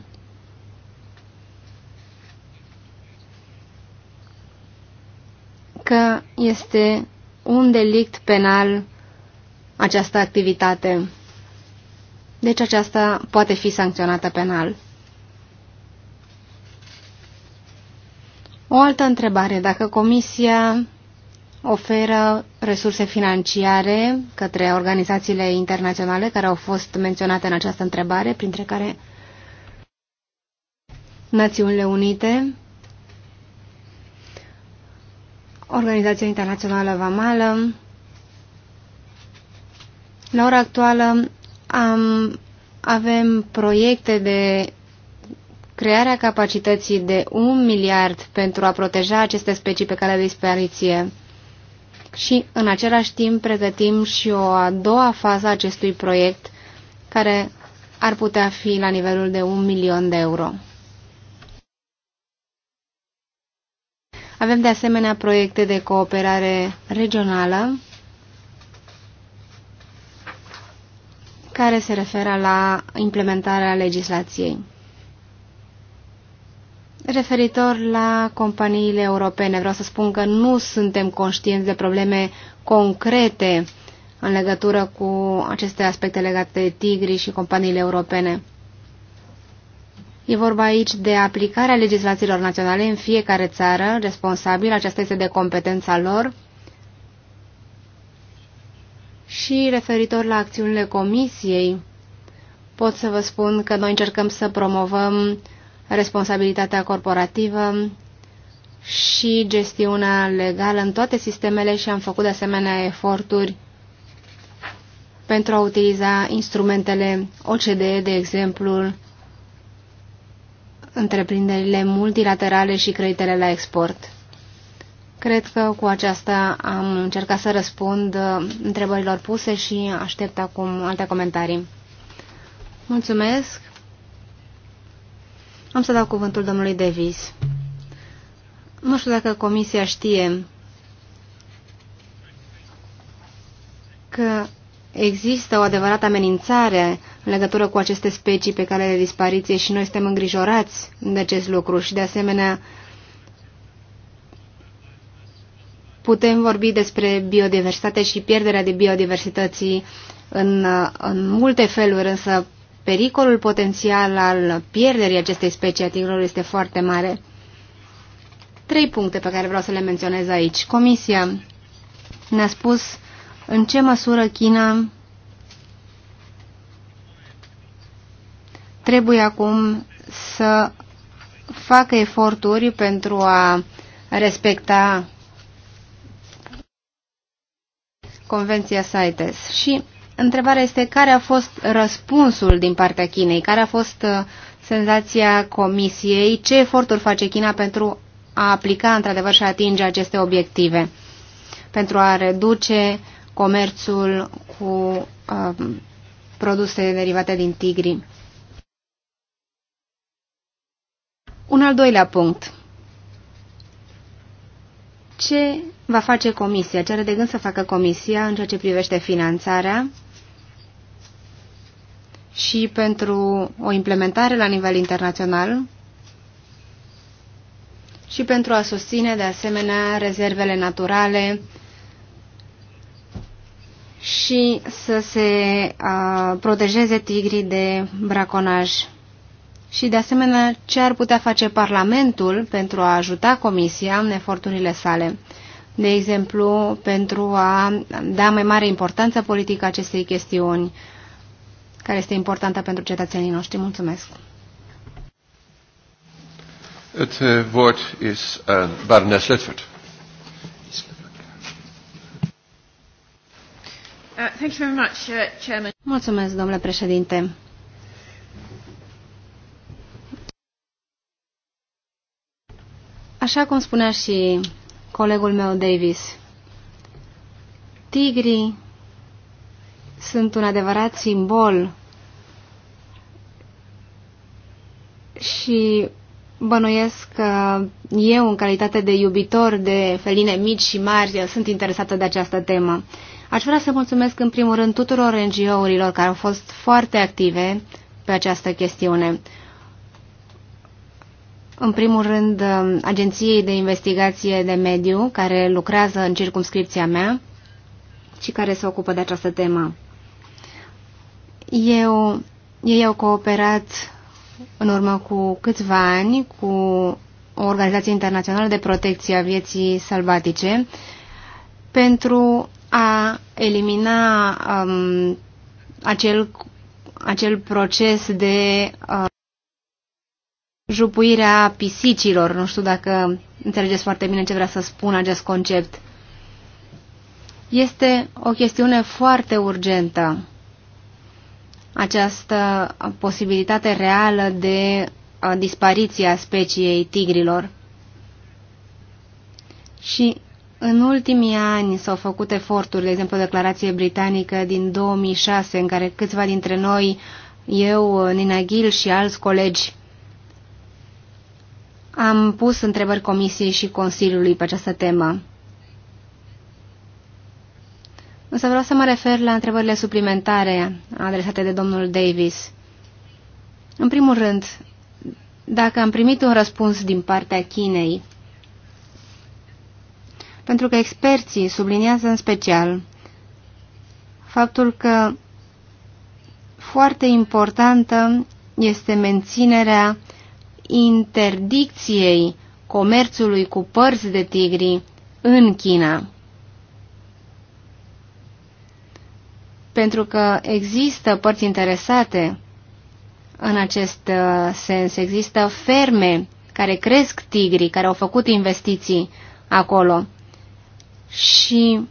că este un delict penal această activitate. Deci aceasta poate fi sancționată penal. O altă întrebare. Dacă Comisia oferă resurse financiare către organizațiile internaționale care au fost menționate în această întrebare, printre care Națiunile Unite, Organizația Internațională Vamală. La ora actuală am, avem proiecte de crearea capacității de un miliard pentru a proteja aceste specii pe care de dispariție. Și în același timp pregătim și o a doua fază a acestui proiect care ar putea fi la nivelul de un milion de euro. Avem de asemenea proiecte de cooperare regională care se referă la implementarea legislației. Referitor la companiile europene, vreau să spun că nu suntem conștienți de probleme concrete în legătură cu aceste aspecte legate de tigri și companiile europene. E vorba aici de aplicarea legislațiilor naționale în fiecare țară responsabilă, aceasta este de competența lor, și referitor la acțiunile comisiei, pot să vă spun că noi încercăm să promovăm responsabilitatea corporativă și gestiunea legală în toate sistemele și am făcut de asemenea eforturi pentru a utiliza instrumentele OCDE, de exemplu, întreprinderile multilaterale și creditele la export. Cred că cu aceasta am încercat să răspund uh, întrebărilor puse și aștept acum alte comentarii. Mulțumesc! Am să dau cuvântul domnului Davis. Nu știu dacă comisia știe că există o adevărată amenințare în legătură cu aceste specii pe care le dispariție și noi suntem îngrijorați de acest lucru și de asemenea putem vorbi despre biodiversitate și pierderea de biodiversității în, în multe feluri, însă pericolul potențial al pierderii acestei specii a tigrului este foarte mare. Trei puncte pe care vreau să le menționez aici. Comisia ne-a spus în ce măsură China trebuie acum să facă eforturi pentru a respecta Convenția CITES. Și întrebarea este care a fost răspunsul din partea Chinei, care a fost uh, senzația Comisiei, ce eforturi face China pentru a aplica într-adevăr și a atinge aceste obiective, pentru a reduce comerțul cu uh, produse derivate din tigri. Un al doilea punct. Ce va face comisia? Ce are de gând să facă comisia în ceea ce privește finanțarea și pentru o implementare la nivel internațional și pentru a susține de asemenea rezervele naturale și să se uh, protejeze tigrii de braconaj și, de asemenea, ce ar putea face Parlamentul pentru a ajuta Comisia în eforturile sale. De exemplu, pentru a da mai mare importanță politică acestei chestiuni, care este importantă pentru cetățenii noștri. Mulțumesc! Het eh, woord is aan eh, barones Ledford. Uh, thank you very much, uh, Chairman. Mulțumesc, domnule președinte. Așa cum spunea și colegul meu Davis, tigrii sunt un adevărat simbol și bănuiesc că eu, în calitate de iubitor de feline mici și mari, sunt interesată de această temă. Aș vrea să mulțumesc în primul rând tuturor NGO-urilor care au fost foarte active pe această chestiune în primul rând, um, Agenției de Investigație de Mediu, care lucrează în circumscripția mea și care se ocupă de această temă. Eu, ei au cooperat în urmă cu câțiva ani cu o organizație internațională de protecție a vieții sălbatice pentru a elimina um, acel, acel proces de... Uh, jupuirea pisicilor. Nu știu dacă înțelegeți foarte bine ce vrea să spun acest concept. Este o chestiune foarte urgentă. Această posibilitate reală de dispariția speciei tigrilor. Și în ultimii ani s-au făcut eforturi, de exemplu, declarație britanică din 2006, în care câțiva dintre noi, eu, Nina Gil și alți colegi, am pus întrebări Comisiei și Consiliului pe această temă. Însă vreau să mă refer la întrebările suplimentare adresate de domnul Davis. În primul rând, dacă am primit un răspuns din partea Chinei, pentru că experții subliniază în special faptul că foarte importantă este menținerea interdicției comerțului cu părți de tigri în China. Pentru că există părți interesate în acest uh, sens, există ferme care cresc tigri, care au făcut investiții acolo și,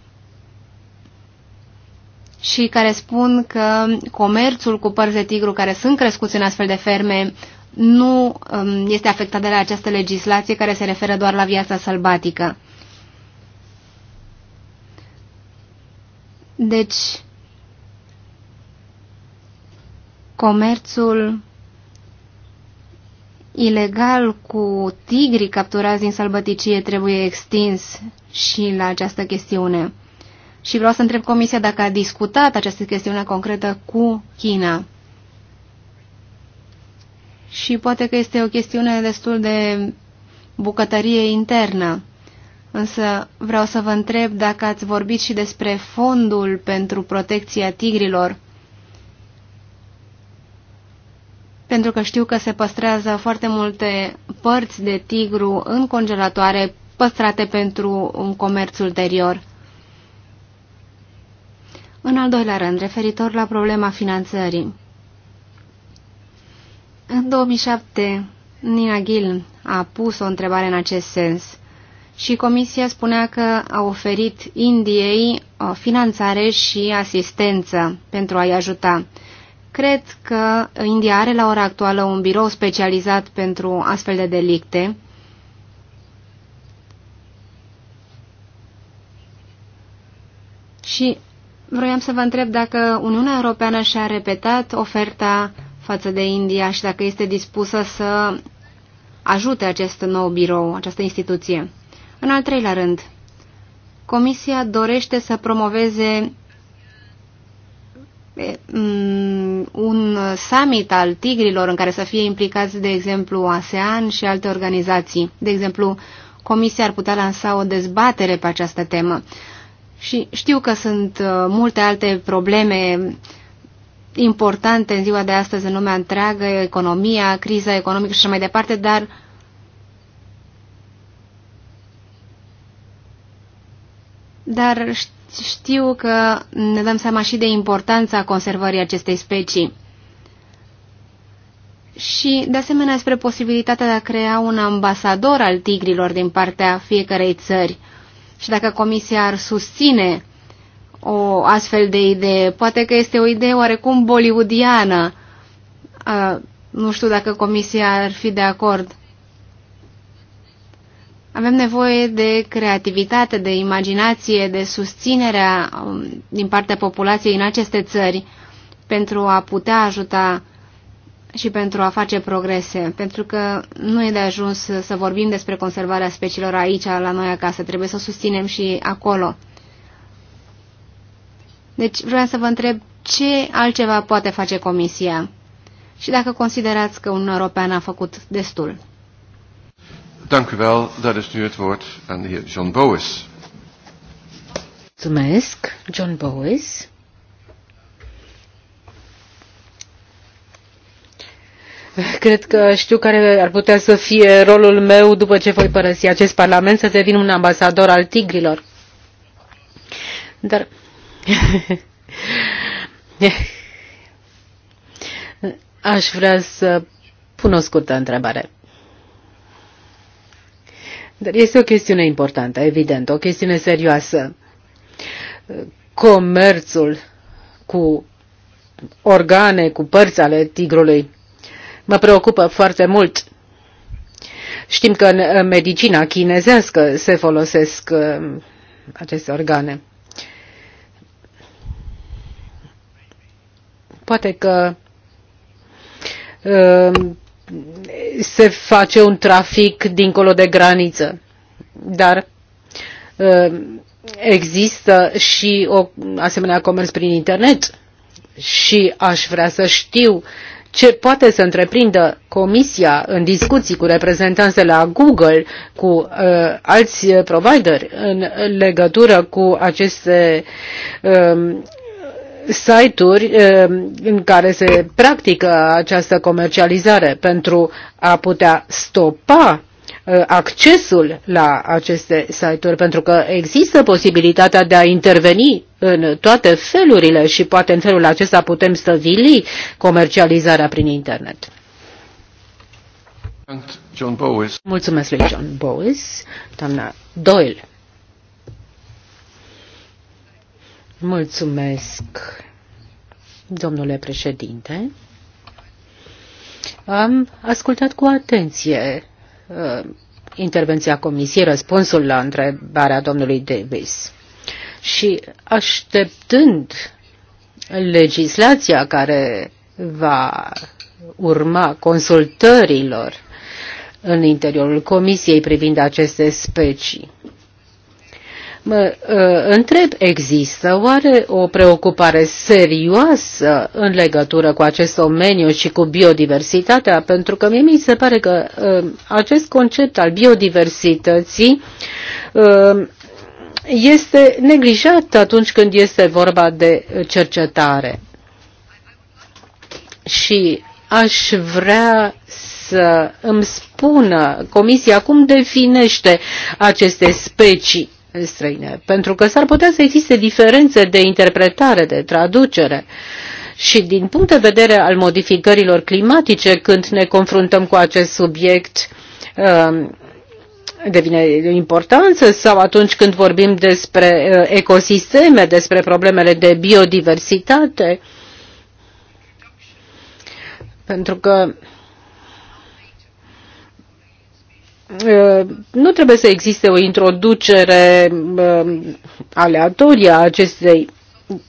și care spun că comerțul cu părți de tigru care sunt crescuți în astfel de ferme nu um, este afectat de la această legislație care se referă doar la viața sălbatică. Deci, comerțul ilegal cu tigri capturați din sălbăticie trebuie extins și la această chestiune. Și vreau să întreb Comisia dacă a discutat această chestiune concretă cu China și poate că este o chestiune destul de bucătărie internă. Însă vreau să vă întreb dacă ați vorbit și despre fondul pentru protecția tigrilor. Pentru că știu că se păstrează foarte multe părți de tigru în congelatoare păstrate pentru un comerț ulterior. În al doilea rând, referitor la problema finanțării. În 2007, Nina Gill a pus o întrebare în acest sens și Comisia spunea că a oferit Indiei o uh, finanțare și asistență pentru a-i ajuta. Cred că India are la ora actuală un birou specializat pentru astfel de delicte. Și vroiam să vă întreb dacă Uniunea Europeană și-a repetat oferta față de India și dacă este dispusă să ajute acest nou birou, această instituție. În al treilea rând, Comisia dorește să promoveze mm, un summit al tigrilor în care să fie implicați, de exemplu, ASEAN și alte organizații. De exemplu, Comisia ar putea lansa o dezbatere pe această temă. Și știu că sunt uh, multe alte probleme importante în ziua de astăzi în lumea întreagă, economia, criza economică și așa mai departe, dar dar știu că ne dăm seama și de importanța conservării acestei specii. Și, de asemenea, spre posibilitatea de a crea un ambasador al tigrilor din partea fiecarei țări. Și dacă Comisia ar susține o astfel de idee. Poate că este o idee oarecum bollywoodiană. Nu știu dacă comisia ar fi de acord. Avem nevoie de creativitate, de imaginație, de susținerea um, din partea populației în aceste țări pentru a putea ajuta și pentru a face progrese, pentru că nu e de ajuns să vorbim despre conservarea speciilor aici, la noi acasă, trebuie să o susținem și acolo. Deci vreau să vă întreb ce altceva poate face Comisia și dacă considerați că Uniunea Europeană a făcut destul. Dank u wel. is nu het woord aan de heer John Mulțumesc, John Bowis. Cred că știu care ar putea să fie rolul meu după ce voi părăsi acest parlament, să devin un ambasador al tigrilor. Dar Aș vrea să pun o scurtă întrebare. Dar este o chestiune importantă, evident, o chestiune serioasă. Comerțul cu organe, cu părți ale tigrului, mă preocupă foarte mult. Știm că în medicina chinezească se folosesc uh, aceste organe. Poate că uh, se face un trafic dincolo de graniță, dar uh, există și o asemenea comerț prin internet și aș vrea să știu ce poate să întreprindă Comisia în discuții cu reprezentanțele la Google, cu uh, alți provideri în legătură cu aceste uh, site-uri eh, în care se practică această comercializare pentru a putea stopa eh, accesul la aceste site-uri, pentru că există posibilitatea de a interveni în toate felurile și poate în felul acesta putem stăvili comercializarea prin internet. John Bowis. Mulțumesc lui John Bowes, doamna Doyle. Mulțumesc, domnule președinte. Am ascultat cu atenție uh, intervenția comisiei, răspunsul la întrebarea domnului Davis. Și așteptând legislația care va urma consultărilor în interiorul comisiei privind aceste specii, Mă ă, întreb, există oare o preocupare serioasă în legătură cu acest domeniu și cu biodiversitatea? Pentru că mie mi se pare că ă, acest concept al biodiversității ă, este neglijat atunci când este vorba de cercetare. Și aș vrea să îmi spună Comisia cum definește aceste specii străine, pentru că s-ar putea să existe diferențe de interpretare, de traducere. Și din punct de vedere al modificărilor climatice, când ne confruntăm cu acest subiect, um, devine de importanță sau atunci când vorbim despre uh, ecosisteme, despre problemele de biodiversitate, pentru că Uh, nu trebuie să existe o introducere um, aleatorie a acestei,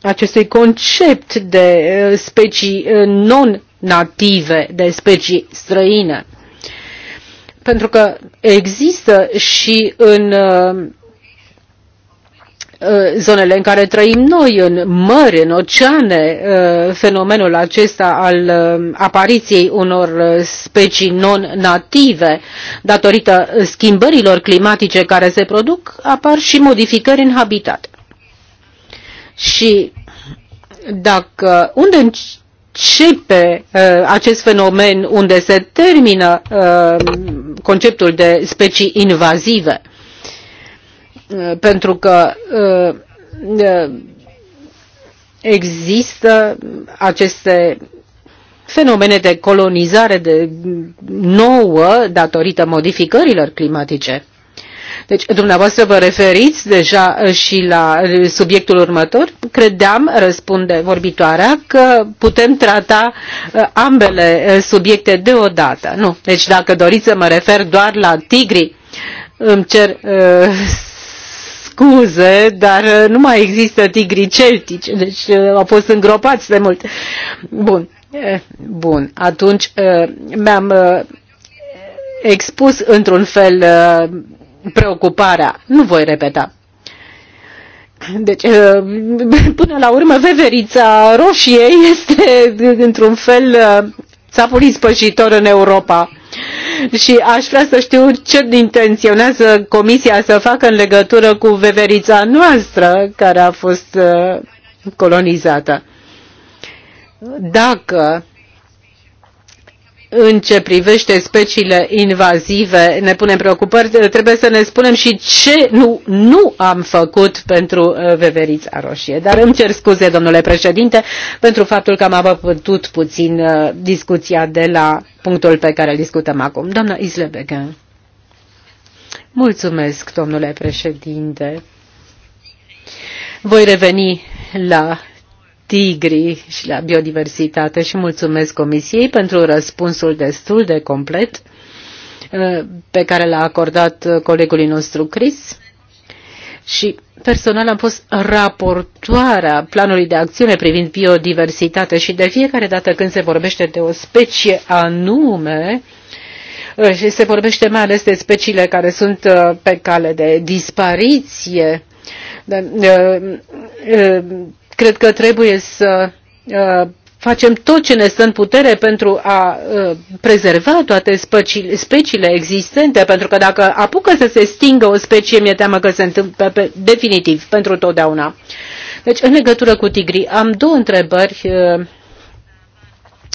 acestui concept de uh, specii uh, non-native, de specii străine. Pentru că există și în Eh, zonele în care trăim noi, în mări, în oceane, eh, fenomenul acesta al eh, apariției unor specii non-native, datorită schimbărilor climatice care se produc, apar și modificări în habitat. Și dacă unde începe uh, acest fenomen, unde se termină uh, conceptul de specii invazive, uh, Uh, pentru că uh, uh, există aceste fenomene de colonizare de nouă datorită modificărilor climatice. Deci, dumneavoastră vă referiți deja și la subiectul următor. Credeam, răspunde vorbitoarea, că putem trata ambele subiecte deodată. Nu. Deci, dacă doriți să mă refer doar la tigri, îmi cer uh, scuze, dar uh, nu mai există tigri celtici, deci uh, au fost îngropați de mult. Bun, eh, bun, atunci uh, mi-am expus într-un fel preocuparea. Nu voi repeta. Deci, până la urmă, veverița roșie este, într-un fel, țapul ispășitor în Europa. Și aș vrea să știu ce intenționează Comisia să facă în legătură cu veverița noastră care a fost uh, colonizată. Dacă în ce privește speciile invazive ne punem preocupări, trebuie să ne spunem și ce nu, nu am făcut pentru uh, veverița roșie. Dar îmi cer scuze, domnule președinte, pentru faptul că am apătut puțin uh, discuția de la punctul pe care îl discutăm acum. Doamna Islebegan. Mulțumesc, domnule președinte. Voi reveni la tigri și la biodiversitate și mulțumesc Comisiei pentru răspunsul destul de complet uh, pe care l-a acordat colegului nostru Chris și personal am fost raportoarea planului de acțiune privind biodiversitate și de fiecare dată când se vorbește de o specie anume, uh, și se vorbește mai ales de speciile care sunt uh, pe cale de dispariție, Cred că trebuie să uh, facem tot ce ne stă în putere pentru a uh, prezerva toate speciile existente, pentru că dacă apucă să se stingă o specie, mi-e teamă că se întâmplă pe, definitiv pentru totdeauna. Deci, în legătură cu tigrii, am două întrebări uh,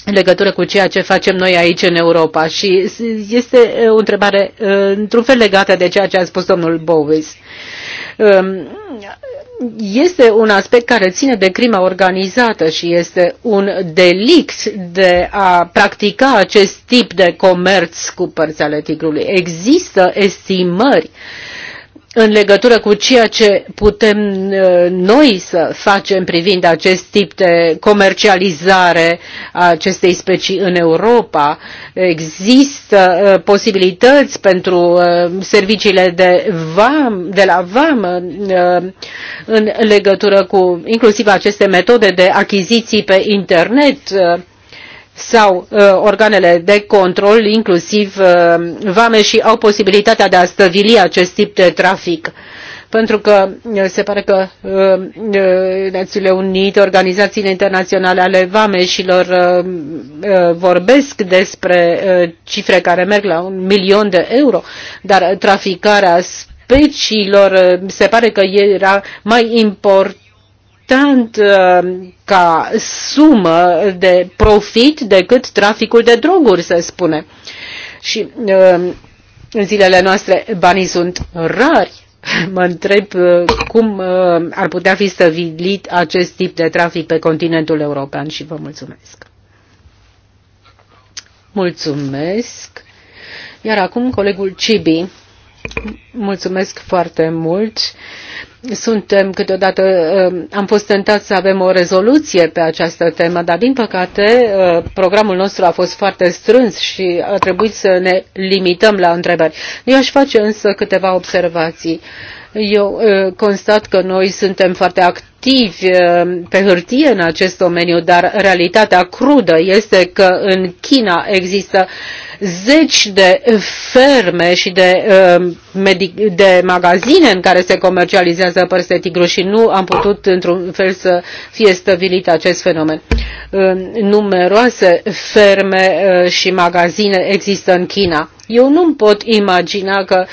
în legătură cu ceea ce facem noi aici în Europa și este o întrebare într-un fel legată de ceea ce a spus domnul Bowis. Um, este un aspect care ține de crima organizată și este un delict de a practica acest tip de comerț cu părți ale tigrului. Există estimări uh, în legătură cu ceea ce putem uh, noi să facem privind acest tip de comercializare a acestei specii în Europa. Există uh, posibilități pentru uh, serviciile de, vam, de la vamă în legătură cu inclusiv aceste metode de achiziții pe internet sau uh, organele de control, inclusiv uh, vame și au posibilitatea de a stăvili acest tip de trafic. Pentru că uh, se pare că uh, uh, Națiunile Unite, organizațiile internaționale ale vameșilor uh, uh, vorbesc despre uh, cifre care merg la un milion de euro, dar traficarea speciilor uh, se pare că era mai important important uh, ca sumă de profit decât traficul de droguri, să spune. Și uh, în zilele noastre banii sunt rari. Mă întreb uh, cum ar putea fi stăvilit acest tip de trafic pe continentul european și vă mulțumesc. Mulțumesc. Iar acum colegul Cibi. Mulțumesc foarte mult suntem câteodată, uh, am fost tentați să avem o rezoluție pe această temă, dar din păcate uh, programul nostru a fost foarte strâns și a trebuit să ne limităm la întrebări. Eu aș face însă câteva observații. Eu uh, constat că noi suntem foarte activi uh, pe hârtie în acest domeniu, dar realitatea crudă este că în China există zeci de ferme și de, uh, de magazine în care se comercializează părți de tigru și nu am putut într-un fel să fie stăvilit acest fenomen. Numeroase ferme și magazine există în China eu nu-mi pot imagina că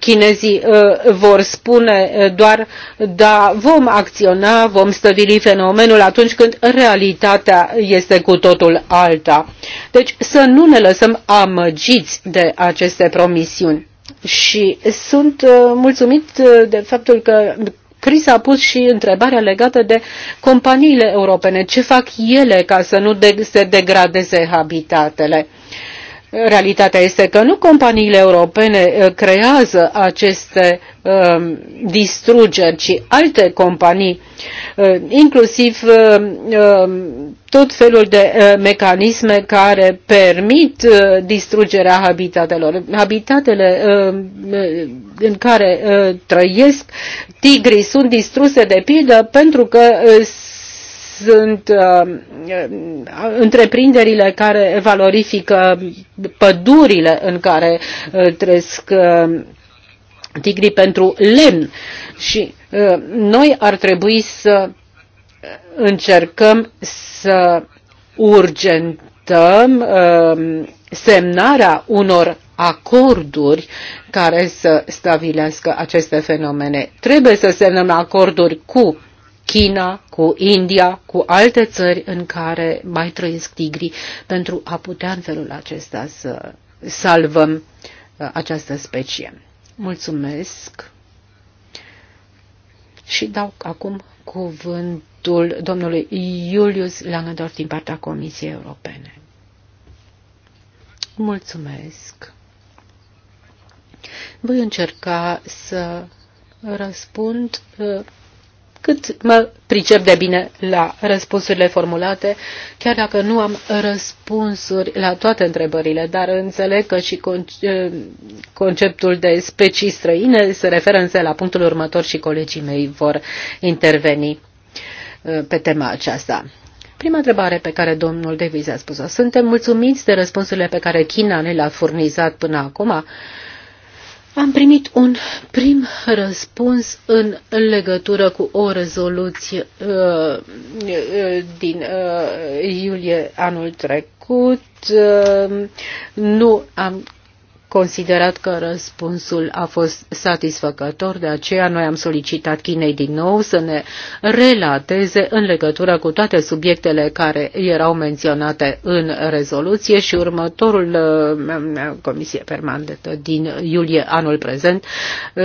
chinezii uh, vor spune uh, doar da, vom acționa, vom stăvili fenomenul atunci când realitatea este cu totul alta. Deci să nu ne lăsăm amăgiți de aceste promisiuni. Și sunt uh, mulțumit uh, de faptul că Chris a pus și întrebarea legată de companiile europene. Ce fac ele ca să nu de- se degradeze habitatele? Uh, Realitatea este că nu companiile europene uh, creează aceste um, distrugeri, ci alte companii, uh, inclusiv uh, um, tot felul de mecanisme care permit distrugerea habitatelor. Habitatele în care trăiesc tigrii sunt distruse de pildă pentru că sunt uh, uh, întreprinderile care valorifică pădurile în care uh, trăiesc uh, tigrii pentru lemn și uh, noi ar trebui să încercăm să urgentăm uh, semnarea unor acorduri care să stabilească aceste fenomene. Trebuie să semnăm acorduri cu China, cu India, cu alte țări în care mai trăiesc tigri, pentru a putea în felul acesta să salvăm uh, această specie. Mulțumesc și dau acum cuvântul domnului Julius Langendorf din partea Comisiei Europene. Mulțumesc. Voi încerca să răspund uh, cât mă pricep de bine la răspunsurile formulate, chiar dacă nu am răspunsuri la toate întrebările, dar înțeleg că și eh, conceptul de specii străine se referă însă la punctul următor și colegii mei vor interveni eh, pe tema aceasta. Prima întrebare pe care domnul Davis a spus-o. Suntem mulțumiți de răspunsurile pe care China ne le-a furnizat până acum am primit un prim răspuns în legătură cu o rezoluție uh, uh din uh, iulie anul trecut. Uh, nu am considerat că răspunsul a fost satisfăcător, de aceea noi am solicitat Chinei din nou să ne relateze în legătură cu toate subiectele care erau menționate în rezoluție și următorul uh, Comisie Permanentă din iulie anul prezent uh,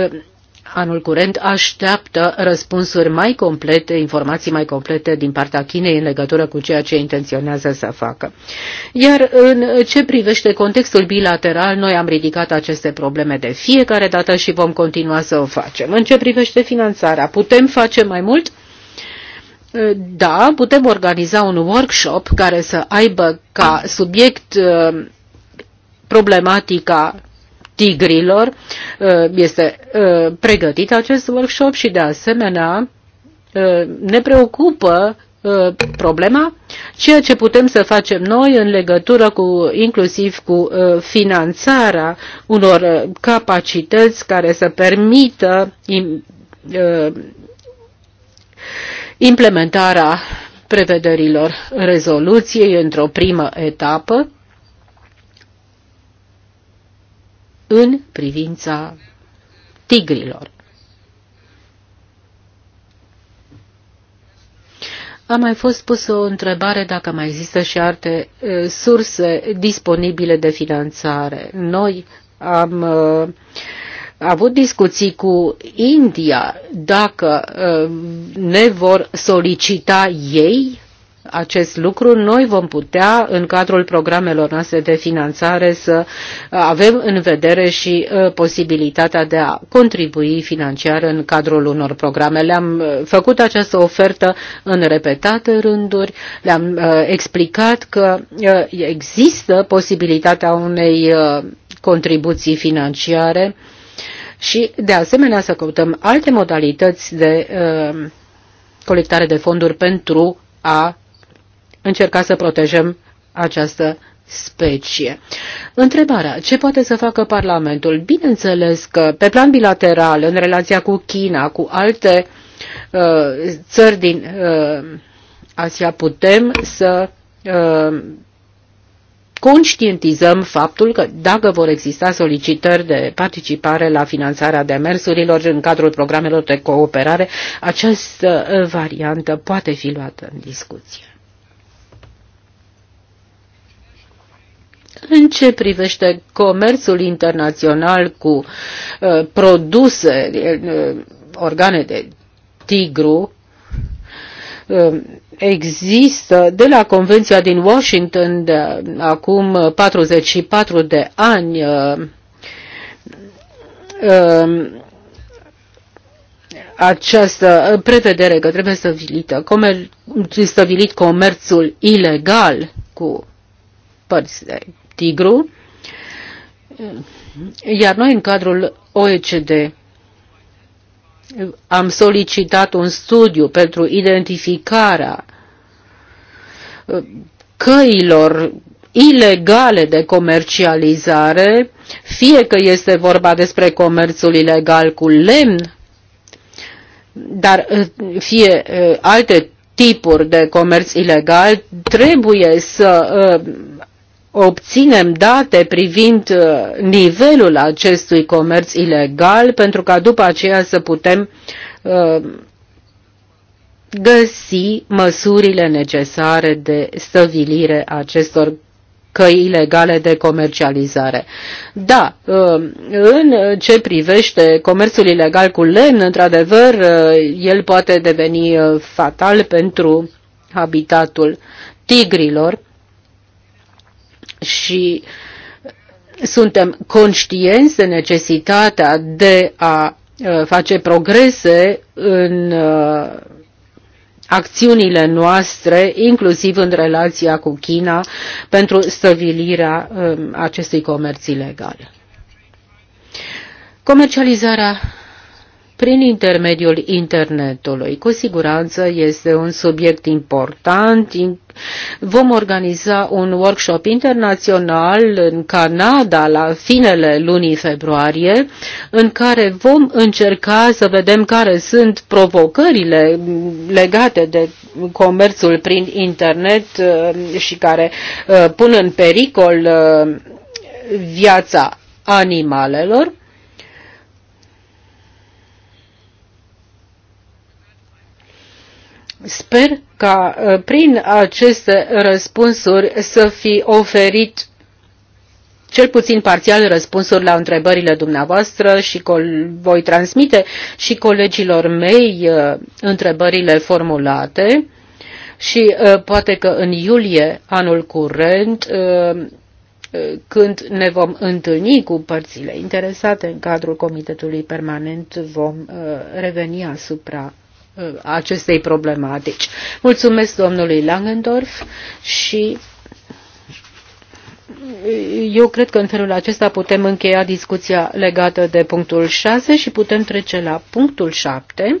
anul curent așteaptă răspunsuri mai complete, informații mai complete din partea Chinei în legătură cu ceea ce intenționează să facă. Iar în ce privește contextul bilateral, noi am ridicat aceste probleme de fiecare dată și vom continua să o facem. În ce privește finanțarea, putem face mai mult? Da, putem organiza un workshop care să aibă ca subiect uh, problematica tigrilor. Uh, este uh, pregătit acest workshop și de asemenea uh, ne preocupă problema, ceea ce putem să facem noi în legătură cu inclusiv cu finanțarea unor capacități care să permită implementarea prevederilor rezoluției într-o primă etapă în privința tigrilor. A mai fost pusă o întrebare dacă mai există și alte surse disponibile de finanțare. Noi am uh, avut discuții cu India dacă uh, ne vor solicita ei acest lucru, noi vom putea, în cadrul programelor noastre de finanțare, să avem în vedere și uh, posibilitatea de a contribui financiar în cadrul unor programe. Le-am uh, făcut această ofertă în repetate rânduri, le-am uh, explicat că există posibilitatea unei contribuții financiare și, de asemenea, să căutăm alte modalități de colectare de fonduri pentru a încerca să protejăm această specie. Întrebarea, ce poate să facă Parlamentul? Bineînțeles că pe plan bilateral, în relația cu China, cu alte uh, țări din uh, Asia, putem să uh, conștientizăm faptul că dacă vor exista solicitări de participare la finanțarea demersurilor în cadrul programelor de cooperare, această variantă poate fi luată în discuție. În ce privește comerțul internațional cu uh, produse, uh, organe de tigru, uh, există de la Convenția din Washington de acum 44 de ani uh, um, această prevedere că trebuie stabilită, comer, stabilit comerțul ilegal cu părți de tigru, iar noi în cadrul OECD am solicitat un studiu pentru identificarea uh, căilor ilegale de comercializare, fie că este vorba despre comerțul ilegal cu lemn, dar uh, fie uh, alte tipuri de comerț ilegal, trebuie să obținem date privind uh, nivelul acestui comerț ilegal pentru ca după aceea să putem uh, găsi măsurile necesare de stăvilire acestor căi ilegale de comercializare. Da, uh, în ce privește comerțul ilegal cu lemn, într-adevăr, el poate deveni fatal pentru habitatul tigrilor, și suntem conștienți de necesitatea de a uh, face progrese în uh, acțiunile noastre, inclusiv în relația cu China, pentru stăvilirea um, acestui comerț ilegal. Comercializarea prin intermediul internetului. Cu siguranță este un subiect important. Vom organiza un workshop internațional în Canada la finele lunii februarie, în care vom încerca să vedem care sunt provocările legate de comerțul prin internet uh, și care uh, pun în pericol uh, viața animalelor Sper ca uh, prin aceste răspunsuri să fi oferit cel puțin parțial răspunsuri la întrebările dumneavoastră și voi transmite și colegilor mei uh, întrebările formulate și uh, poate că în iulie anul curent când ne vom întâlni cu părțile interesate în cadrul Comitetului Permanent, vom reveni asupra Uh, acestei problematici. Mulțumesc domnului Langendorf și uh, eu cred că în felul acesta putem încheia discuția legată de punctul 6 și putem trece la punctul 7.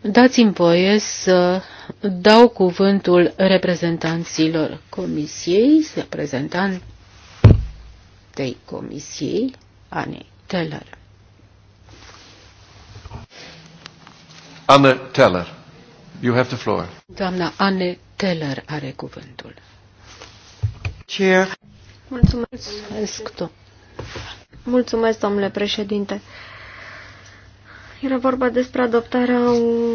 Dați-mi voie să dau cuvântul reprezentanților comisiei, reprezentantei comisiei, Anei Teller. Anne Teller, you have the floor. Doamna Anne Teller are cuvântul. Chair. Mulțumesc. Mulțumesc, domnule președinte. Era vorba despre adoptarea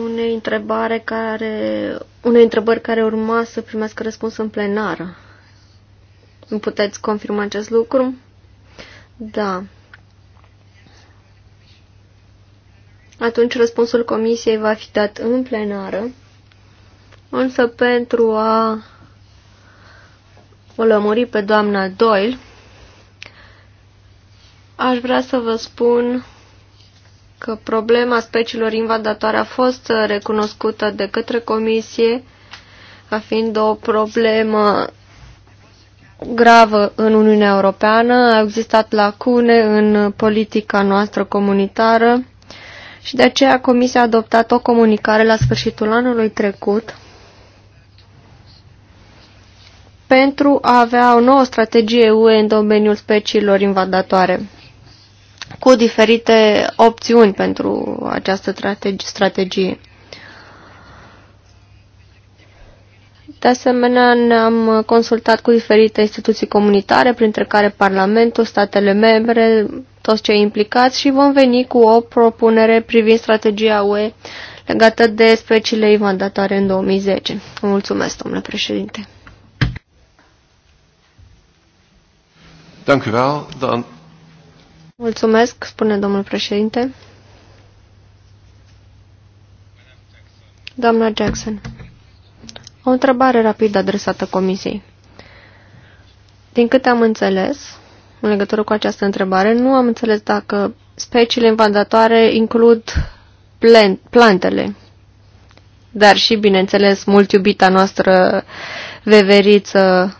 unei întrebări care, unei întrebări care urma să primească răspuns în plenară. Îmi puteți confirma acest lucru? Da. atunci răspunsul comisiei va fi dat în plenară. Însă pentru a o lămuri pe doamna Doyle, aș vrea să vă spun că problema speciilor invadatoare a fost recunoscută de către comisie ca fiind o problemă gravă în Uniunea Europeană. Au existat lacune în politica noastră comunitară și de aceea Comisia a adoptat o comunicare la sfârșitul anului trecut pentru a avea o nouă strategie UE în domeniul speciilor invadatoare, cu diferite opțiuni pentru această strategie. De asemenea, ne-am consultat cu diferite instituții comunitare, printre care Parlamentul, statele membre, toți cei implicați și vom veni cu o propunere privind strategia UE legată de speciile invandatoare în 2010. Mulțumesc, domnule președinte. Mulțumesc, spune domnul președinte. Doamna Jackson. O întrebare rapidă adresată Comisiei. Din câte am înțeles, în legătură cu această întrebare, nu am înțeles dacă speciile invadatoare includ plantele, dar și, bineînțeles, mult iubita noastră veveriță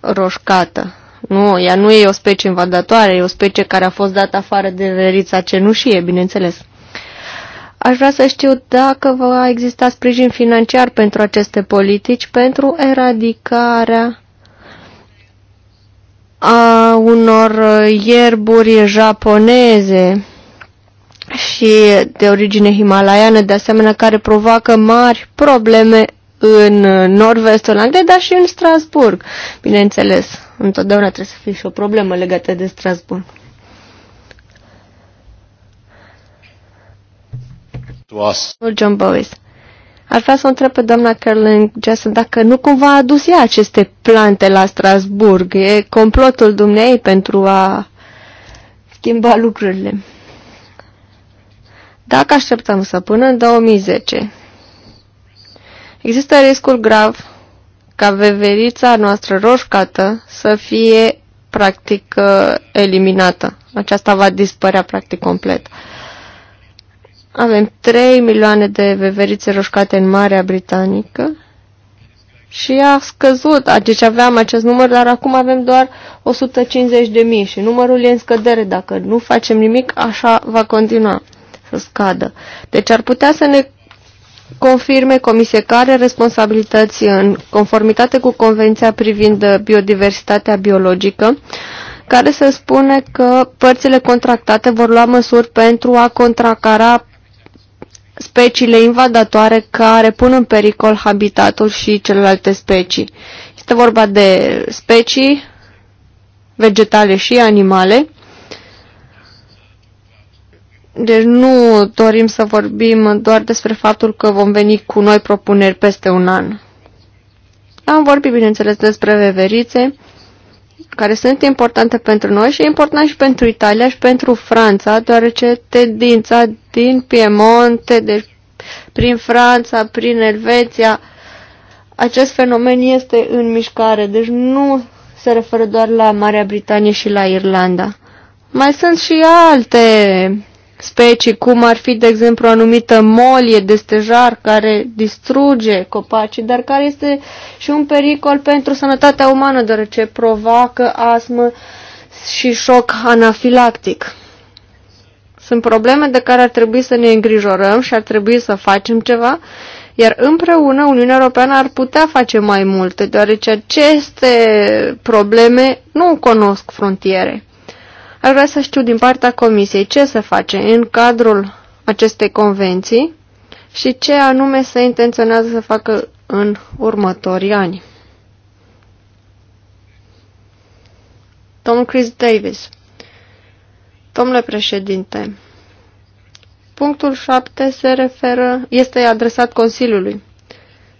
roșcată. Nu, ea nu e o specie invadatoare, e o specie care a fost dată afară de verița cenușie, bineînțeles. Aș vrea să știu dacă va exista sprijin financiar pentru aceste politici, pentru eradicarea a unor ierburi japoneze și de origine himalaiană, de asemenea, care provoacă mari probleme în nord-vestul Angliei, dar și în Strasburg. Bineînțeles, întotdeauna trebuie să fie și o problemă legată de Strasburg. to us. John Boris. Ar vrea să o întreb pe doamna Carolyn Jessen dacă nu cumva a adus ea aceste plante la Strasburg. E complotul dumnei pentru a schimba lucrurile. Dacă așteptăm să până în 2010, există riscul grav ca veverița noastră roșcată să fie practic eliminată. Aceasta va dispărea practic complet. Uh, avem 3 milioane de veverițe roșcate în Marea Britanică și a scăzut. Deci aveam acest număr, dar acum avem doar 150 de mii și numărul e în scădere. Dacă nu facem nimic, așa va continua să scadă. Deci ar putea să ne confirme comisie care responsabilități în conformitate cu Convenția privind biodiversitatea biologică, care se spune că părțile contractate vor lua măsuri pentru a contracara speciile invadatoare care pun în pericol habitatul și celelalte specii. Este vorba de specii vegetale și animale. Deci nu dorim să vorbim doar despre faptul că vom veni cu noi propuneri peste un an. Am vorbit, bineînțeles, despre veverițe, care sunt importante pentru noi și e important și pentru Italia și pentru Franța, deoarece tendința din Piemonte, de, prin Franța, prin Elveția. Acest fenomen este în mișcare, deci nu se referă doar la Marea Britanie și la Irlanda. Mai sunt și alte specii, cum ar fi, de exemplu, o anumită molie de stejar care distruge copacii, dar care este și un pericol pentru sănătatea umană, deoarece provoacă astmă și șoc anafilactic. Sunt probleme de care ar trebui să ne îngrijorăm și ar trebui să facem ceva, iar împreună Uniunea Europeană ar putea face mai multe, deoarece aceste probleme nu cunosc frontiere. Aș vrea să știu din partea Comisiei ce se face în cadrul acestei convenții și ce anume se intenționează să facă în următorii ani. Tom Chris Davis Domnule președinte, punctul 7 se referă, este adresat Consiliului.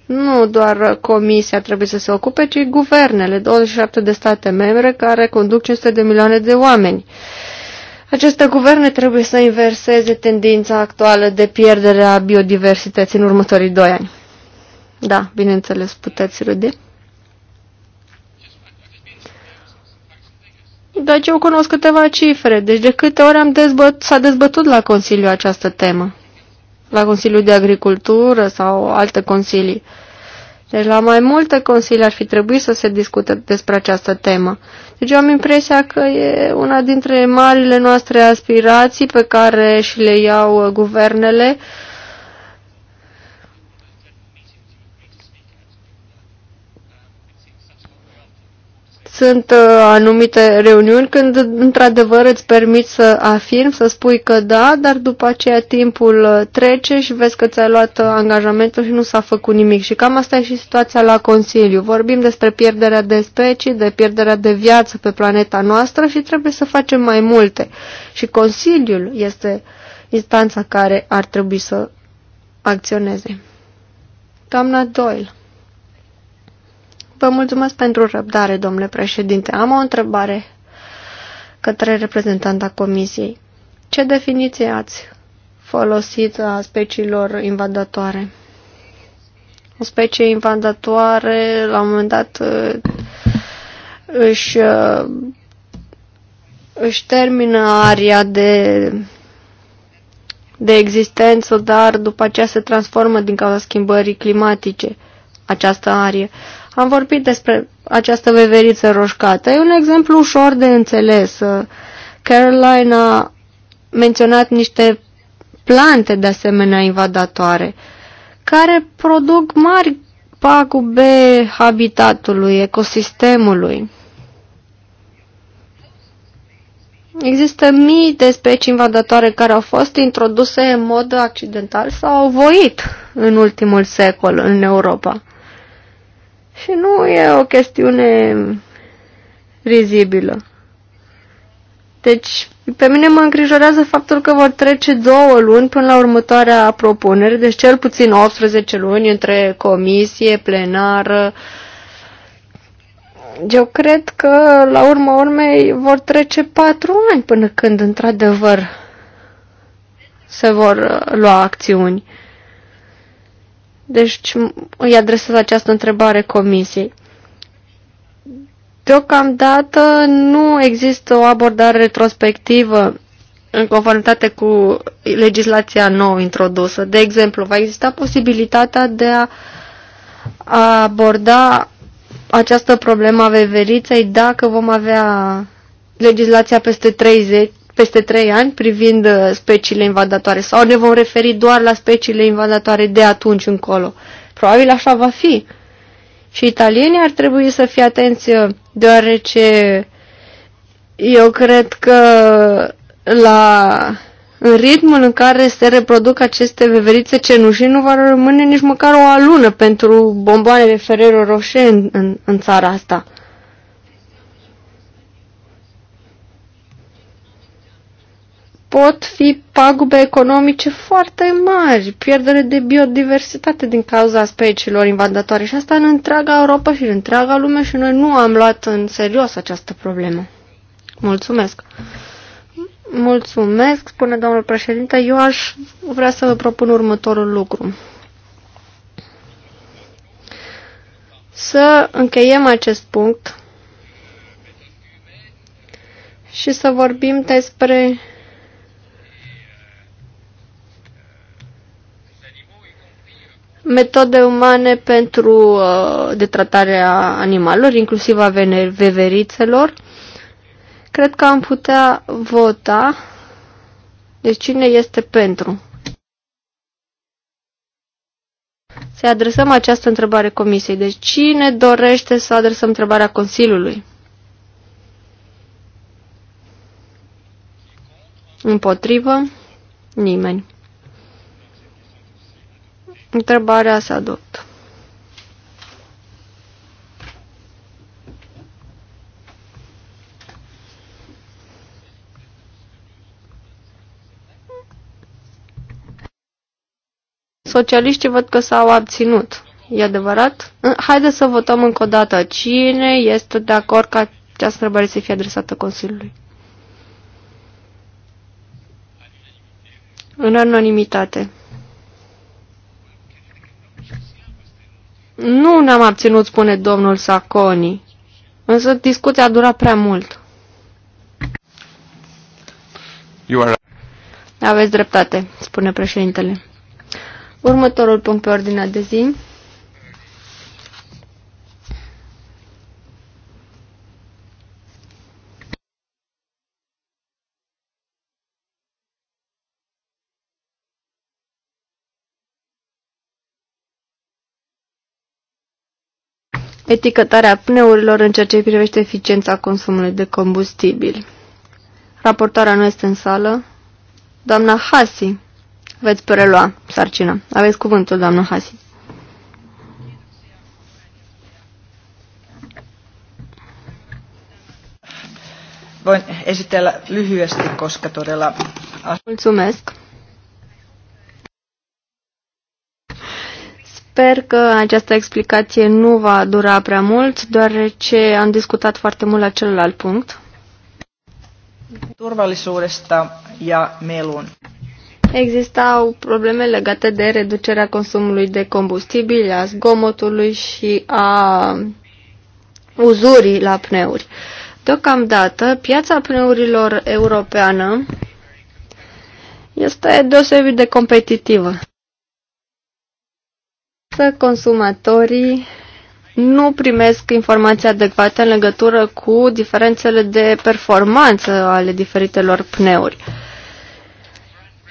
Nu doar Comisia trebuie să se ocupe, ci guvernele, 27 de state membre care conduc 500 de milioane de oameni. Aceste guverne trebuie să inverseze tendința actuală de pierdere a biodiversității în următorii doi ani. Da, bineînțeles, puteți râde. Deci eu cunosc câteva cifre. Deci de câte ori am dezbăt, s-a dezbătut la Consiliu această temă. La Consiliul de Agricultură sau alte consilii. Deci la mai multe consilii ar fi trebuit să se discute despre această temă. Deci eu am impresia că e una dintre marile noastre aspirații pe care și le iau uh, guvernele uh, sunt uh, anumite reuniuni când într-adevăr îți permit să afirm, să spui că da, dar după aceea timpul uh, trece și vezi că ți-ai luat uh, angajamentul și nu s-a făcut nimic. Și cam asta e și situația la Consiliu. Vorbim despre pierderea de specii, de pierderea de viață pe planeta noastră și trebuie să facem mai multe. Și Consiliul este instanța care ar trebui să acționeze. Doamna Doyle. Vă mulțumesc pentru răbdare, domnule președinte. Am o întrebare către reprezentanta comisiei. Ce definiție ați folosit a speciilor invadatoare? O specie invadatoare, la un moment dat, își, își termină aria de, de existență, dar după aceea se transformă din cauza schimbării climatice această arie. Am vorbit despre această veveriță roșcată. E un exemplu ușor de înțeles. Uh, Caroline a menționat niște plante de asemenea invadatoare care produc mari pagube habitatului, ecosistemului. Există mii de specii invadatoare care au fost introduse în mod accidental sau au voit în ultimul secol în Europa. Și nu e o chestiune rizibilă. Deci, pe mine mă îngrijorează faptul că vor trece două luni până la următoarea propunere, deci cel puțin 18 luni între comisie, plenară. Eu cred că, la urma urmei, vor trece patru ani până când, într-adevăr, se vor uh, lua acțiuni. Deci îi adresez această întrebare comisiei. Deocamdată nu există o abordare retrospectivă în conformitate cu legislația nouă introdusă. De exemplu, va exista posibilitatea de a, aborda această problemă a veveriței dacă vom avea legislația peste 30 peste trei ani privind uh, speciile invadatoare sau ne vom referi doar la speciile invadatoare de atunci încolo. Probabil așa va fi. Și italienii ar trebui să fie atenți uh, deoarece eu cred că la în ritmul în care se reproduc aceste veverițe cenușii nu va rămâne nici măcar o alună pentru bomboanele Ferrero Rocher în, în, în țara asta. pot fi pagube economice foarte mari, pierdere de biodiversitate din cauza speciilor invadatoare și asta în întreaga Europa și în întreaga lume și noi nu am luat în serios această problemă. Mulțumesc! Mulțumesc, spune domnul președinte. Eu aș vrea să vă propun următorul lucru. Să încheiem acest punct și să vorbim despre metode umane pentru uh, de tratare a animalelor, inclusiv a veverițelor. Cred că am putea vota. Deci cine este pentru? Să adresăm această întrebare comisiei. Deci cine dorește să adresăm întrebarea Consiliului? Împotrivă? Nimeni. Întrebarea se adoptă. Socialiștii văd că s-au abținut. E adevărat? Haideți să votăm încă o dată. Cine este de acord ca această întrebare să fie adresată Consiliului? În anonimitate. Nu ne-am abținut, spune domnul Saconi, însă discuția a durat prea mult. You are... Aveți dreptate, spune președintele. Următorul punct pe ordinea de zi etichetarea pneurilor în ceea ce privește eficiența consumului de combustibil. Raportarea nu este în sală. Doamna Hasi, veți prelua sarcina. Aveți cuvântul, doamna Hasi. Voin esitellä lyhyesti, koska todella... Mulțumesc. Sper că această explicație nu va dura prea mult, deoarece am discutat foarte mult la celălalt punct. Turvallisuudesta ja melun. Existau probleme legate de reducerea consumului de combustibil, a zgomotului și a uzurii la pneuri. Deocamdată, piața pneurilor europeană este deosebit de competitivă. Să consumatorii nu primesc informații adecvate în legătură cu diferențele de performanță ale diferitelor pneuri.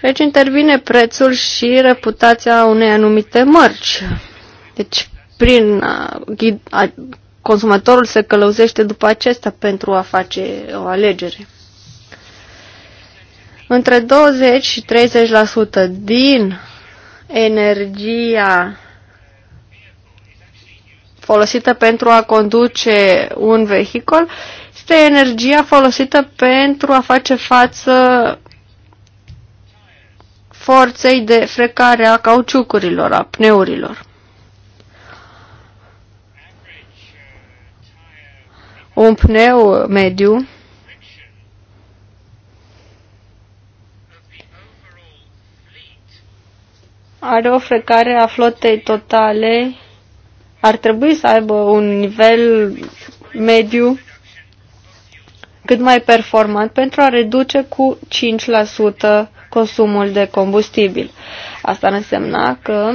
Deci intervine prețul și reputația unei anumite mărci. Deci prin a, a, consumatorul se călăuzește după acesta pentru a face o alegere. Între 20 și 30% din energia folosită pentru a conduce un vehicul este energia folosită pentru a face față forței de frecare a cauciucurilor, a pneurilor. Un pneu mediu are o frecare a flotei totale ar trebui să aibă un nivel mediu cât mai performant pentru a reduce cu 5% consumul de combustibil. Asta însemna că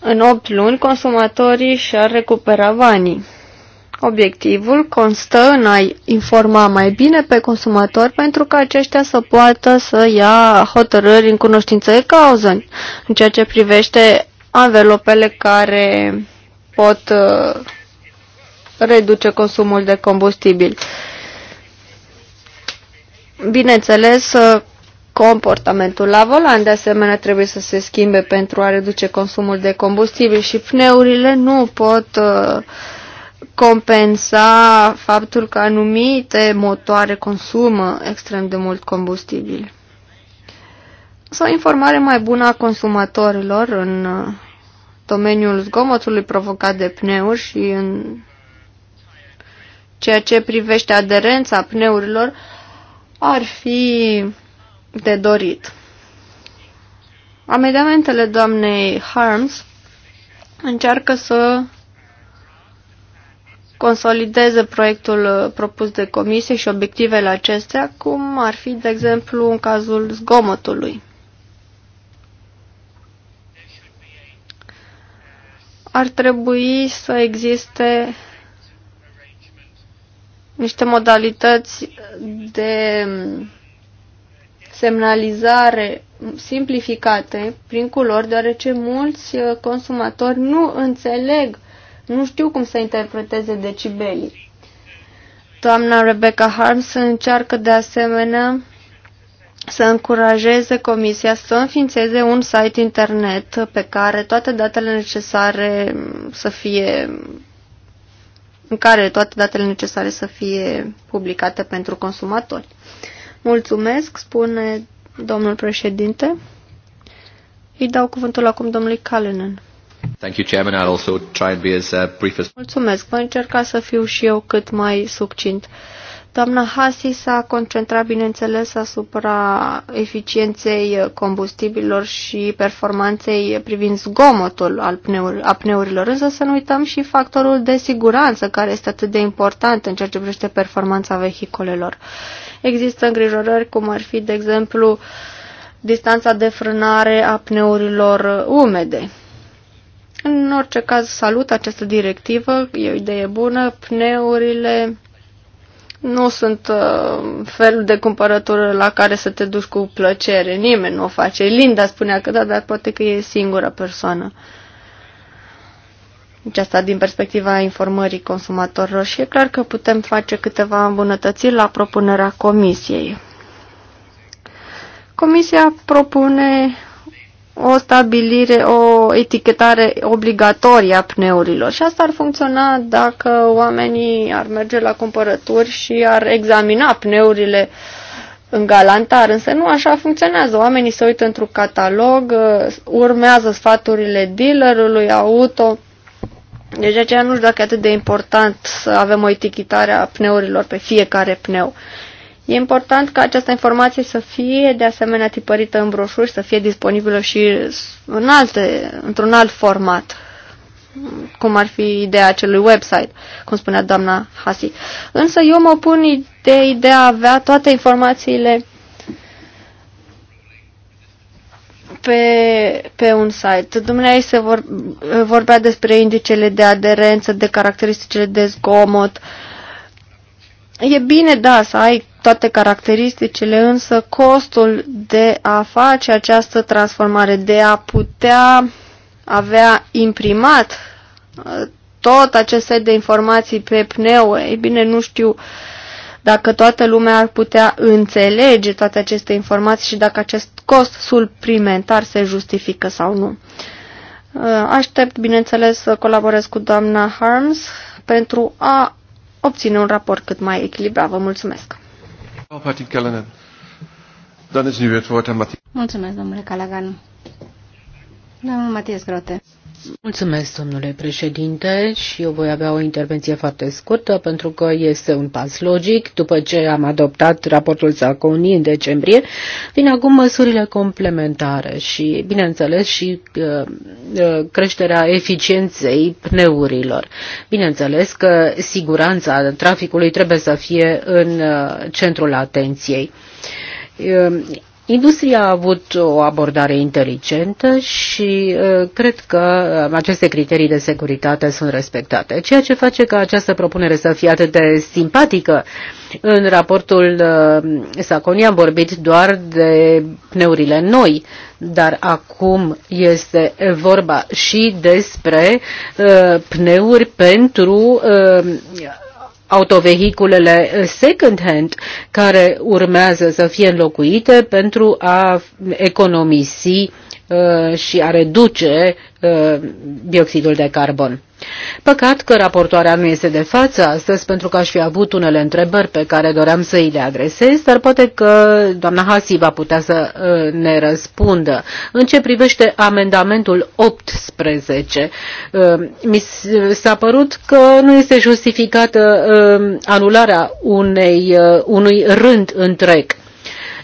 în 8 luni consumatorii și-ar recupera banii. Obiectivul constă în a informa mai bine pe consumatori pentru că aceștia să poată să ia hotărâri în cunoștință de cauză în ceea ce privește anvelopele care pot uh, reduce consumul de combustibil. Bineînțeles, uh, comportamentul la volan de asemenea trebuie să se schimbe pentru a reduce consumul de combustibil și pneurile nu pot uh, compensa faptul că anumite motoare consumă extrem de mult combustibil. Sau informare mai bună a consumatorilor în domeniul zgomotului provocat de pneuri și în ceea ce privește aderența pneurilor ar fi de dorit. Amendamentele doamnei Harms încearcă să consolideze proiectul propus de comisie și obiectivele acestea, cum ar fi, de exemplu, în cazul zgomotului. ar trebui să existe niște modalități de semnalizare simplificate prin culori, deoarece mulți uh, consumatori nu înțeleg, nu știu cum să interpreteze decibelii. Doamna Rebecca Harms încearcă de asemenea să încurajeze Comisia să înființeze un site internet pe care toate datele necesare să fie în care toate datele necesare să fie publicate pentru consumatori. Mulțumesc, spune domnul președinte. Îi dau cuvântul acum domnului Kalinen. Thank you, Chairman. I'll also try and be as uh, brief as... Mulțumesc. Voi încerca să fiu și eu cât mai succint. Uh, Doamna Hasi s-a concentrat, bineînțeles, asupra eficienței combustibilor și performanței privind zgomotul al pneur a pneurilor, însă să nu uităm și factorul de siguranță, care este atât de important în ceea ce privește performanța vehiculelor. Există îngrijorări cum ar fi, de exemplu, distanța de frânare a pneurilor umede. În orice caz, salut această directivă, e o idee bună, pneurile nu sunt uh, felul de cumpărături la care să te duci cu plăcere. Nimeni nu o face. Linda spunea că da, dar poate că e singura persoană. Deci asta din perspectiva informării consumatorilor și e clar că putem face câteva îmbunătățiri la propunerea comisiei. Comisia propune o stabilire, o etichetare obligatorie a pneurilor. Și asta ar funcționa dacă oamenii ar merge la cumpărături și ar examina pneurile în galantar, însă nu așa funcționează. Oamenii se uită într-un catalog, uh, urmează sfaturile dealerului, auto. Deci aceea nu știu dacă e atât de important să avem o etichetare a pneurilor pe fiecare pneu. E important ca această informație să fie de asemenea tipărită în broșuri, să fie disponibilă și în alte, într-un alt format, cum ar fi ideea acelui website, cum spunea doamna Hasi. Însă eu mă opun de ideea a avea toate informațiile pe, pe un site. Dumnezeu se vor, vorbea despre indicele de aderență, de caracteristicile de zgomot, uh, E bine, da, să ai toate caracteristicile, însă costul de a face această transformare, de a putea avea imprimat uh, tot acest set de informații pe pneu, e bine, nu știu dacă toată lumea ar putea înțelege toate aceste informații și dacă acest cost suplimentar se justifică sau nu. Uh, aștept, bineînțeles, să colaborez cu doamna Harms pentru a obține un raport cât mai echilibrat. Vă mulțumesc! Mulțumesc, domnule Calagan. Domnul Matias Grote. Mulțumesc, domnule președinte, și eu voi avea o intervenție foarte scurtă, pentru că este un pas logic. După ce am adoptat raportul Zaconi în decembrie, vin acum măsurile complementare și, bineînțeles, și uh, uh creșterea eficienței pneurilor. Bineînțeles că siguranța traficului trebuie să fie în uh, centrul atenției. Uh, Industria a avut o abordare inteligentă și uh, cred că uh, aceste criterii de securitate sunt respectate, ceea ce face ca această propunere să fie atât de simpatică. În raportul uh, Saconi am vorbit doar de pneurile noi, dar acum este vorba și despre pneuri pentru autovehiculele second-hand care urmează să fie înlocuite pentru a economisi Uh, și a reduce uh, dioxidul de carbon. Păcat că raportoarea nu este de față astăzi pentru că aș fi avut unele întrebări pe care doream să îi le adresez, dar poate că doamna Hasi va putea să uh, ne răspundă. În ce privește amendamentul 18, mi s-a părut că nu este justificată anularea unei, unui rând întreg.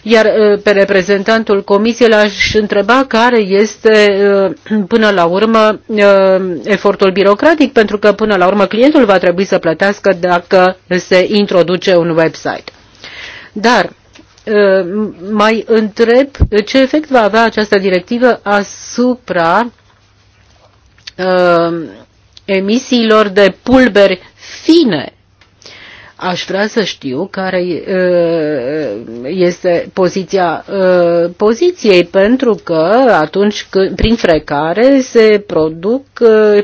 Iar uh, pe reprezentantul Comisiei l-aș întreba care este uh, până la urmă uh, efortul birocratic, pentru că până la urmă clientul va trebui să plătească dacă se introduce un website. Dar mai întreb ce efect va avea această directivă asupra emisiilor de pulberi fine Aș vrea să știu care este poziția poziției, pentru că atunci când, prin frecare se produc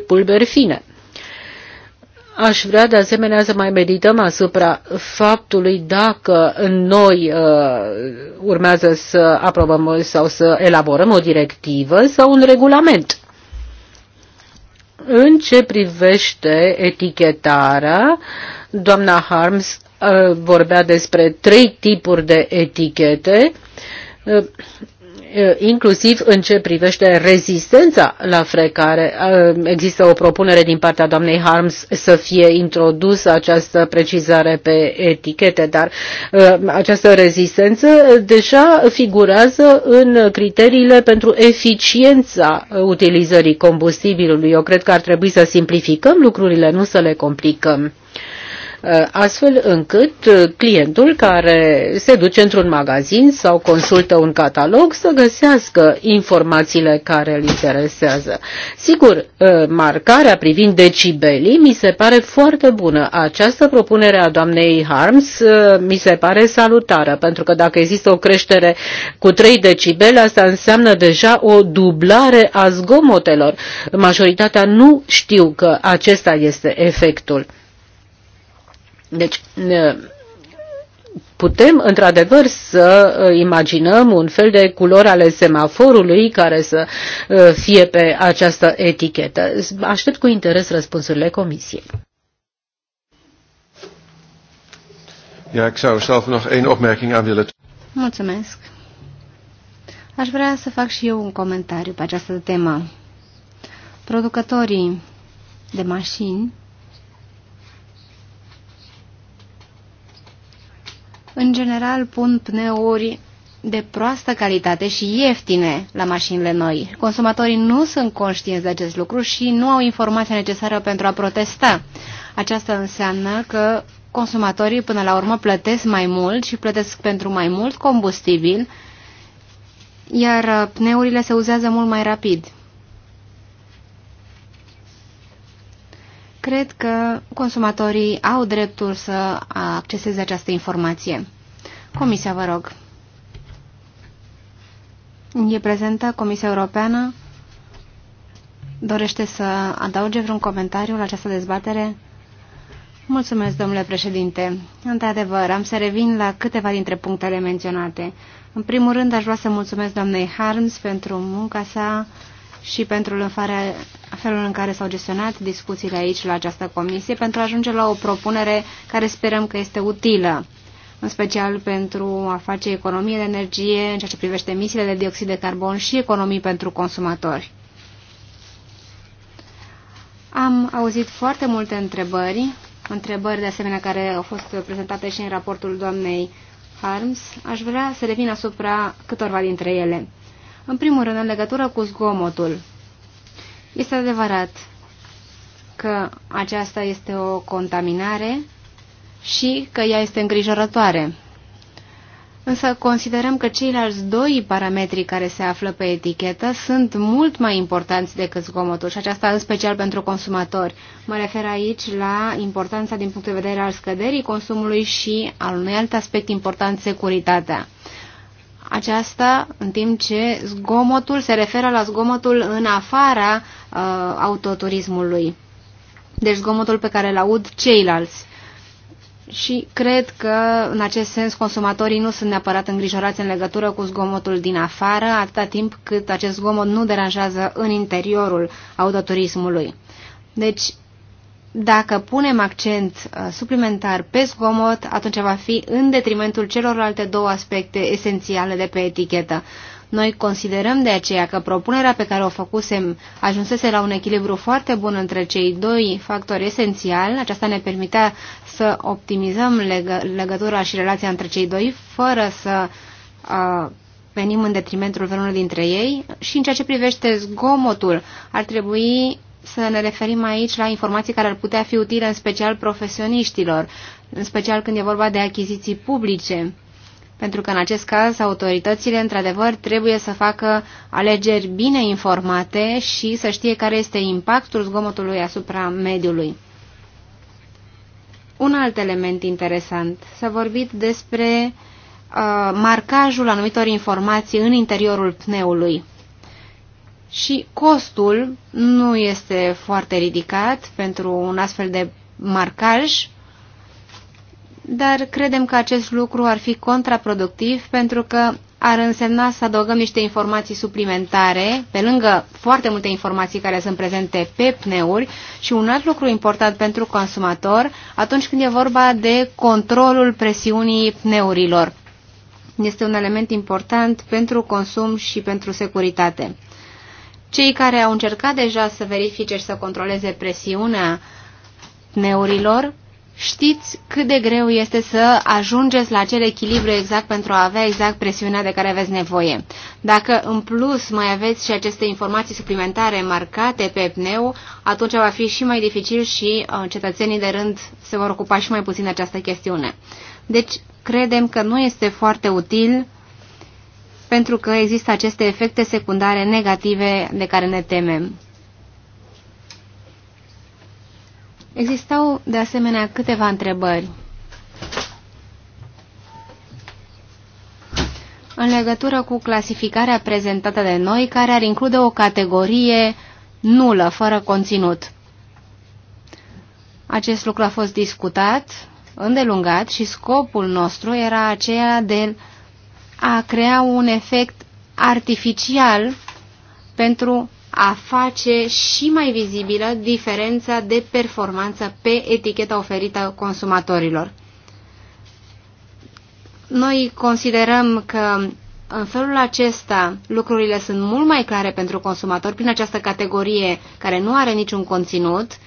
pulberi fine. Aș vrea de asemenea să mai medităm asupra faptului dacă noi urmează să aprobăm sau să elaborăm o directivă sau un regulament. În ce privește etichetarea, doamna Harms uh, vorbea despre trei tipuri de etichete uh, Eh, inclusiv în ce privește rezistența la frecare. Eh, există o propunere din partea doamnei Harms să fie introdusă această precizare pe etichete, dar eh, această rezistență deja figurează în criteriile pentru eficiența utilizării combustibilului. Eu cred că ar trebui să simplificăm lucrurile, nu să le complicăm. Uh, astfel încât uh, clientul care se duce într-un magazin sau consultă un catalog să găsească informațiile care îl interesează. Sigur, uh, marcarea privind decibelii mi se pare foarte bună. Această propunere a doamnei Harms mi se pare salutară, pentru că dacă există o creștere cu 3 decibeli, asta înseamnă deja o dublare a zgomotelor. Majoritatea nu știu că acesta este efectul. Deci, putem într-adevăr să uh, imaginăm un fel de culori ale semaforului care să uh, fie pe această etichetă. Aștept cu interes răspunsurile comisiei. Ja, ik zou zelf nog één opmerking aan willen. Mulțumesc. Aș vrea să fac și eu un comentariu pe această temă. Producătorii de mașini în general pun pneuri de proastă calitate și ieftine la mașinile noi. Consumatorii nu sunt conștienți de acest lucru și nu au informația necesară pentru a protesta. Aceasta înseamnă că consumatorii până la urmă plătesc mai mult și plătesc pentru mai mult combustibil, iar pneurile se uzează mult mai rapid. cred că consumatorii au dreptul să acceseze această informație. Comisia, vă rog. E prezentă Comisia Europeană? Dorește să adauge vreun comentariu la această dezbatere? Mulțumesc, domnule președinte. Într-adevăr, am să revin la câteva dintre punctele menționate. În primul rând, aș vrea să mulțumesc doamnei Harms pentru munca sa, și pentru felul în care s-au gestionat discuțiile aici la această comisie pentru a ajunge la o propunere care sperăm că este utilă în special pentru a face economie de energie în ceea ce privește emisiile de dioxid de carbon și economii pentru consumatori. Am auzit foarte multe întrebări, întrebări de asemenea care au fost prezentate și în raportul doamnei Harms. Aș vrea să revin asupra câtorva dintre ele. În primul rând, în legătură cu zgomotul. Este adevărat că aceasta este o contaminare și că ea este îngrijorătoare. Însă considerăm că ceilalți doi parametri care se află pe etichetă sunt mult mai importanți decât zgomotul și aceasta în special pentru consumatori. Mă refer aici la importanța din punct de vedere al scăderii consumului și al unui alt aspect important, securitatea aceasta în timp ce zgomotul se referă la zgomotul în afara uh, autoturismului. Deci zgomotul pe care îl aud ceilalți. Și cred că, în acest sens, consumatorii nu sunt neapărat îngrijorați în legătură cu zgomotul din afară, atâta timp cât acest zgomot nu deranjează în interiorul autoturismului. Deci, dacă punem accent uh, suplimentar pe zgomot, atunci va fi în detrimentul celorlalte două aspecte esențiale de pe etichetă. Noi considerăm de aceea că propunerea pe care o făcusem ajunsese la un echilibru foarte bun între cei doi factori esențiali. Aceasta ne permitea să optimizăm legă legătura și relația între cei doi, fără să uh, venim în detrimentul vreunul dintre ei. Și în ceea ce privește zgomotul, ar trebui să ne referim aici la informații care ar putea fi utile în special profesioniștilor, în special când e vorba de achiziții publice. Pentru că în acest caz autoritățile, într-adevăr, trebuie să facă alegeri bine informate și să știe care este impactul zgomotului asupra mediului. Un alt element interesant. S-a vorbit despre uh, marcajul anumitor informații în interiorul pneului și costul nu este foarte ridicat pentru un astfel de marcaj, dar credem că acest lucru ar fi contraproductiv pentru că ar însemna să adăugăm niște informații suplimentare, pe lângă foarte multe informații care sunt prezente pe pneuri și un alt lucru important pentru consumator atunci când e vorba de controlul presiunii pneurilor. Este un element important pentru consum și pentru securitate. Cei care au încercat deja să verifice și să controleze presiunea neurilor, știți cât de greu este să ajungeți la acel echilibru exact pentru a avea exact presiunea de care aveți nevoie. Dacă în plus mai aveți și aceste informații suplimentare marcate pe pneu, atunci va fi și mai dificil și uh, cetățenii de rând se vor ocupa și mai puțin de această chestiune. Deci, credem că nu este foarte util pentru că există aceste efecte secundare negative de care ne temem. Existau, de asemenea, câteva întrebări. În legătură cu clasificarea prezentată de noi, care ar include o categorie nulă, fără conținut. Acest lucru a fost discutat îndelungat și scopul nostru era aceea de a crea un efect artificial pentru a face și mai vizibilă diferența de performanță pe eticheta oferită consumatorilor. Noi considerăm că în felul acesta lucrurile sunt mult mai clare pentru consumator prin această categorie care nu are niciun conținut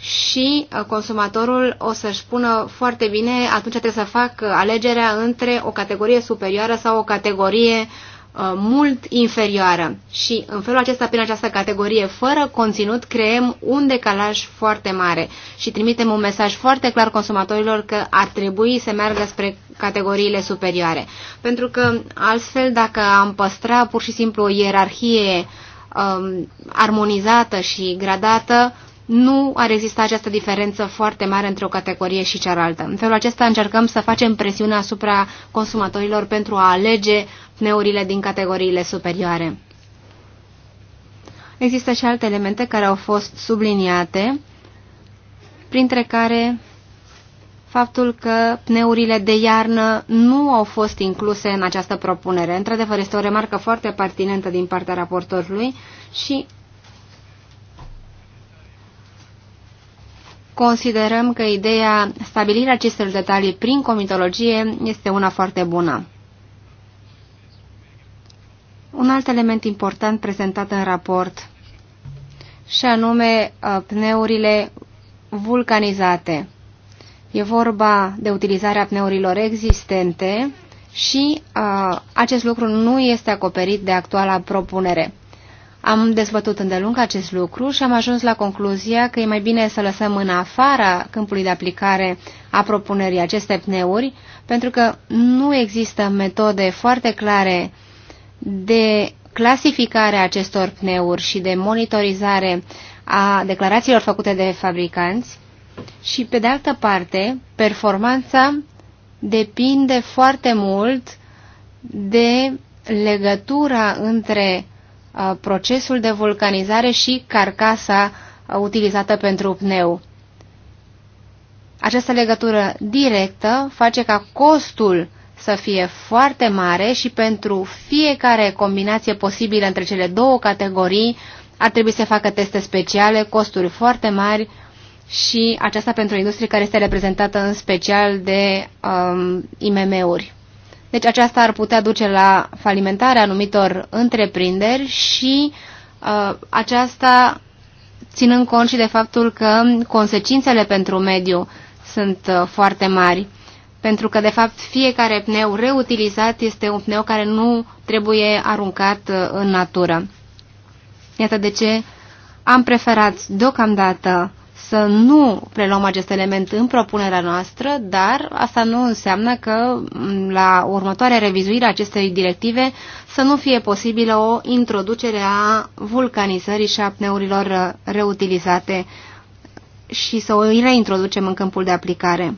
și uh, consumatorul o să-și pună foarte bine, atunci trebuie să fac uh, alegerea între o categorie superioară sau o categorie uh, mult inferioară. Și în felul acesta, prin această categorie, fără conținut, creăm un decalaj foarte mare și trimitem un mesaj foarte clar consumatorilor că ar trebui să meargă spre categoriile superioare. Pentru că altfel, dacă am păstra pur și simplu o ierarhie um, armonizată și gradată, nu ar exista această diferență foarte mare între o categorie și cealaltă. În felul acesta încercăm să facem presiune asupra consumatorilor pentru a alege pneurile din categoriile superioare. Există și alte elemente care au fost subliniate, printre care faptul că pneurile de iarnă nu au fost incluse în această propunere. Într-adevăr, este o remarcă foarte pertinentă din partea raportorului și considerăm că ideea stabilirea acestor detalii prin comitologie este una foarte bună. Un alt element important prezentat în raport și anume uh, pneurile vulcanizate. E vorba de utilizarea pneurilor existente și a, uh, acest lucru nu este acoperit de actuala propunere. Am dezbătut îndelung acest lucru și am ajuns la concluzia că e mai bine să lăsăm în afara câmpului de aplicare a propunerii aceste pneuri, pentru că nu există metode foarte clare de clasificare a acestor pneuri și de monitorizare a declarațiilor făcute de fabricanți și, pe de altă parte, performanța depinde foarte mult de legătura între Uh, procesul de vulcanizare și carcasa uh, utilizată pentru pneu. Această legătură directă face ca costul să fie foarte mare și pentru fiecare combinație posibilă între cele două categorii ar trebui să facă teste speciale, costuri foarte mari și aceasta pentru o industrie care este reprezentată în special de um, IMM-uri. Deci aceasta ar putea duce la falimentarea anumitor întreprinderi și uh, aceasta ținând cont și de faptul că consecințele pentru mediu sunt uh, foarte mari. Pentru că, de fapt, fiecare pneu reutilizat este un pneu care nu trebuie aruncat uh, în natură. Iată de ce am preferat deocamdată uh, să nu preluăm acest element în propunerea noastră, dar asta nu înseamnă că la următoarea revizuire a acestei directive să nu fie posibilă o introducere a vulcanizării și a pneurilor reutilizate și să o reintroducem în câmpul de aplicare.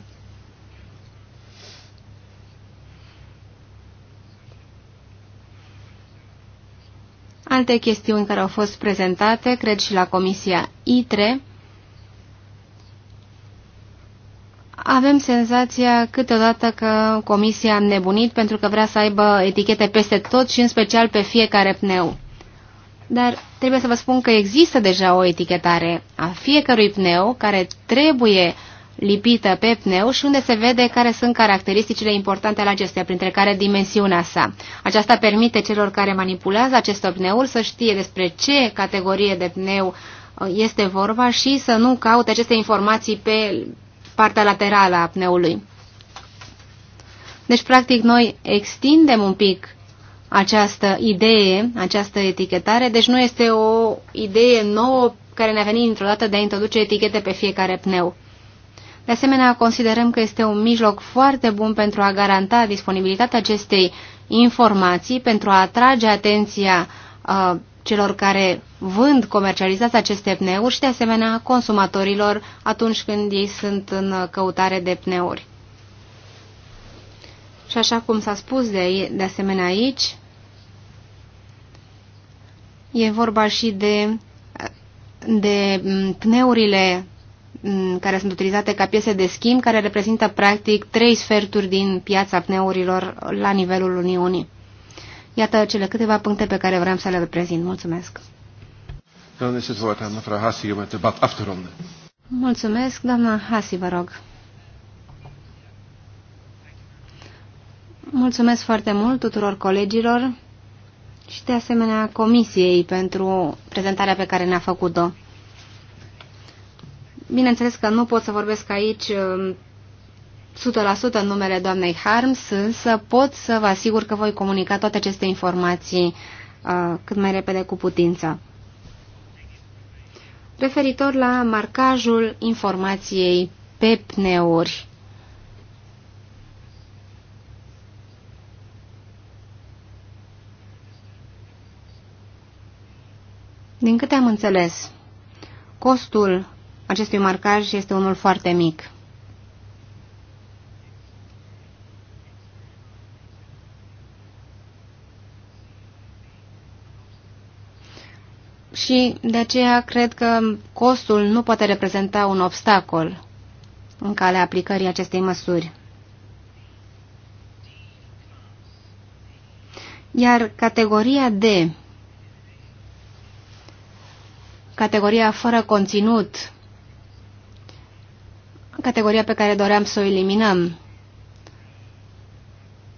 Alte chestiuni care au fost prezentate, cred și la Comisia ITRE, avem senzația câteodată că Comisia a nebunit pentru că vrea să aibă etichete peste tot și în special pe fiecare pneu. Dar trebuie să vă spun că există deja o etichetare a fiecărui pneu care trebuie lipită pe pneu și unde se vede care sunt caracteristicile importante ale acesteia, printre care dimensiunea sa. Aceasta permite celor care manipulează acest pneu să știe despre ce categorie de pneu este vorba și să nu caute aceste informații pe partea laterală a apneului. Deci, practic, noi extindem un pic această idee, această etichetare, deci nu este o idee nouă care ne-a venit într-o dată de a introduce etichete pe fiecare pneu. De asemenea, considerăm că este un mijloc foarte bun pentru a garanta disponibilitatea acestei informații, pentru a atrage atenția uh, celor care vând, comercializați aceste pneuri și de asemenea consumatorilor atunci când ei sunt în căutare de pneuri. Și așa cum s-a spus de, de asemenea aici, e vorba și de, de pneurile mm, mm, care sunt utilizate ca piese de schimb, care reprezintă practic trei sferturi din piața pneurilor la nivelul Uniunii. Iată cele câteva puncte pe care vreau să le prezint. Mulțumesc. Mulțumesc, doamna Hasi, vă rog. Mulțumesc foarte mult tuturor colegilor și de asemenea comisiei pentru prezentarea pe care ne-a făcut-o. Bineînțeles că nu pot să vorbesc aici 100% în numele doamnei Harms, însă pot să vă asigur că voi comunica toate aceste informații uh, cât mai repede cu putință. Referitor la marcajul informației pe pneuri. Din câte am înțeles, costul acestui marcaj este unul foarte mic. și de aceea cred că costul nu poate reprezenta un obstacol în calea aplicării acestei măsuri. Iar categoria D, categoria fără conținut, categoria pe care doream să o eliminăm,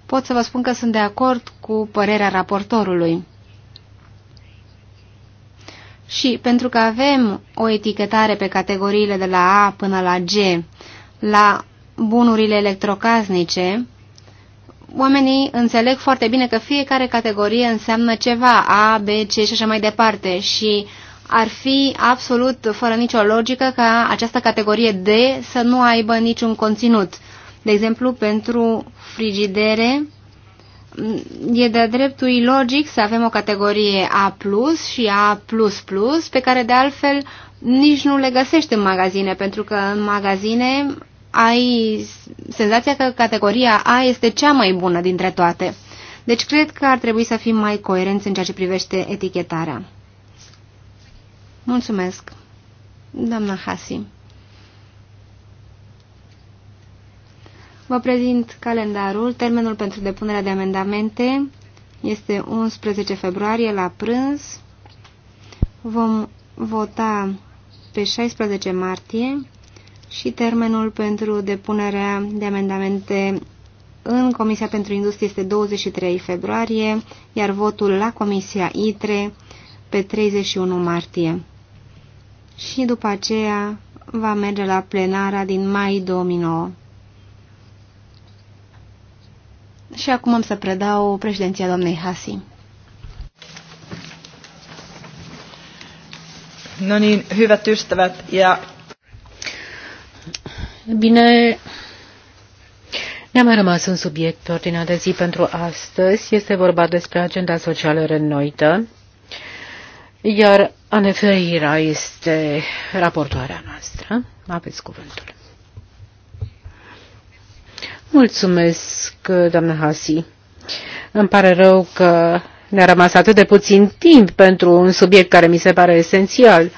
pot să vă spun că sunt de acord cu părerea raportorului. Și pentru că avem o etichetare pe categoriile de la A până la G, la bunurile electrocasnice, oamenii înțeleg foarte bine că fiecare categorie înseamnă ceva, A, B, C și așa mai departe și ar fi absolut fără nicio logică ca această categorie D să nu aibă niciun conținut. De exemplu, pentru frigidere e de dreptul ilogic să avem o categorie A+, și A++, pe care de altfel nici nu le găsești în magazine, pentru că în magazine ai senzația că categoria A este cea mai bună dintre toate. Deci cred că ar trebui să fim mai coerenți în ceea ce privește etichetarea. Mulțumesc, doamna Hasi. Vă prezint calendarul. Termenul pentru depunerea de amendamente este 11 februarie la prânz. Vom vota pe 16 martie și termenul pentru depunerea de amendamente în Comisia pentru Industrie este 23 februarie, iar votul la Comisia ITRE pe 31 martie. Și după aceea va merge la plenara din mai 2009. Și acum am să predau președinția doamnei Hasi. No niin, hyvät ystävät ja... Bine, ne-a mai rămas un subiect pe ordinea de zi pentru astăzi. Este vorba despre agenda socială renoită, iar Anne Ferreira este raportoarea noastră. Aveți cuvântul. Mulțumesc, doamnă Hasi. Îmi pare rău că ne-a rămas atât de puțin timp pentru un subiect care mi se pare esențial.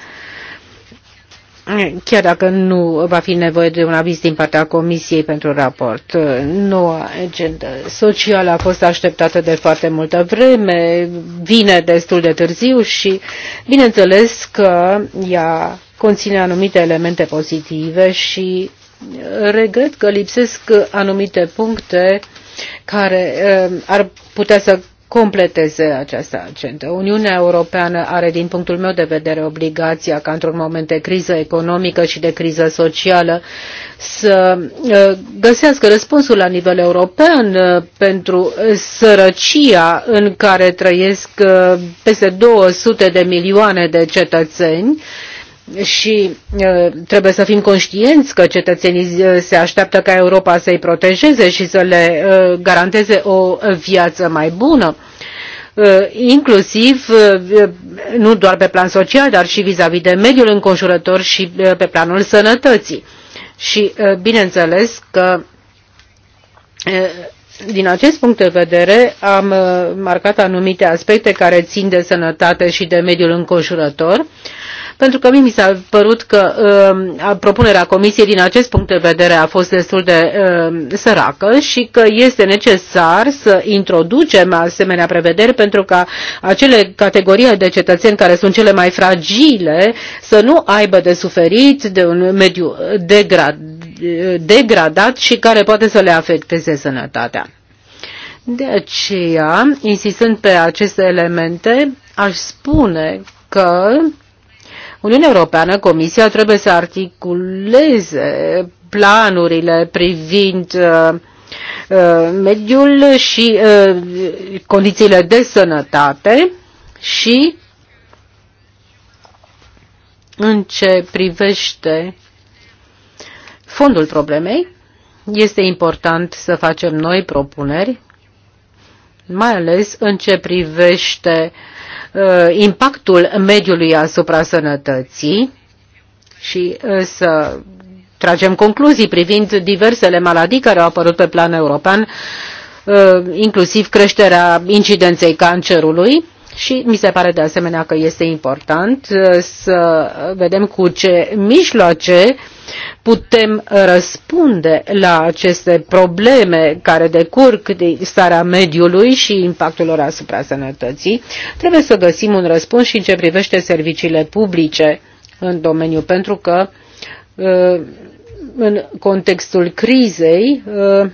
Chiar dacă nu va fi nevoie de un aviz din partea Comisiei pentru raport, noua agenda socială a fost așteptată de foarte multă vreme, vine destul de târziu și bineînțeles că ea conține anumite elemente pozitive și regret că lipsesc anumite puncte care um, ar putea să completeze această agendă. Uniunea Europeană are, din punctul meu de vedere, obligația ca într-un moment de criză economică și de criză socială să uh, găsească răspunsul la nivel european uh, pentru sărăcia în care trăiesc uh, peste 200 de milioane de cetățeni și trebuie să fim conștienți că cetățenii se așteaptă ca Europa să-i protejeze și să le garanteze o viață mai bună inclusiv nu doar pe plan social, dar și vis-a-vis -vis de mediul înconjurător și pe planul sănătății. Și bineînțeles că din acest punct de vedere am uh, marcat anumite aspecte care țin de sănătate și de mediul înconjurător, pentru că mi s-a părut că uh, propunerea Comisiei din acest punct de vedere a fost destul de uh, săracă și că este necesar să introducem asemenea prevederi pentru ca acele categorii de cetățeni care sunt cele mai fragile să nu aibă de suferit de un mediu degradat degradat și care poate să le afecteze sănătatea. De aceea, insistând pe aceste elemente, aș spune că Uniunea Europeană, Comisia, trebuie să articuleze planurile privind uh, uh mediul și uh, condițiile de sănătate și în ce privește fondul problemei. Este important să facem noi propuneri, mai ales în ce privește uh, impactul mediului asupra sănătății și uh, să tragem concluzii privind diversele maladii care au apărut pe plan european, uh, inclusiv creșterea incidenței cancerului și mi se pare de asemenea că este important uh, să vedem cu ce mijloace putem răspunde la aceste probleme care decurg de starea mediului și impactul lor asupra sănătății. Trebuie să găsim un răspuns și în ce privește serviciile publice în domeniu, pentru că uh, în contextul crizei uh,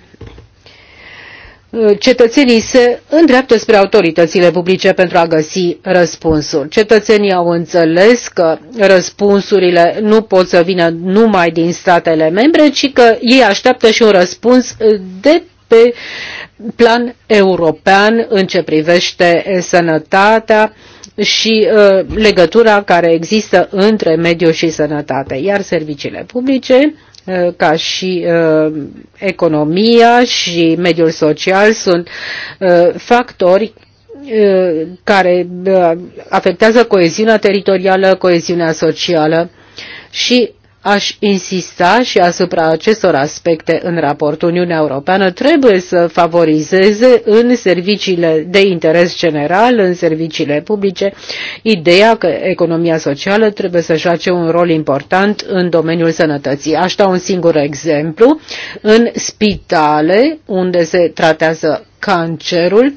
cetățenii se îndreaptă spre autoritățile publice pentru a găsi răspunsuri. Cetățenii au înțeles că răspunsurile nu pot să vină numai din statele membre, ci că ei așteaptă și un răspuns de pe plan european în ce privește sănătatea și uh, legătura care există între mediu și sănătate. Iar serviciile publice Eh, ca și eh, economia și mediul social sunt eh, factori care afectează coeziunea teritorială, coeziunea socială și aș insista și asupra acestor aspecte în raport. Uniunea Europeană trebuie să favorizeze în serviciile de interes general, în serviciile publice, ideea că economia socială trebuie să joace un rol important în domeniul sănătății. Aș da un singur exemplu. În spitale, unde se tratează cancerul,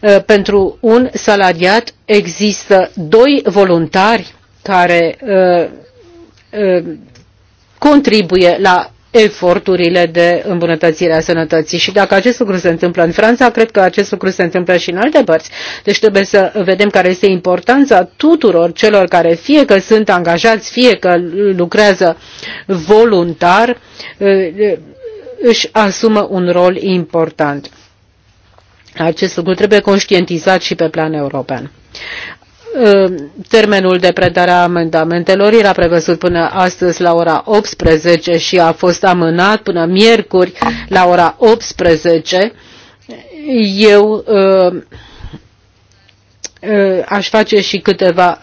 eh, pentru un salariat există doi voluntari care uh, Uh, contribuie la eforturile de îmbunătățire a sănătății. Și dacă acest lucru se întâmplă în Franța, cred că acest lucru se întâmplă și în alte părți. Deci trebuie să vedem care este importanța tuturor celor care fie că sunt angajați, fie că lucrează voluntar, uh, își asumă un rol important. Acest lucru trebuie conștientizat și pe plan european. Ehm, termenul de predare a amendamentelor era prevăzut până astăzi la ora 18 și a fost amânat până miercuri la ora 18. Eu ehm, ehm, aș face și câteva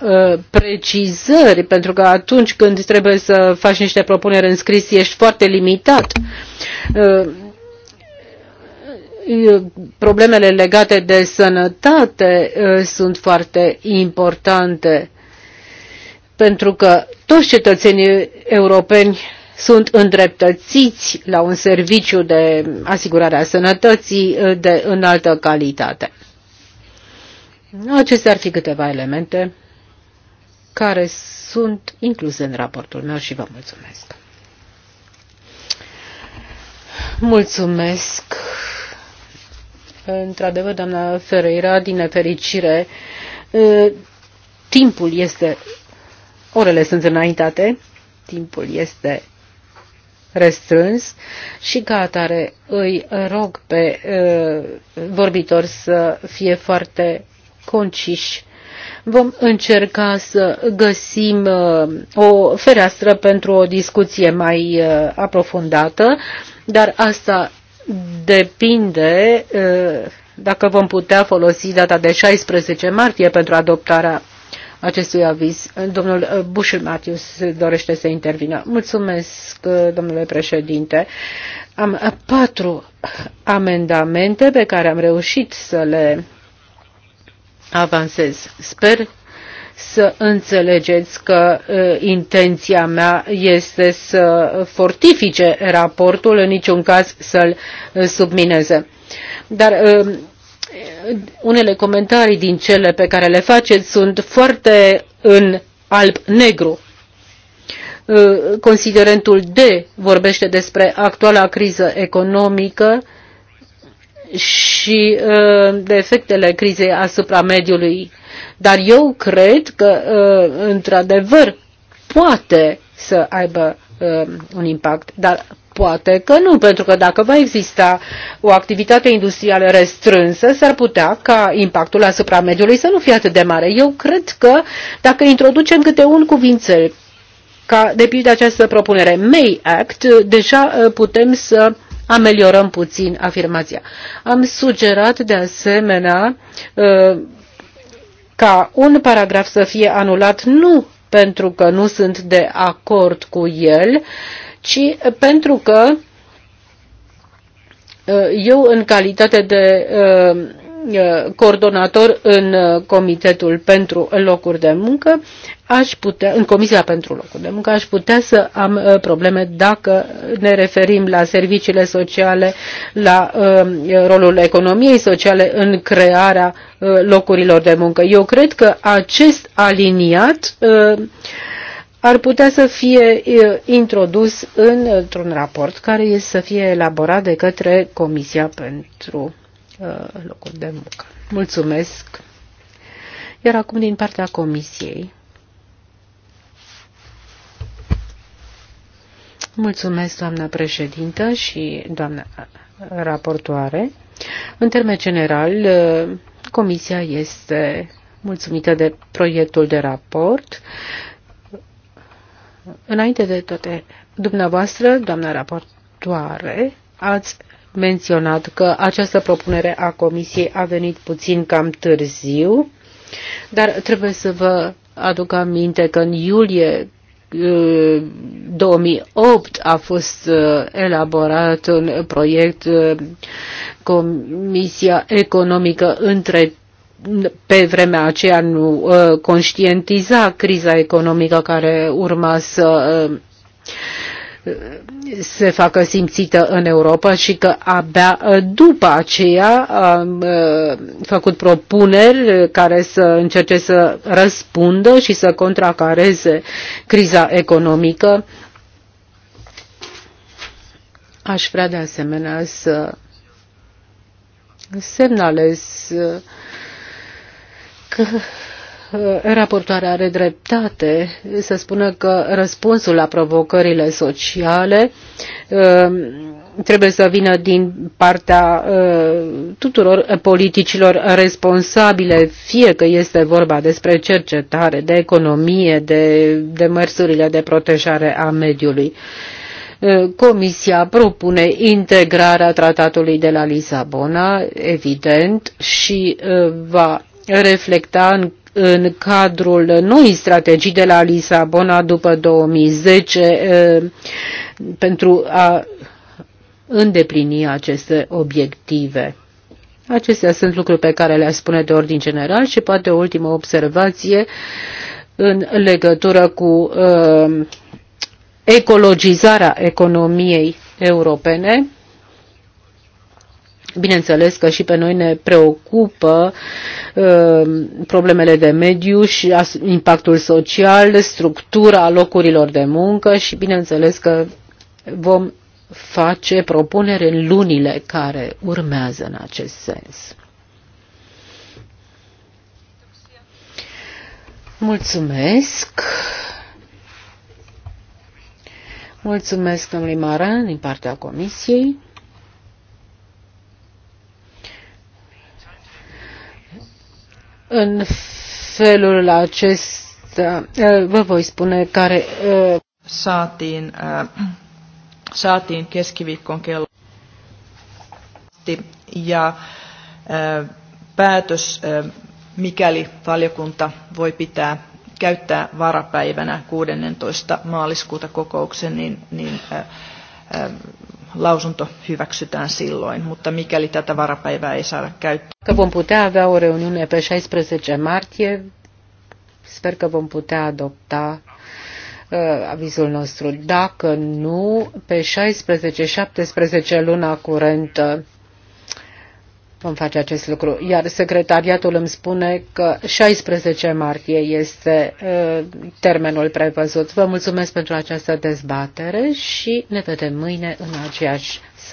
precizări, pentru că atunci când trebuie să faci niște propuneri în scris, ești foarte limitat problemele legate de sănătate uh, sunt foarte importante, pentru că toți cetățenii europeni sunt îndreptățiți la un serviciu de asigurare a sănătății uh, de înaltă calitate. Acestea ar fi câteva elemente care sunt incluse în raportul meu și vă mulțumesc. Mulțumesc Într-adevăr, doamna Ferreira, din nefericire, timpul este, orele sunt înaintate, timpul este restrâns și ca atare îi rog pe vorbitor să fie foarte conciși vom încerca să găsim o fereastră pentru o discuție mai aprofundată, dar asta depinde uh, dacă vom putea folosi data de 16 martie pentru adoptarea acestui aviz. Domnul uh, Bushel Matthews dorește să intervină. Mulțumesc, uh, domnule președinte. Am patru amendamente pe care am reușit să le avansez. Sper să înțelegeți că intenția mea este să fortifice raportul, în niciun caz să-l submineze. Dar unele comentarii din cele pe care le faceți sunt foarte în alb-negru. Considerentul D vorbește despre actuala criză economică și ă, de efectele crizei asupra mediului. Dar eu cred că, ă, într-adevăr, poate să aibă ă, un impact, dar poate că nu, pentru că dacă va exista o activitate industrială restrânsă, s-ar putea ca impactul asupra mediului să nu fie atât de mare. Eu cred că dacă introducem câte un cuvințel, ca de pildă această propunere, May Act, deja putem să ameliorăm puțin afirmația. Am sugerat de asemenea uh, ca un paragraf să fie anulat nu pentru că nu sunt de acord cu el, ci pentru că uh, eu, în calitate de uh, coordonator în Comitetul pentru Locuri de Muncă, aș putea, în Comisia pentru Locul de Muncă, aș putea să am uh, probleme dacă ne referim la serviciile sociale, la uh, rolul economiei sociale în crearea uh, locurilor de muncă. Eu cred că acest aliniat ar putea să fie introdus într-un raport care este să fie elaborat de către Comisia pentru locul de muncă. Mulțumesc! Iar acum din partea Comisiei. Mulțumesc, doamna președintă și doamna raportoare. În termen general, Comisia este mulțumită de proiectul de raport. Înainte de toate, dumneavoastră, doamna raportoare, ați menționat că această propunere a Comisiei a venit puțin cam târziu, dar trebuie să vă aduc aminte că în iulie 2008 a fost uh, elaborat un proiect uh, Comisia Economică între pe vremea aceea nu uh, conștientiza criza economică care urma să se facă simțită în Europa și că abia uh, după aceea am uh, făcut propuneri uh, care să încerce să răspundă și să contracareze criza economică. Aș vrea de asemenea să semnalez că Eh, raportoarea are dreptate să spună că răspunsul la provocările sociale eh, trebuie să vină din partea eh, tuturor politicilor responsabile, fie că este vorba despre cercetare, de economie, de, de mărsurile de protejare a mediului. Comisia propune integrarea tratatului de la Lisabona, evident, și va reflecta în în cadrul noii strategii de la Lisabona după 2010 eh, pentru a îndeplini aceste obiective. Acestea sunt lucruri pe care le-aș spune de ordin general și poate o ultimă observație în legătură cu uh, ecologizarea economiei europene. Bineînțeles că și pe noi ne preocupă uh, problemele de mediu și impactul social, structura locurilor de muncă și bineînțeles că vom face propunere în lunile care urmează în acest sens. Mulțumesc! Mulțumesc domnului Maran din partea Comisiei. În felul acesta eh, vă voi spune care... Eh, saatiin, eh, saatiin keskiviikkon kello ja päätös, mikäli valiokunta voi pitää käyttää varapäivänä 16. maaliskuuta kokouksen, niin, niin lausunto hyväksytään silloin, mutta mikäli tätä varapäivää ei saada käyttöön. Vom putea avea o reuniune pe 16 martie. Sper că vom putea adopta uh, avizul nostru. Dacă nu, pe 16-17 luna curentă vom face acest lucru. Iar secretariatul îmi spune că 16 martie este uh, termenul prevăzut. Vă mulțumesc pentru această dezbatere și ne vedem mâine în aceeași